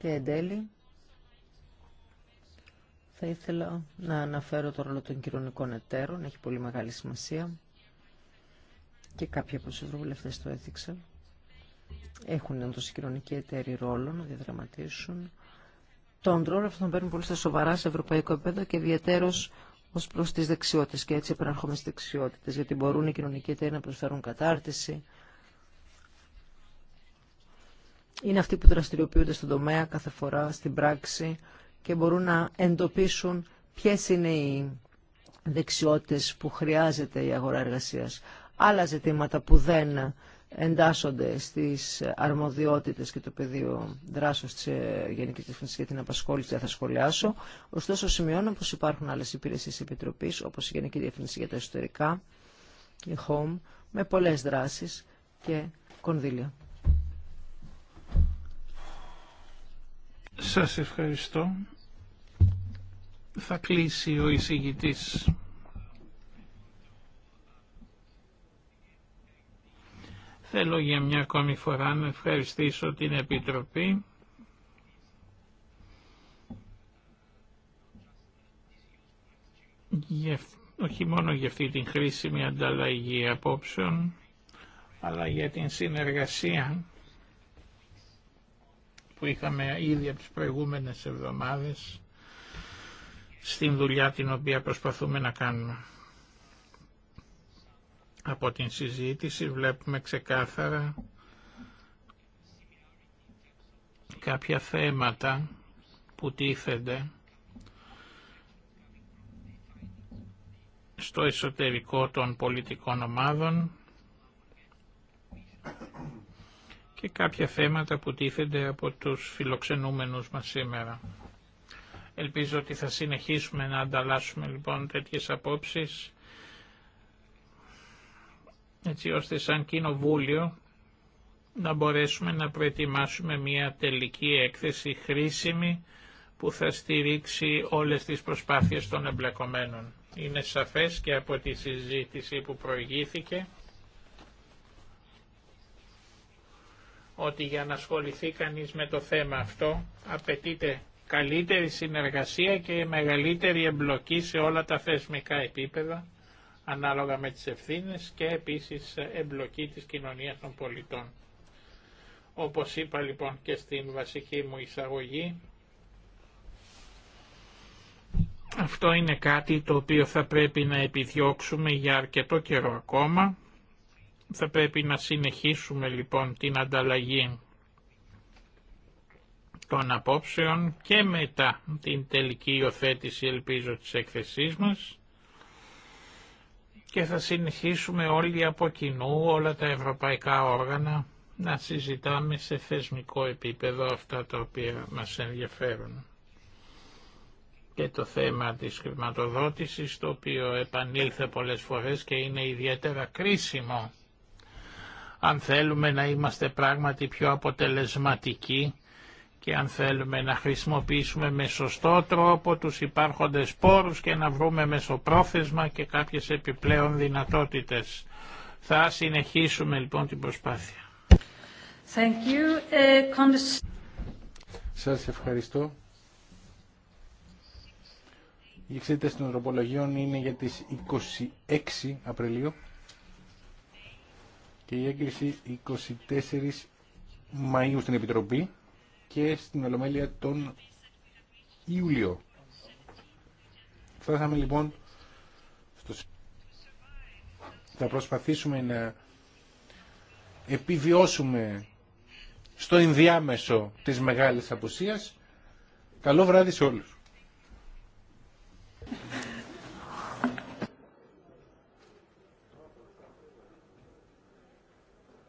Και εν τέλει, θα ήθελα να αναφέρω το ρόλο των κοινωνικών εταίρων, έχει πολύ μεγάλη σημασία και κάποιοι από του ευρωβουλευτέ το έδειξαν. Έχουν εντό οι κοινωνικοί εταίροι ρόλο να διαδραματίσουν. Τον ρόλο αυτόν παίρνουν πολύ στα σοβαρά σε ευρωπαϊκό επίπεδο και ιδιαίτερω ω προ τι δεξιότητε. Και έτσι επαναρχόμαστε στι δεξιότητε, γιατί μπορούν οι κοινωνικοί εταίροι να προσφέρουν κατάρτιση, είναι αυτοί που δραστηριοποιούνται στον τομέα κάθε φορά, στην πράξη και μπορούν να εντοπίσουν ποιες είναι οι δεξιότητες που χρειάζεται η αγορά εργασίας. Άλλα ζητήματα που δεν εντάσσονται στις αρμοδιότητες και το πεδίο δράσεως της ε, Γενικής Διευθυνσίας για την απασχόληση θα σχολιάσω. Ωστόσο σημειώνω πως υπάρχουν άλλες υπηρεσίες επιτροπής όπως η Γενική Διευθυνσία για τα Ιστορικά, η HOME, με πολλές δράσεις και κονδύλια. Σας ευχαριστώ. Θα κλείσει ο εισηγητής. Θέλω για μια ακόμη φορά να ευχαριστήσω την Επιτροπή για, όχι μόνο για αυτή την χρήσιμη ανταλλαγή απόψεων, αλλά για την συνεργασία που είχαμε ήδη από τις προηγούμενες εβδομάδες στην δουλειά την οποία προσπαθούμε να κάνουμε. Από την συζήτηση βλέπουμε ξεκάθαρα κάποια θέματα που τίθενται στο εσωτερικό των πολιτικών ομάδων και κάποια θέματα που τίθενται από τους φιλοξενούμενους μας σήμερα. Ελπίζω ότι θα συνεχίσουμε να ανταλλάσσουμε λοιπόν τέτοιες απόψεις έτσι ώστε σαν κοινοβούλιο να μπορέσουμε να προετοιμάσουμε μια τελική έκθεση χρήσιμη που θα στηρίξει όλες τις προσπάθειες των εμπλεκομένων. Είναι σαφές και από τη συζήτηση που προηγήθηκε ότι για να ασχοληθεί κανείς με το θέμα αυτό απαιτείται καλύτερη συνεργασία και μεγαλύτερη εμπλοκή σε όλα τα θεσμικά επίπεδα ανάλογα με τις ευθύνες και επίσης εμπλοκή της κοινωνίας των πολιτών. Όπως είπα λοιπόν και στην βασική μου εισαγωγή, αυτό είναι κάτι το οποίο θα πρέπει να επιδιώξουμε για αρκετό καιρό ακόμα θα πρέπει να συνεχίσουμε λοιπόν την ανταλλαγή των απόψεων και μετά την τελική υιοθέτηση ελπίζω της έκθεσής μας και θα συνεχίσουμε όλοι από κοινού όλα τα ευρωπαϊκά όργανα να συζητάμε σε θεσμικό επίπεδο αυτά τα οποία μας ενδιαφέρουν. Και το θέμα της χρηματοδότησης, το οποίο επανήλθε πολλές φορές και είναι ιδιαίτερα κρίσιμο αν θέλουμε να είμαστε πράγματι πιο αποτελεσματικοί και αν θέλουμε να χρησιμοποιήσουμε με σωστό τρόπο τους υπάρχοντες πόρους και να βρούμε μεσοπρόθεσμα και κάποιες επιπλέον δυνατότητες. Θα συνεχίσουμε λοιπόν την προσπάθεια. Thank you. Ε, Σας ευχαριστώ. Η εξέταση των τροπολογιών είναι για τις 26 Απριλίου και η έγκριση 24 Μαΐου στην Επιτροπή και στην Ολομέλεια τον Ιούλιο. Φτάσαμε λοιπόν στο... Θα προσπαθήσουμε να επιβιώσουμε στο ενδιάμεσο της μεγάλης απουσίας. Καλό βράδυ σε όλους.